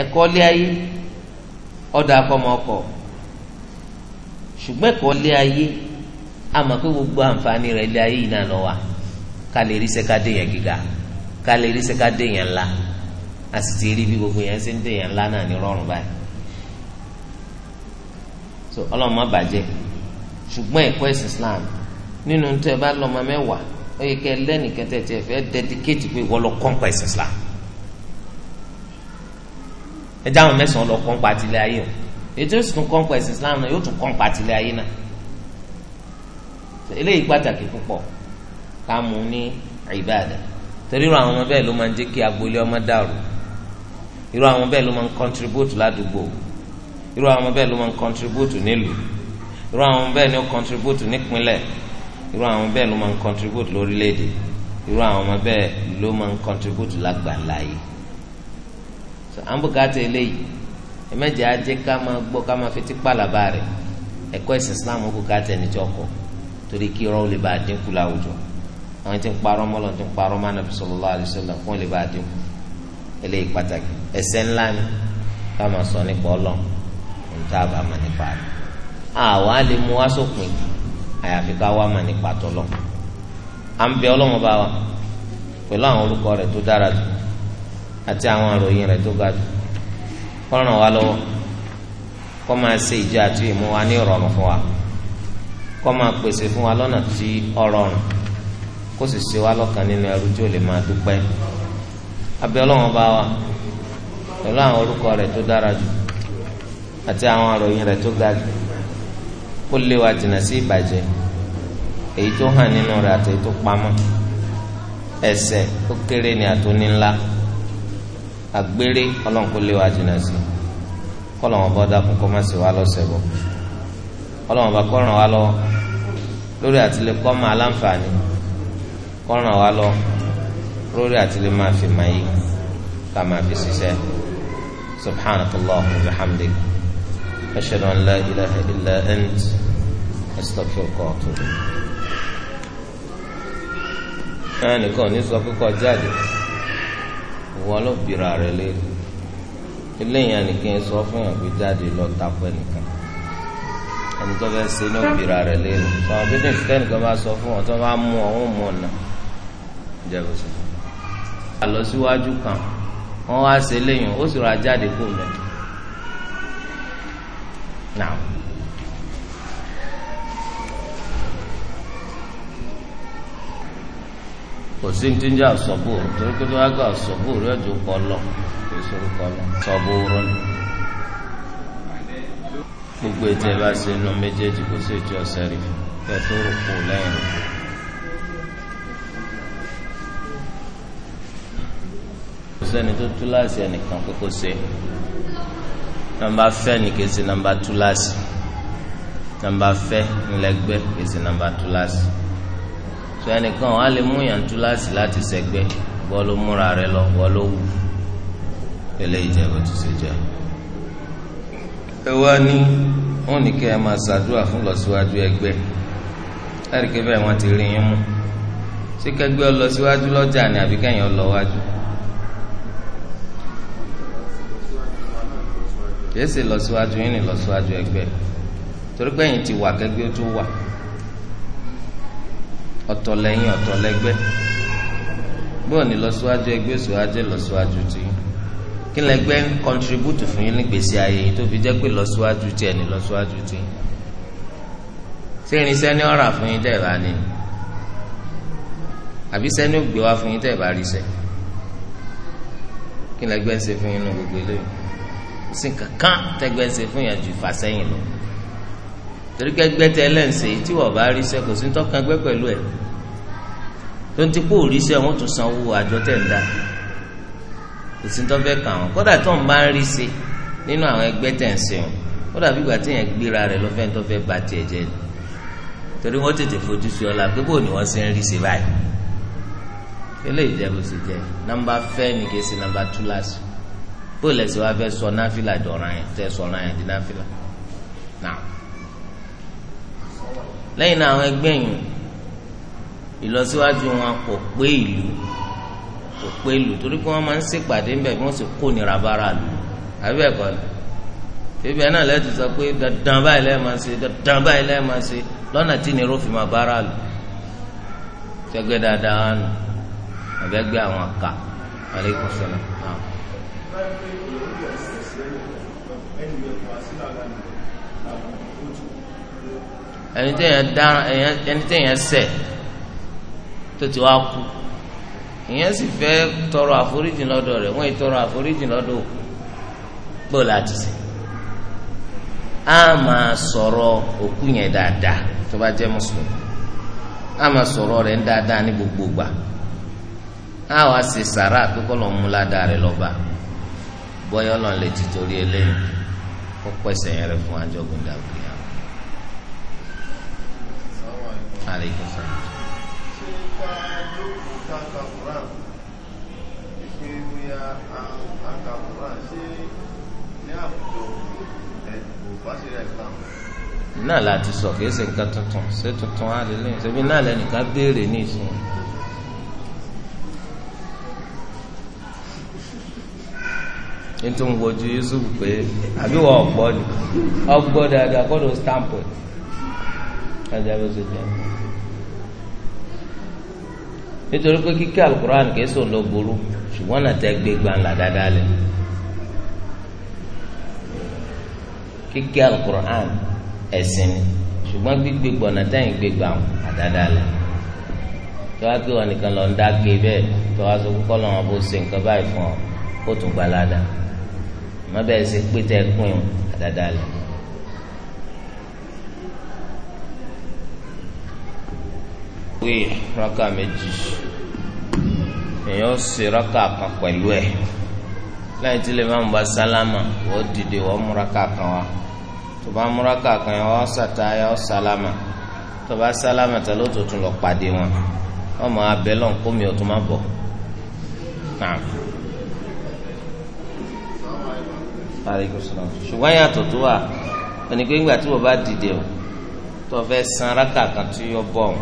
[SPEAKER 1] ẹ̀kọ́ lé ayé ọ̀dà akọ́mọ ọkọ̀ ṣùgbọ́n ẹ̀kọ́ lé ayé àmọ́ pé gbogbo àǹfààní rẹ̀ lé ayé yìí náà lọ́wọ́ ká lè rí sẹ́ká yẹn gíga ká lè rí yẹn ńlá a sì ti rí bí gbogbo yẹn ṣe ń dé yẹn ńlá so ọlọ́run má bàjẹ́ ṣùgbọ́n ẹ̀kọ́ ẹ̀sìn nínú tẹ bá lọ́mọ mẹ́wàá ó yẹ kẹ lẹ́nìkan tẹ tẹ fẹ́ dẹ́díkéètì pé wọ́n lọ kọ́ńpa ẹ̀sìn Islam ẹ jáwọn mẹ́sàn-án lọ kọ́ńpa àtìlẹ́ ayé o ètò ìsìn kọ́ńpa ẹ̀sìn Islam náà yóò tún kọ́ńpa àtìlẹ́ ayé náà eléyìí pàtàkì púpọ̀ ká mú ní ìbáàdà torí irú àwọn ọmọ bẹ́ẹ̀ ló máa ń jẹ́ kí agboolé ọmọ dàrú irú àwọn bẹ́ẹ̀ ló máa ń contribute ládùúgbò irú àwọn bẹ́ẹ̀ ló máa ń contribute nílùú irú àwọn bẹ́ẹ̀ ni contribute nípínlẹ̀ irú àwọn bẹ́ẹ̀ ló máa ń contribute lórílẹ̀‐èdè irú àwọn ọmọ bẹ́ẹ̀ ló máa ń contribute lágbàláyé so àǹbùkátà eléyìí ẹ̀mẹ́jẹ̀ ajé ká máa gbọ́ ká máa fetí pàlàbà rẹ̀ ẹ̀kọ́ ẹ̀sìn Islam àǹbùkátà ẹni tí ọkọ̀ torí kí irọ́ lè bá àdínkù láwùjọ àwọn tí ń parọ́ mọ́lọ́ tí ń parọ́ mọ́ Ànábì sallallahu alaihi wasallam fún lè bá àdínkù eléyìí pàtàkì ẹ̀ṣẹ̀ ńlá ni ká máa sọ nípa Ọlọ́run ohun àyàfi ká wá mà nípa tọlọ à ń bẹ Ọlọ́run bá wa pẹ̀lú àwọn orúkọ rẹ̀ tó dára jù àti àwọn àròyìn rẹ̀ tó ga jù kó ràn wá lọ́wọ́ kó máa ṣe ìjà àti ìmú wa ní ìrọ̀rùn fún wa kó máa pèsè fún wa lọ́nà tí ọ̀rọ̀rùn kó sì ṣe wá lọ́kàn nínú ẹrú tí ò lè máa dúpẹ́ abẹ́ Ọlọ́run bá wa pẹ̀lú àwọn orúkọ rẹ̀ tó dára jù àti àwọn àròyìn rẹ̀ tó ga jù kó lé wa jìnnà sí ìbàjẹ́ èyí tó hàn nínú rẹ̀ àti èyí tó pamọ́ ẹ̀ṣẹ̀ ó kéré ní àtúní ńlá àgbèrè Ọlọ́run kó lé wa jìnnà sí kọlọ̀wọ́n bá dákun kọ́ má sí wa lọ́sẹ̀ bọ̀ Ọlọ́run bá kọ́ràn wa lọ lórí àtìlẹ́ kọ́ máa láǹfààní kọ́ràn wa lọ lórí àtìlẹ́ máa fi máa yí ká máa fi ṣiṣẹ́ subhanakallah wa bihamdik. أشهد أن لا إله إلا أنت أستغفرك وأتوب أنا ní sọ pé kọ jáde wọn ló bìrà rẹ léèrè eléyìí ẹnìkan sọ fún yàn pé jáde lọ tapọ ẹnìkan ẹni tó fẹ́ ṣe ní òbìrà rẹ léèrè sọ̀rọ̀ pé ní ìsìtẹ́ nìkan bá sọ fún wọn tó bá mú ọ wọn mú ọ̀nà ìjẹ̀bù sí. àlọ́ síwájú kan wọ́n wá ṣe léyìn ó sì rà jáde kó mẹ́ta náà. kò sí ní tíjà sọ̀bù torí pé tó wá gbà sọ̀bù rẹ̀ tó kọ lọ kò sórí kọ lọ sọ̀bù rẹ̀ gbogbo ètò ẹ̀ bá ṣe nu méjèèjì kò sí ètò ọ̀sẹ̀ rí tó rò kó lẹ́yìn rò kò sẹ́ni tó tú láti ẹnìkan pé kó ṣe é nàmbà fẹ́ ni kì í ṣe nàmbà túláàsì nàmbà fẹ́ ńlẹgbẹ́ kì í ṣe nàmbà túláàsì sọ ẹnìkan wà lè mú yàn túláàsì láti ṣẹgbẹ́ wọ́n ló múra rẹ lọ wọ́n ló wù pẹ̀lẹ́ ìjẹ́bù tó ṣe jẹ́ ẹ wá ní wọn ní kẹ́ ẹ máa ṣàdúrà fún lọ́síwájú ẹgbẹ́ láti kẹ́ bẹ́ẹ̀ ti rí yín mú ṣé kẹ́gbẹ́ ọ lọ síwájú ni àbí kẹ́yìn ọ lọ kìí ṣe lọsíwájú yín ni lọsíwájú ẹgbẹ́ torí pé ẹ̀yin ti wà kẹgbẹ́ ó tó wà ọ̀tọ̀ lẹ́yìn ọ̀tọ̀ lẹ́gbẹ́ bóò ní lọsíwájú ẹgbẹ́ òṣìwájú lọsíwájú ti kí lẹ́gbẹ́ ń kọntribútù fún yín nígbèsí ayé yìí tó fi jẹ́ pé lọsíwájú ti ẹ lọsíwájú ti ṣé irinṣẹ́ ní ọ̀rà fún yín tẹ̀bá ni àbí sẹ́ni ò gbé wá fún yín tẹ̀bá rí sẹ́ kí lẹ́gbẹ́ ń ṣe fún yín nù gbogbo eléyìí sí kankan tẹgbẹ́ ń ṣe fún yẹn ju ìfàsẹ́yìn lọ torí gbẹgbẹ́ tẹ lẹ́ǹsẹ̀ tí wọ́n bá rí sẹ́ kò sí ń tọ́kan gbẹ́ pẹ̀lú ẹ̀ tó ń ti kó òrí sẹ́ wọ́n tún sanwó àjọ tẹ̀ ń dá kò sí ń tọ́fẹ́ kàn wọ́n kódà tó ń bá ń rí sí nínú àwọn ẹgbẹ́ tẹ̀ ń sẹ́wọ̀n kódà bí ìgbà tí yẹn gbéra rẹ̀ lọ́fẹ́ ń tọ́fẹ́ ba tiẹ̀ jẹ́ ni torí wọ́n tètè fojú sí ọlá pé bóun ni wọ́n ṣe ń rí sí báyìí eléyìí jẹ́ bó ṣe jẹ́ nọ́mbà fẹ́ ni kì í ṣe nọ́mbà túláàsì bó lẹsẹ wa fẹ́ sọ náfìlà dọ̀ràn yẹn tẹ sọ̀ràn yẹn di náfìlà náà lẹ́yìn náà àwọn ẹgbẹ́ yìí ìlọsíwájú wọn kò pé ìlú kò pé ìlú torí pé wọ́n máa ń ṣèpàdé ńbẹ̀ bí wọ́n sì kó nira bára lù àbí ẹ̀kọ́ ni bíbí ẹ̀ náà lẹ́tù sọ pé dandan báyìí lẹ́ẹ̀ máa ṣe dandan báyìí lẹ́ẹ̀ máa ṣe lọ́nà tí nira fi máa bára lù ṣẹgbẹ́ dáadáa nù àbẹ́gbẹ́ àwọn àkà alaikum salaam ẹni tẹ̀yàn dáràn ẹni tẹ̀yàn ṣẹ̀ tó ti wá kú ìyẹn sì fẹ́ tọrọ àforíjì lọ́dọ̀ rẹ̀ wọ́n yìí tọrọ àforíjì lọ́dọ̀ òkú gbọ́ láti sè á máa sọ̀rọ̀ òkú yẹn dáadáa tó bá jẹ́ mùsùlùmí á máa sọ̀rọ̀ rẹ̀ dáadáa ní gbogbo gbà á wá ṣe sàrà pé kọ́ mú ládàá rẹ̀ lọ́ba bọ́yọ́ náà lè ti torí eléyìí kó pèsè yẹn rẹ fún ajọ́gun dàgbé yàrá. aleykum salaam. ṣé ká jókòó ká ka quran ìpè bóyá a ka quran ṣé ní àwùjọ náà láti sọ kìí ṣe nǹkan tuntun ṣé tuntun á lè lẹ́yìn ṣebí náà lẹ́nìkan béèrè ní ìsìn. into wọn wojú yusuf pé àbí wọn ọgbọ ni ọgbọ dáadáa kọdọ stamp ẹ ẹdí abẹ tó jẹ nítorí pé kíkẹ́ alukur'an kìí sọ lọ burú ṣùgbọ́n náà gbé gbanla dáadáa lẹ̀ kíkẹ́ alukur'an ẹ̀sìn ni ṣùgbọ́n gbígbé gbọ̀nà táyìn gbé gbà àdáadáa lẹ̀ tó wá wọn nìkan lọ ń dá ké bẹ́ẹ̀ sọ lọ́wọ́ bó ṣe nǹkan àmọ́ bẹ́ẹ̀ ṣe pé tẹ́ ẹ pín un àdáadáa lẹ̀. pé rákà méjì èèyàn ṣe rákà kan pẹ̀lú ẹ̀ tí lè bá sálámà wọ́n dìde wọ́n wa tó bá yẹn wọ́n wọn wọ́n mi ò tún ṣùgbọ́n yàtọ̀ tó wà ẹni pé ńgbà tí wọ́n bá dìde o tó fẹ́ san rákà kan tí yọ bọ̀ ọ́n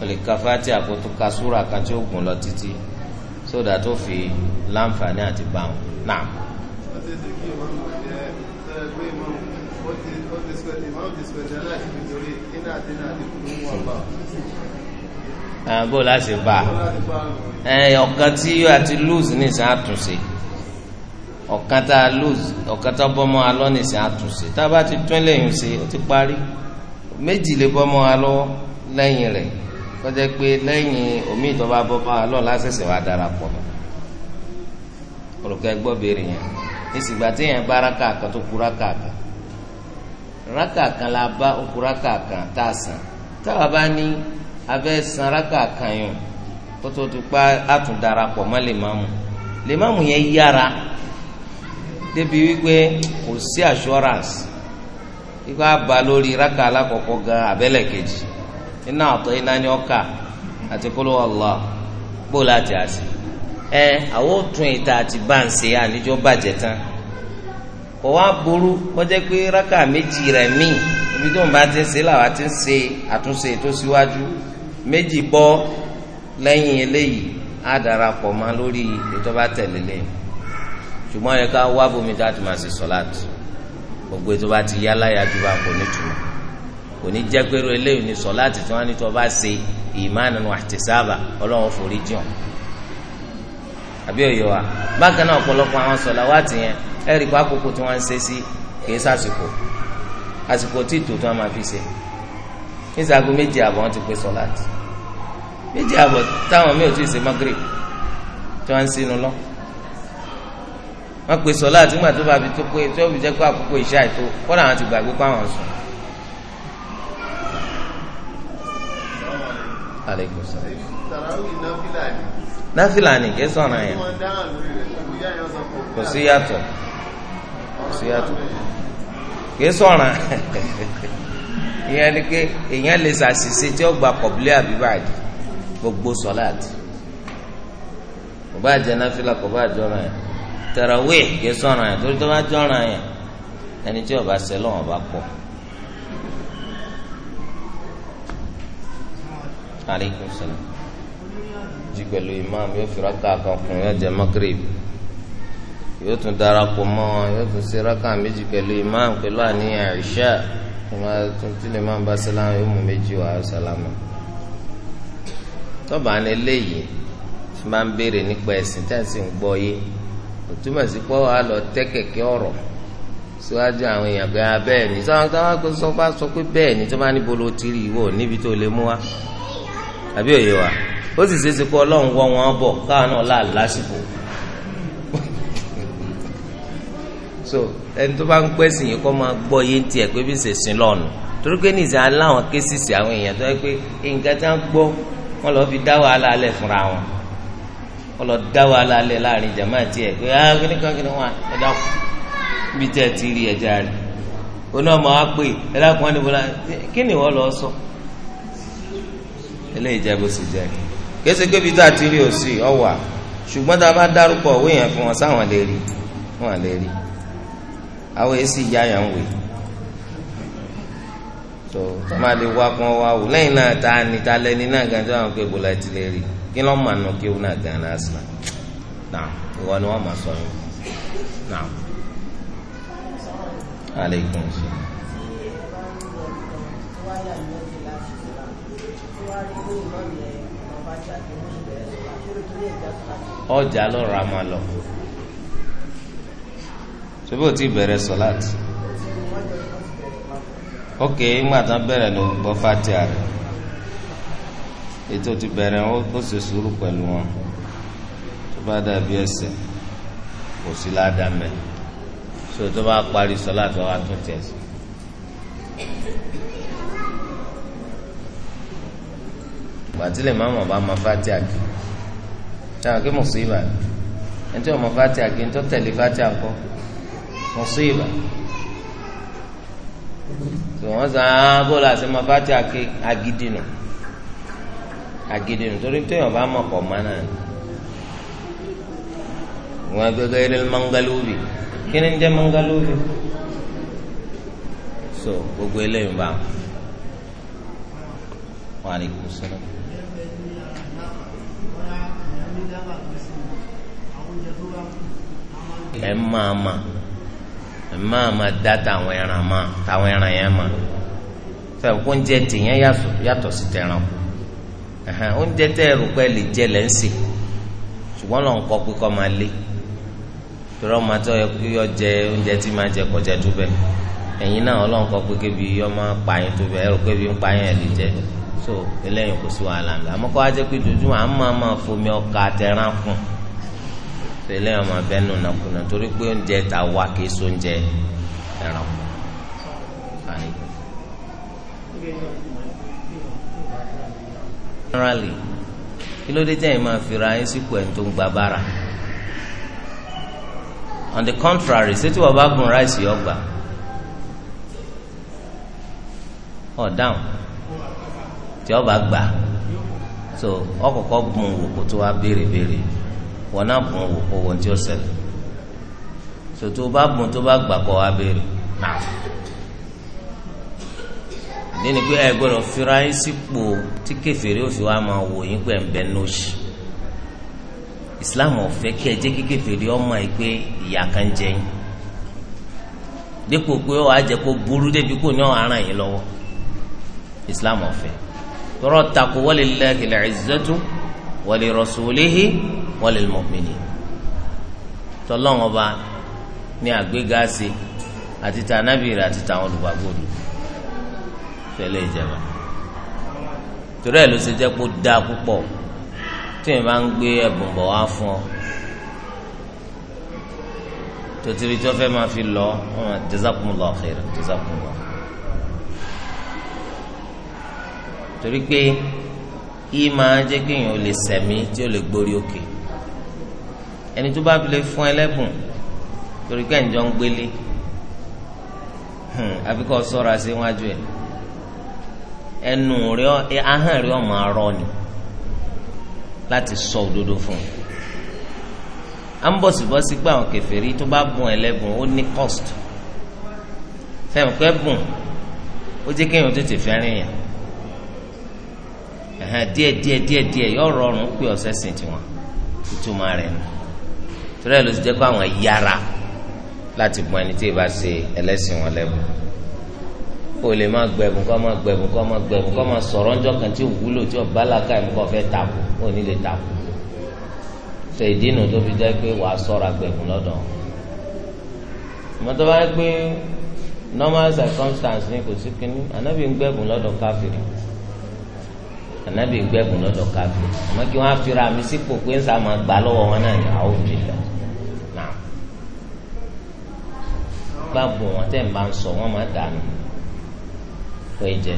[SPEAKER 1] o lè ka fati àkótó ka súra kan tí ó gùn lọ títí sódà tó fi láǹfààní àti bá wọn náà. bó láti bá ẹ ọ̀kan tí yóò àti lose ní ìsàn àtúnṣe ọ̀kan tá a lose ọ̀kan tó bọ́mọ́ alọ́ nìsín àtúnṣe tá a bá ti tún lẹ́yìn ṣe ó ti parí méjì lè bọ́mọ́ alọ́ lẹ́yìn rẹ̀ kọjá pé lẹ́yìn omi ìtọ́ba bọ́mọ́ alọ́ lásẹ̀sẹ̀ wà darapọ̀ mọ́ olùkọ́ ẹgbọ́ béèrè yẹn ìsìgbà tí yẹn bá rákà kan tó kú rákà kan kan la bá ó kú rákà kan tá a sàn táwa bá ní abẹ́ san rákà kan yẹn kótó tó pa àtúndarapọ̀ mọ́ lè má mu lè má mu yẹn yára débi wípé kò sí assurance ikú àbá lórí rákà alákọ̀ọ́kọ́ gan abẹ́lẹ̀ kejì iná àtọ̀ iná ni ọkà àti kóló ọlọ gbó láti àṣì ẹ àwọn òtún ìta àti báǹsì àníjọ bàjẹ́ tán kò wá burú kọjá pé rákà méjì rẹ̀ míì ibi tó ń bá ti ń ṣe làwa ti ń ṣe àtúnṣe tó síwájú méjì bọ́ lẹ́yìn eléyìí á darapọ̀ mọ́ lórí ìjọba tẹ̀lé lẹ́yìn ṣùgbọ́n yẹ ká wá bomi tá a ti máa ṣe sọ́láàtì gbogbo ètò bá ti yá láyà bá kò ní tuma kò ní jẹ́ pé eléyìí ni sọ́láàtì tí wọ́n á ní tí wọ́n bá ṣe ìmánan wa ihtisaba ọlọ́run forí jìn àbí òye wa bákan náà ọ̀pọ̀lọpọ̀ àwọn sọ̀láwátì yẹn ẹ̀rí pa àkókò tí wọ́n ń ṣe sí kì í sásìkò àsìkò tí ìtò tí wọ́n máa fi ṣe ní sago méjì àbọ̀ wọ́n ti pé sọ́láàtì méjì àbọ̀ táwọn mi ò tí ì ṣe Maghrib tí wọ́n ń sínú lọ́wọ́ wọn pe sọ láti gbà tó tó pé tó fi jẹ́ pé àkókò iṣẹ́ àìtó àwọn ti gbàgbé pé àwọn sùn. náfìlà ni kì í sọ̀rọ̀ yẹn kò sí yàtọ̀ kò sí yàtọ̀ kì í ìyẹn ni pé èèyàn lè ṣàṣìṣe tí ó gba kọ̀bílẹ̀ gbogbo kò tarawih kìí sọ̀ràn yẹn torí tó bá jọ̀ràn yẹn ẹni tí ó bá ṣe lọ́wọ́ bá pọ̀. aleykum salaam jí pẹ̀lú imam yóò fi rákà kan kún yóò jẹ magrib yóò tún darapọ̀ mọ́ wọn yóò tún ṣe rákà méjì pẹ̀lú imam pẹ̀lú àníyàn ìṣá tí lè máa bá sálámù yóò mú méjì wá sálámù. tọ́ba ni eléyìí tí máa ń béèrè nípa ẹ̀sìn tẹ́sí ń gbọ́ yé kò túmọ̀ sí pé wàá lọ tẹ́ kẹ̀kẹ́ ọ̀rọ̀ síwájú àwọn èèyàn pé a ah, bẹ́ẹ̀ ni sọ táwọn akpé sọ bá sọ pé bẹ́ẹ̀ ni tó bá níbo ló ti rí ìwọ níbi tó lè mú wa àbí òye wa ó sì ṣeé ṣe pé ọlọ́run wọ wọn bọ̀ káwọn náà là lásìkò so ẹni tó bá ń pẹ́ sìn yìí kọ́ máa gbọ́ yé tiẹ̀ pé bí ṣe sin lọ́nu torí pé ní ìsìn aláwọn ké àwọn èèyàn tó yẹ pé nǹkan tí wọ́n gbọ́ wọn lọ́ọ́ fi dá wàhálà alẹ́ fúnra wọn ọlọ dá wa lálẹ́ láàrin jama tiẹ̀ pé ah kíni kan kíni wọn ẹ̀dá kù bí tẹ ti rí ẹja rẹ oná ọmọ wa pé ẹ̀dá kù wọn ni wọn kí ni wọn lọ sọ eléyìí jẹ bó sì jẹ kése kébi tá a ti rí o sí ọwà ṣùgbọ́n tá a bá dárúkọ òwe yẹn fún wọn sáwọn lè rí wọn lè rí àwọn èsì ìyá yẹn ń wèé tó tó máa lè wá kún wá wò lẹ́yìn náà ta ni ta lẹni náà gan tó pé bọ́lá ti lè rí kí ló mà nù kí ó nà gan náà sàn náà ìwọ ni wọn mà sọ yín náà aleykum ọjà ló ti bẹ̀rẹ̀ ok ńgbà tán bẹ̀rẹ̀ ló gbọ́ ètò ti bẹ̀rẹ̀ ó ṣe sùúrù pẹ̀lú wọn tó bá dàbí ẹsẹ̀ kò sí ládàmẹ́ so tó bá parí sọlá tó wà tó tẹ̀ sí. gbàtílẹ̀ máma bá ma fati àkè táwọn kí mùsíbà ẹni tí wọn ma fati àkè ń tó tẹ̀lé fati àkọ mùsíbà tí wọn sàn án ah, bó la ṣe ma fati àkè agídí nù agídí nítorí téèyàn bá mọ̀ pọ̀ mọ́ náà wọn gbẹgbẹ ilé mangalóbi kí ni ń jẹ mangalóbi so gbogbo eléyìí bá wọn àlejò sọlá. ẹ máa ma ẹ máa ma dá tàwọn ẹran ma tàwọn ẹran yẹn ma fẹ kó ń jẹ tìyẹn yàtọ̀ sí tẹran kù. oúnjẹ tẹ́ ẹ rò lè jẹ lẹ́ ń sè ṣùgbọ́n lọ́n kọ́ pé kọ́ máa lé torí ọmọ àti ọyọ kí yọ jẹ oúnjẹ tí máa jẹ kọjá tó bẹ ẹ̀yin náà Ọlọ́run kọ́ pé kébi yọ máa pa so kò sí wàhálà ńlá àmọ́ kọ́ pé dojúmọ́ à ń máa máa fomi ọkà kùn so ọmọ abẹ́ nù ta wá kì so oúnjẹ generally kí ló dé tẹ́yìn máa fi ra yín sípò ẹ̀ tó ń gba bára on the contrary ṣé tí wọ́n bá gun ráìsì ọgbà ọ̀ dáhùn tí ọba gbà so ọkọ̀kọ́ gun wò kó tó wá béèrè béèrè wọn náà gun wò kó wọn tí ó ṣẹlẹ̀ so tó bá gun tó bá gbà kó wá béèrè náà nínú pé ẹ gbọ́dọ̀ fira yín sípò tí kẹfìrí òfin wa máa wò yín pé ẹnbẹ nọọsì islam ọ̀fẹ́ kí ẹ jẹ́ kí kẹfìrí ọmọ yìí pé ìyá kan jẹ yín dípò pé ọ àjẹ kó burú débi kò ní ọ̀ràn yín lọ́wọ́ islam ọ̀fẹ́ tọrọ tako walillahi al-izzatu wa li rasulihi wa lil mu'minin tọlọ́wọ́n ọba ní àgbéga ṣe àti tànàbìrì àti tàwọn olùgbàgbọ́dọ̀ fẹ́lẹ́ ìjẹba torí ẹ̀ ló ṣe jẹ́ kó dáa púpọ̀ tí èèyàn bá ń gbé ẹ̀bùn bọ̀ wá fún ọ tòtìrì tí wọ́n fẹ́ máa fi lọ jazakumullahu khairan jazakumullahu torí pé yìí máa jẹ́ kí èèyàn lè sẹ̀mí tí ó lè gbórí òkè ẹni tó bá lè fún ẹlẹ́bùn torí pé ẹ̀ǹjọ́ ń gbélé hmm, àbíkọ́ sọ́ra sí wájú ẹ̀ ẹnu rẹ ahọ́n rẹ ọmọ arọ ni láti sọ òdodo fún un à ń bọ̀sibọ́sí gbà àwọn kèfèrí tó bá bùn ẹlẹ́bùn ó ní cost fẹ́mi pé bùn ó jẹ́ kéèyàn tètè fẹ́ràn yẹn ẹ̀hán díẹ̀ díẹ̀ díẹ̀ díẹ̀ yọ rọrùn pé ọ̀sẹ̀ sìn tiwọn ìtumọ̀ rẹ̀ nù torí ẹ̀ ló ti jẹ́ pé àwọn yára láti bùn ẹni tí ì bá ṣe ẹlẹ́sìn wọn lẹ́bùn. o lè máa gbẹ̀bùn kó o máa gbẹ̀bùn kó kanti máa gbẹ̀bùn balaka o máa sọ̀rọ̀ ńjọ́ kan tí wúlò tí ẹ̀ o fẹ́ tàbù ó ní lè tàbù sọ ìdí tó fi jẹ́ pé wàá sọ̀rọ̀ lọ́dọ̀ mọ́tò bá yẹ pé normal circumstance ni kò sí kínní ànábì ń gbẹ̀bùn lọ́dọ̀ ànábì ń gbẹ̀bùn lọ́dọ̀ àmọ́ kí wọ́n á fira mi sípò pé ń gbà wọ́n jẹ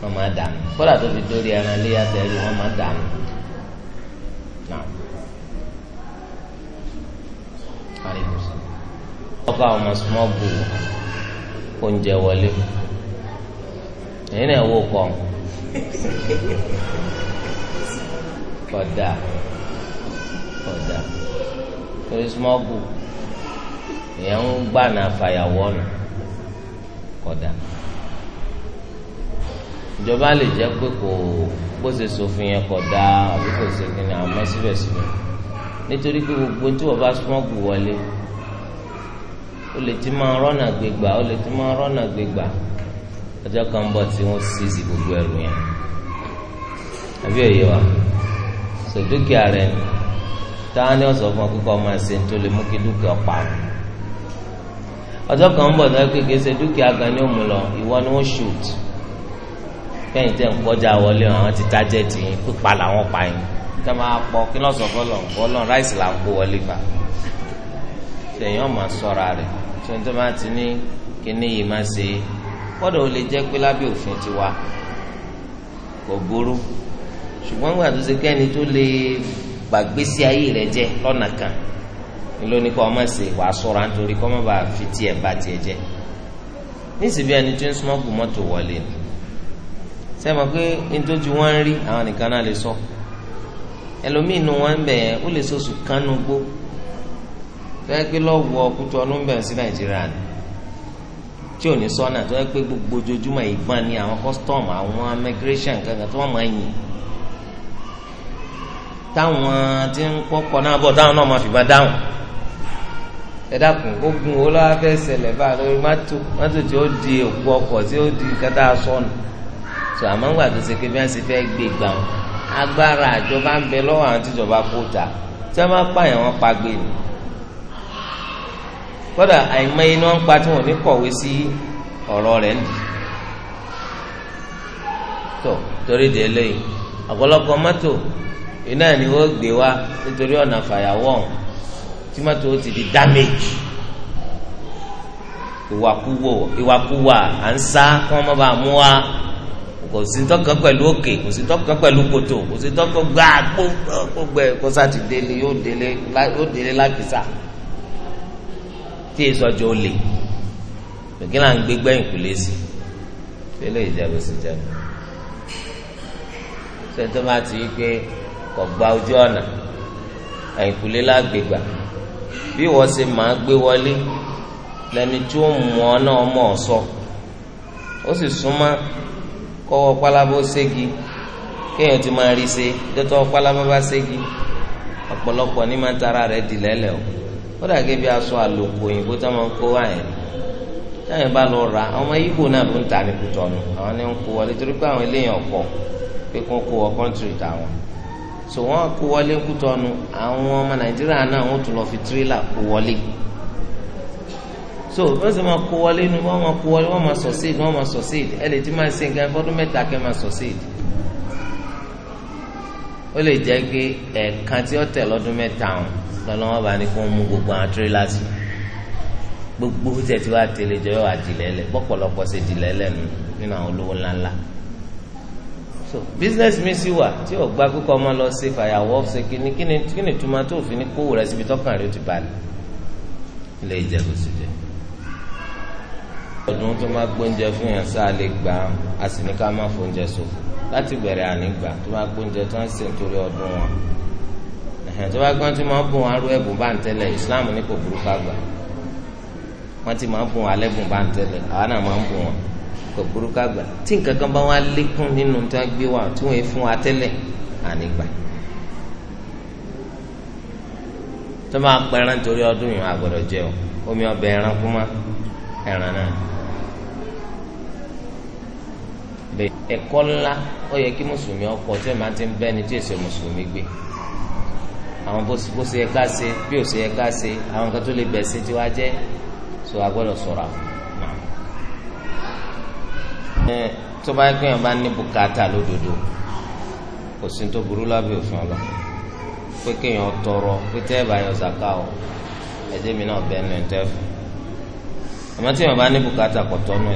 [SPEAKER 1] wọ́n máa dànù kódà tó fi dórí ẹran ilé àtẹ̀rí wọ́n máa dànù ọkọ àwọn small bull oúnjẹ wọlé èyí náà wò kọ́ kódà kódà torí small bull èèyàn ń gbà náà fàyàwọ́ náà kódà ìjọba lè jẹ́ pé kò bó ṣe ṣòfin yẹn kódà àbí kò ṣe kí ni àmọ́ síbẹ̀síbẹ̀ nítorí pé gbogbo tí wọ́n bá smọ́gù wọlé ó lè ti máa rọ́nà gbégbà ó lè ti máa rọ́nà gbégbà ọjọ́ kan bọ̀ tí wọ́n ṣèṣì gbogbo ẹrù yẹn àbí òye wa sọ dúkìá rẹ ni táwọn ni wọ́n sọ fún ọ kíkọ́ máa tó lè mú kí dúkìá pààrọ̀ ọjọ́ kan ń bọ̀ tó ké kése dúkìá gan ni ó mú lọ ìwọ ni ó shoot kẹ́yìn tẹ̀ ń kọjá wọlé àwọn ti tájẹ́ tì í pípa làwọn pa yín tẹ́ máa pọ̀ kí lọ́ sọ fọlọ́ fọlọ́ ráìsì là ń kó wọlé gbà sẹ́yìn ọmọ sọ́ra rẹ̀ tó ń tẹ́ máa ti ní kíní yìí máa ṣe kọ́dọ̀ ó lè jẹ́ pé lábẹ́ òfin ti wá kò burú ṣùgbọ́n gbà kẹ́ni tó lè gbàgbésí ayé rẹ̀ jẹ́ lọ́nà kan lóní kọ́ ọmọ ẹ̀sìn wàá sọ̀rọ̀ nítorí kọ́ ọmọ bá fi tiẹ̀ bá tiẹ̀ jẹ́ nísìbí ẹni tó ń sọ́mọ́gù mọ́tò wọlé ni sẹ́mi pé nítorí wọ́n ń rí àwọn nìkan náà lè sọ ẹlòmíì nu wọn bẹ̀ ó lè kánú gbó fẹ́ pé lọ́wọ́ ọdún bẹ̀rẹ̀ sí nàìjíríà ni tí ò ní tó yẹ pé gbogbo ojoojúmọ́ ìbọn ni àwọn àwọn kankan tó wọ́n máa ẹ̀dàkùn ogun wo lọ́wọ́ fẹ́ ṣẹlẹ̀ báyìí lórí mọ́tò mọ́tò tí ó di òkú ọkọ̀ tí ó di kátà sọnù tó àmọ́ ńgbà tó ṣe pé bí wọ́n ṣe fẹ́ gbé gbà wọn agbára àjọba ń bẹ lọ́wọ́ àwọn tíjọba kó ta tí wọ́n máa pààyàn wọn pa gbé ni kódà àìmọye ni wọ́n ń pa tí wọ́n ní kọ̀wé sí ọ̀rọ̀ rẹ̀ ń di tó torí de eléyìí ọ̀pọ̀lọpọ̀ mọ́tò iná ni wọ́n gbé wá nítorí ọ̀nà fàyàwọ́ ọ̀hún tí mọ́tò ti di damage ìwàkuwò ìwàkuwà à ń sá kí wọ́n má bàa mú wa kò sí tọkàn pẹ̀lú òkè kò sí tọkàn pẹ̀lú kòtò kò sí tọkàn gbà gbogbo ẹ̀ kó sáà ti délé yóò délé yóò délé lákìsà tí èsọjọ olè lókè là ń gbé gbẹ̀yìn kù lésì tẹ́lẹ̀ ìjẹ́bù sí jẹ́bù sẹ́tọ́ bá ti yí pé kọ̀ gba ojú ọ̀nà ẹ̀yìn kù lé lágbègbà. bí wọ́n ṣe máa gbé wọlé lẹni tí ó mú ọ náà mọ̀ ọ́ sọ ó sì súnmọ́ kọ́wọ́ pálábó ségi kéèyàn ti máa rí ṣe dótọ́ pálábó bá ségi ọ̀pọ̀lọpọ̀ ní máa ń tara rẹ̀ dì lẹ́lẹ̀ o ó dàgé bí aṣọ àlòkù òyìnbó kó bá lọ rà ọmọ náà ló ń ta ní àwọn ni ń kó wọlé torí pé àwọn eléyàn pé kó so wọn kó wọlé kútọnu àwọn ọmọ nàìjíríà náà wọn tún lọ fi tirẹ́là kó wọlé so wọ́n sì máa kó wọlé nu wọ́n máa kó wọlé wọ́n máa succeed wọ́n máa succeed ẹ lè ti máa ṣe nǹkan fọdún mẹ́ta kẹ́ máa succeed ó lè jẹ́ pé ẹ̀ẹ̀kan tí ó tẹ̀ lọ́dún mẹ́ta ọ̀hún lọ́nà wọn bá ní kó mú gbogbo àwọn tirẹ́là sí gbogbo tẹ̀ tí wàá tẹ̀lé jọ yóò wá dìlẹ́lẹ̀ bọ́pọ̀lọpọ̀ ṣe dìlẹ́lẹ̀ nù nínú àwọn olówó ńláńlá so business mi sì wà tí ò gba kókó ọmọ lọ ṣe fàyàwọ́ ṣe kíni kíni kíni túmọ̀ tó fi ní kówó rẹ síbi tọ́kàn rẹ o ti balẹ̀ ilé ìjẹ̀bù sì jẹ́ ọdún tó máa gbóúnjẹ fún yàn sáà lè gbà á sì ní ká má fóúnjẹ ṣòfò láti bẹ̀rẹ̀ ànígbà tó máa gbóúnjẹ tó ń sè nítorí ọdún wọn ẹ̀hìn tó bá gbọ́n tí máa bùn arú ẹ̀bùn bá ń tẹ́lẹ̀ Islam ní kò burúkú àgbà wọ́n ti máa bùn alẹ́bùn bá ń tẹ́lẹ̀ àwa náà máa ń bùn wọn kò burúkú àgbà tí nǹkan kan bá wọn lékún nínú tí wọn gbé wà tí wọn fún wa tẹ́lẹ̀ ànígbà tó máa pẹ ẹran torí ọdún yìí a jẹ o omi ọbẹ̀ ẹran kú mọ ẹran náà ẹ̀kọ́ ńlá ó yẹ kí mùsùlùmí ọkọ tí ẹ máa ti ń bẹ ni tí èsè mùsùlùmí gbé àwọn bó ṣe yẹ ká ṣe bí ó ṣe yẹ ká ṣe àwọn kan tó lè bẹ̀ ṣe tí wàá jẹ́ sọ agbọ́dọ̀ ṣọ́ra fún un. tó bá yẹ kéèyàn bá ní bùkátà lódodo kò sí tó burú lábẹ́ òfin ọlọ pé kéèyàn tọrọ pé tẹ́ ẹ bá yọ zaka o ẹ̀jẹ̀ mi náà bẹ́ẹ̀ nù tẹ́ fún àmọ́ tí èèyàn bá ní kò tọ́nu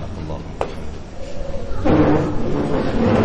[SPEAKER 1] ẹ máa a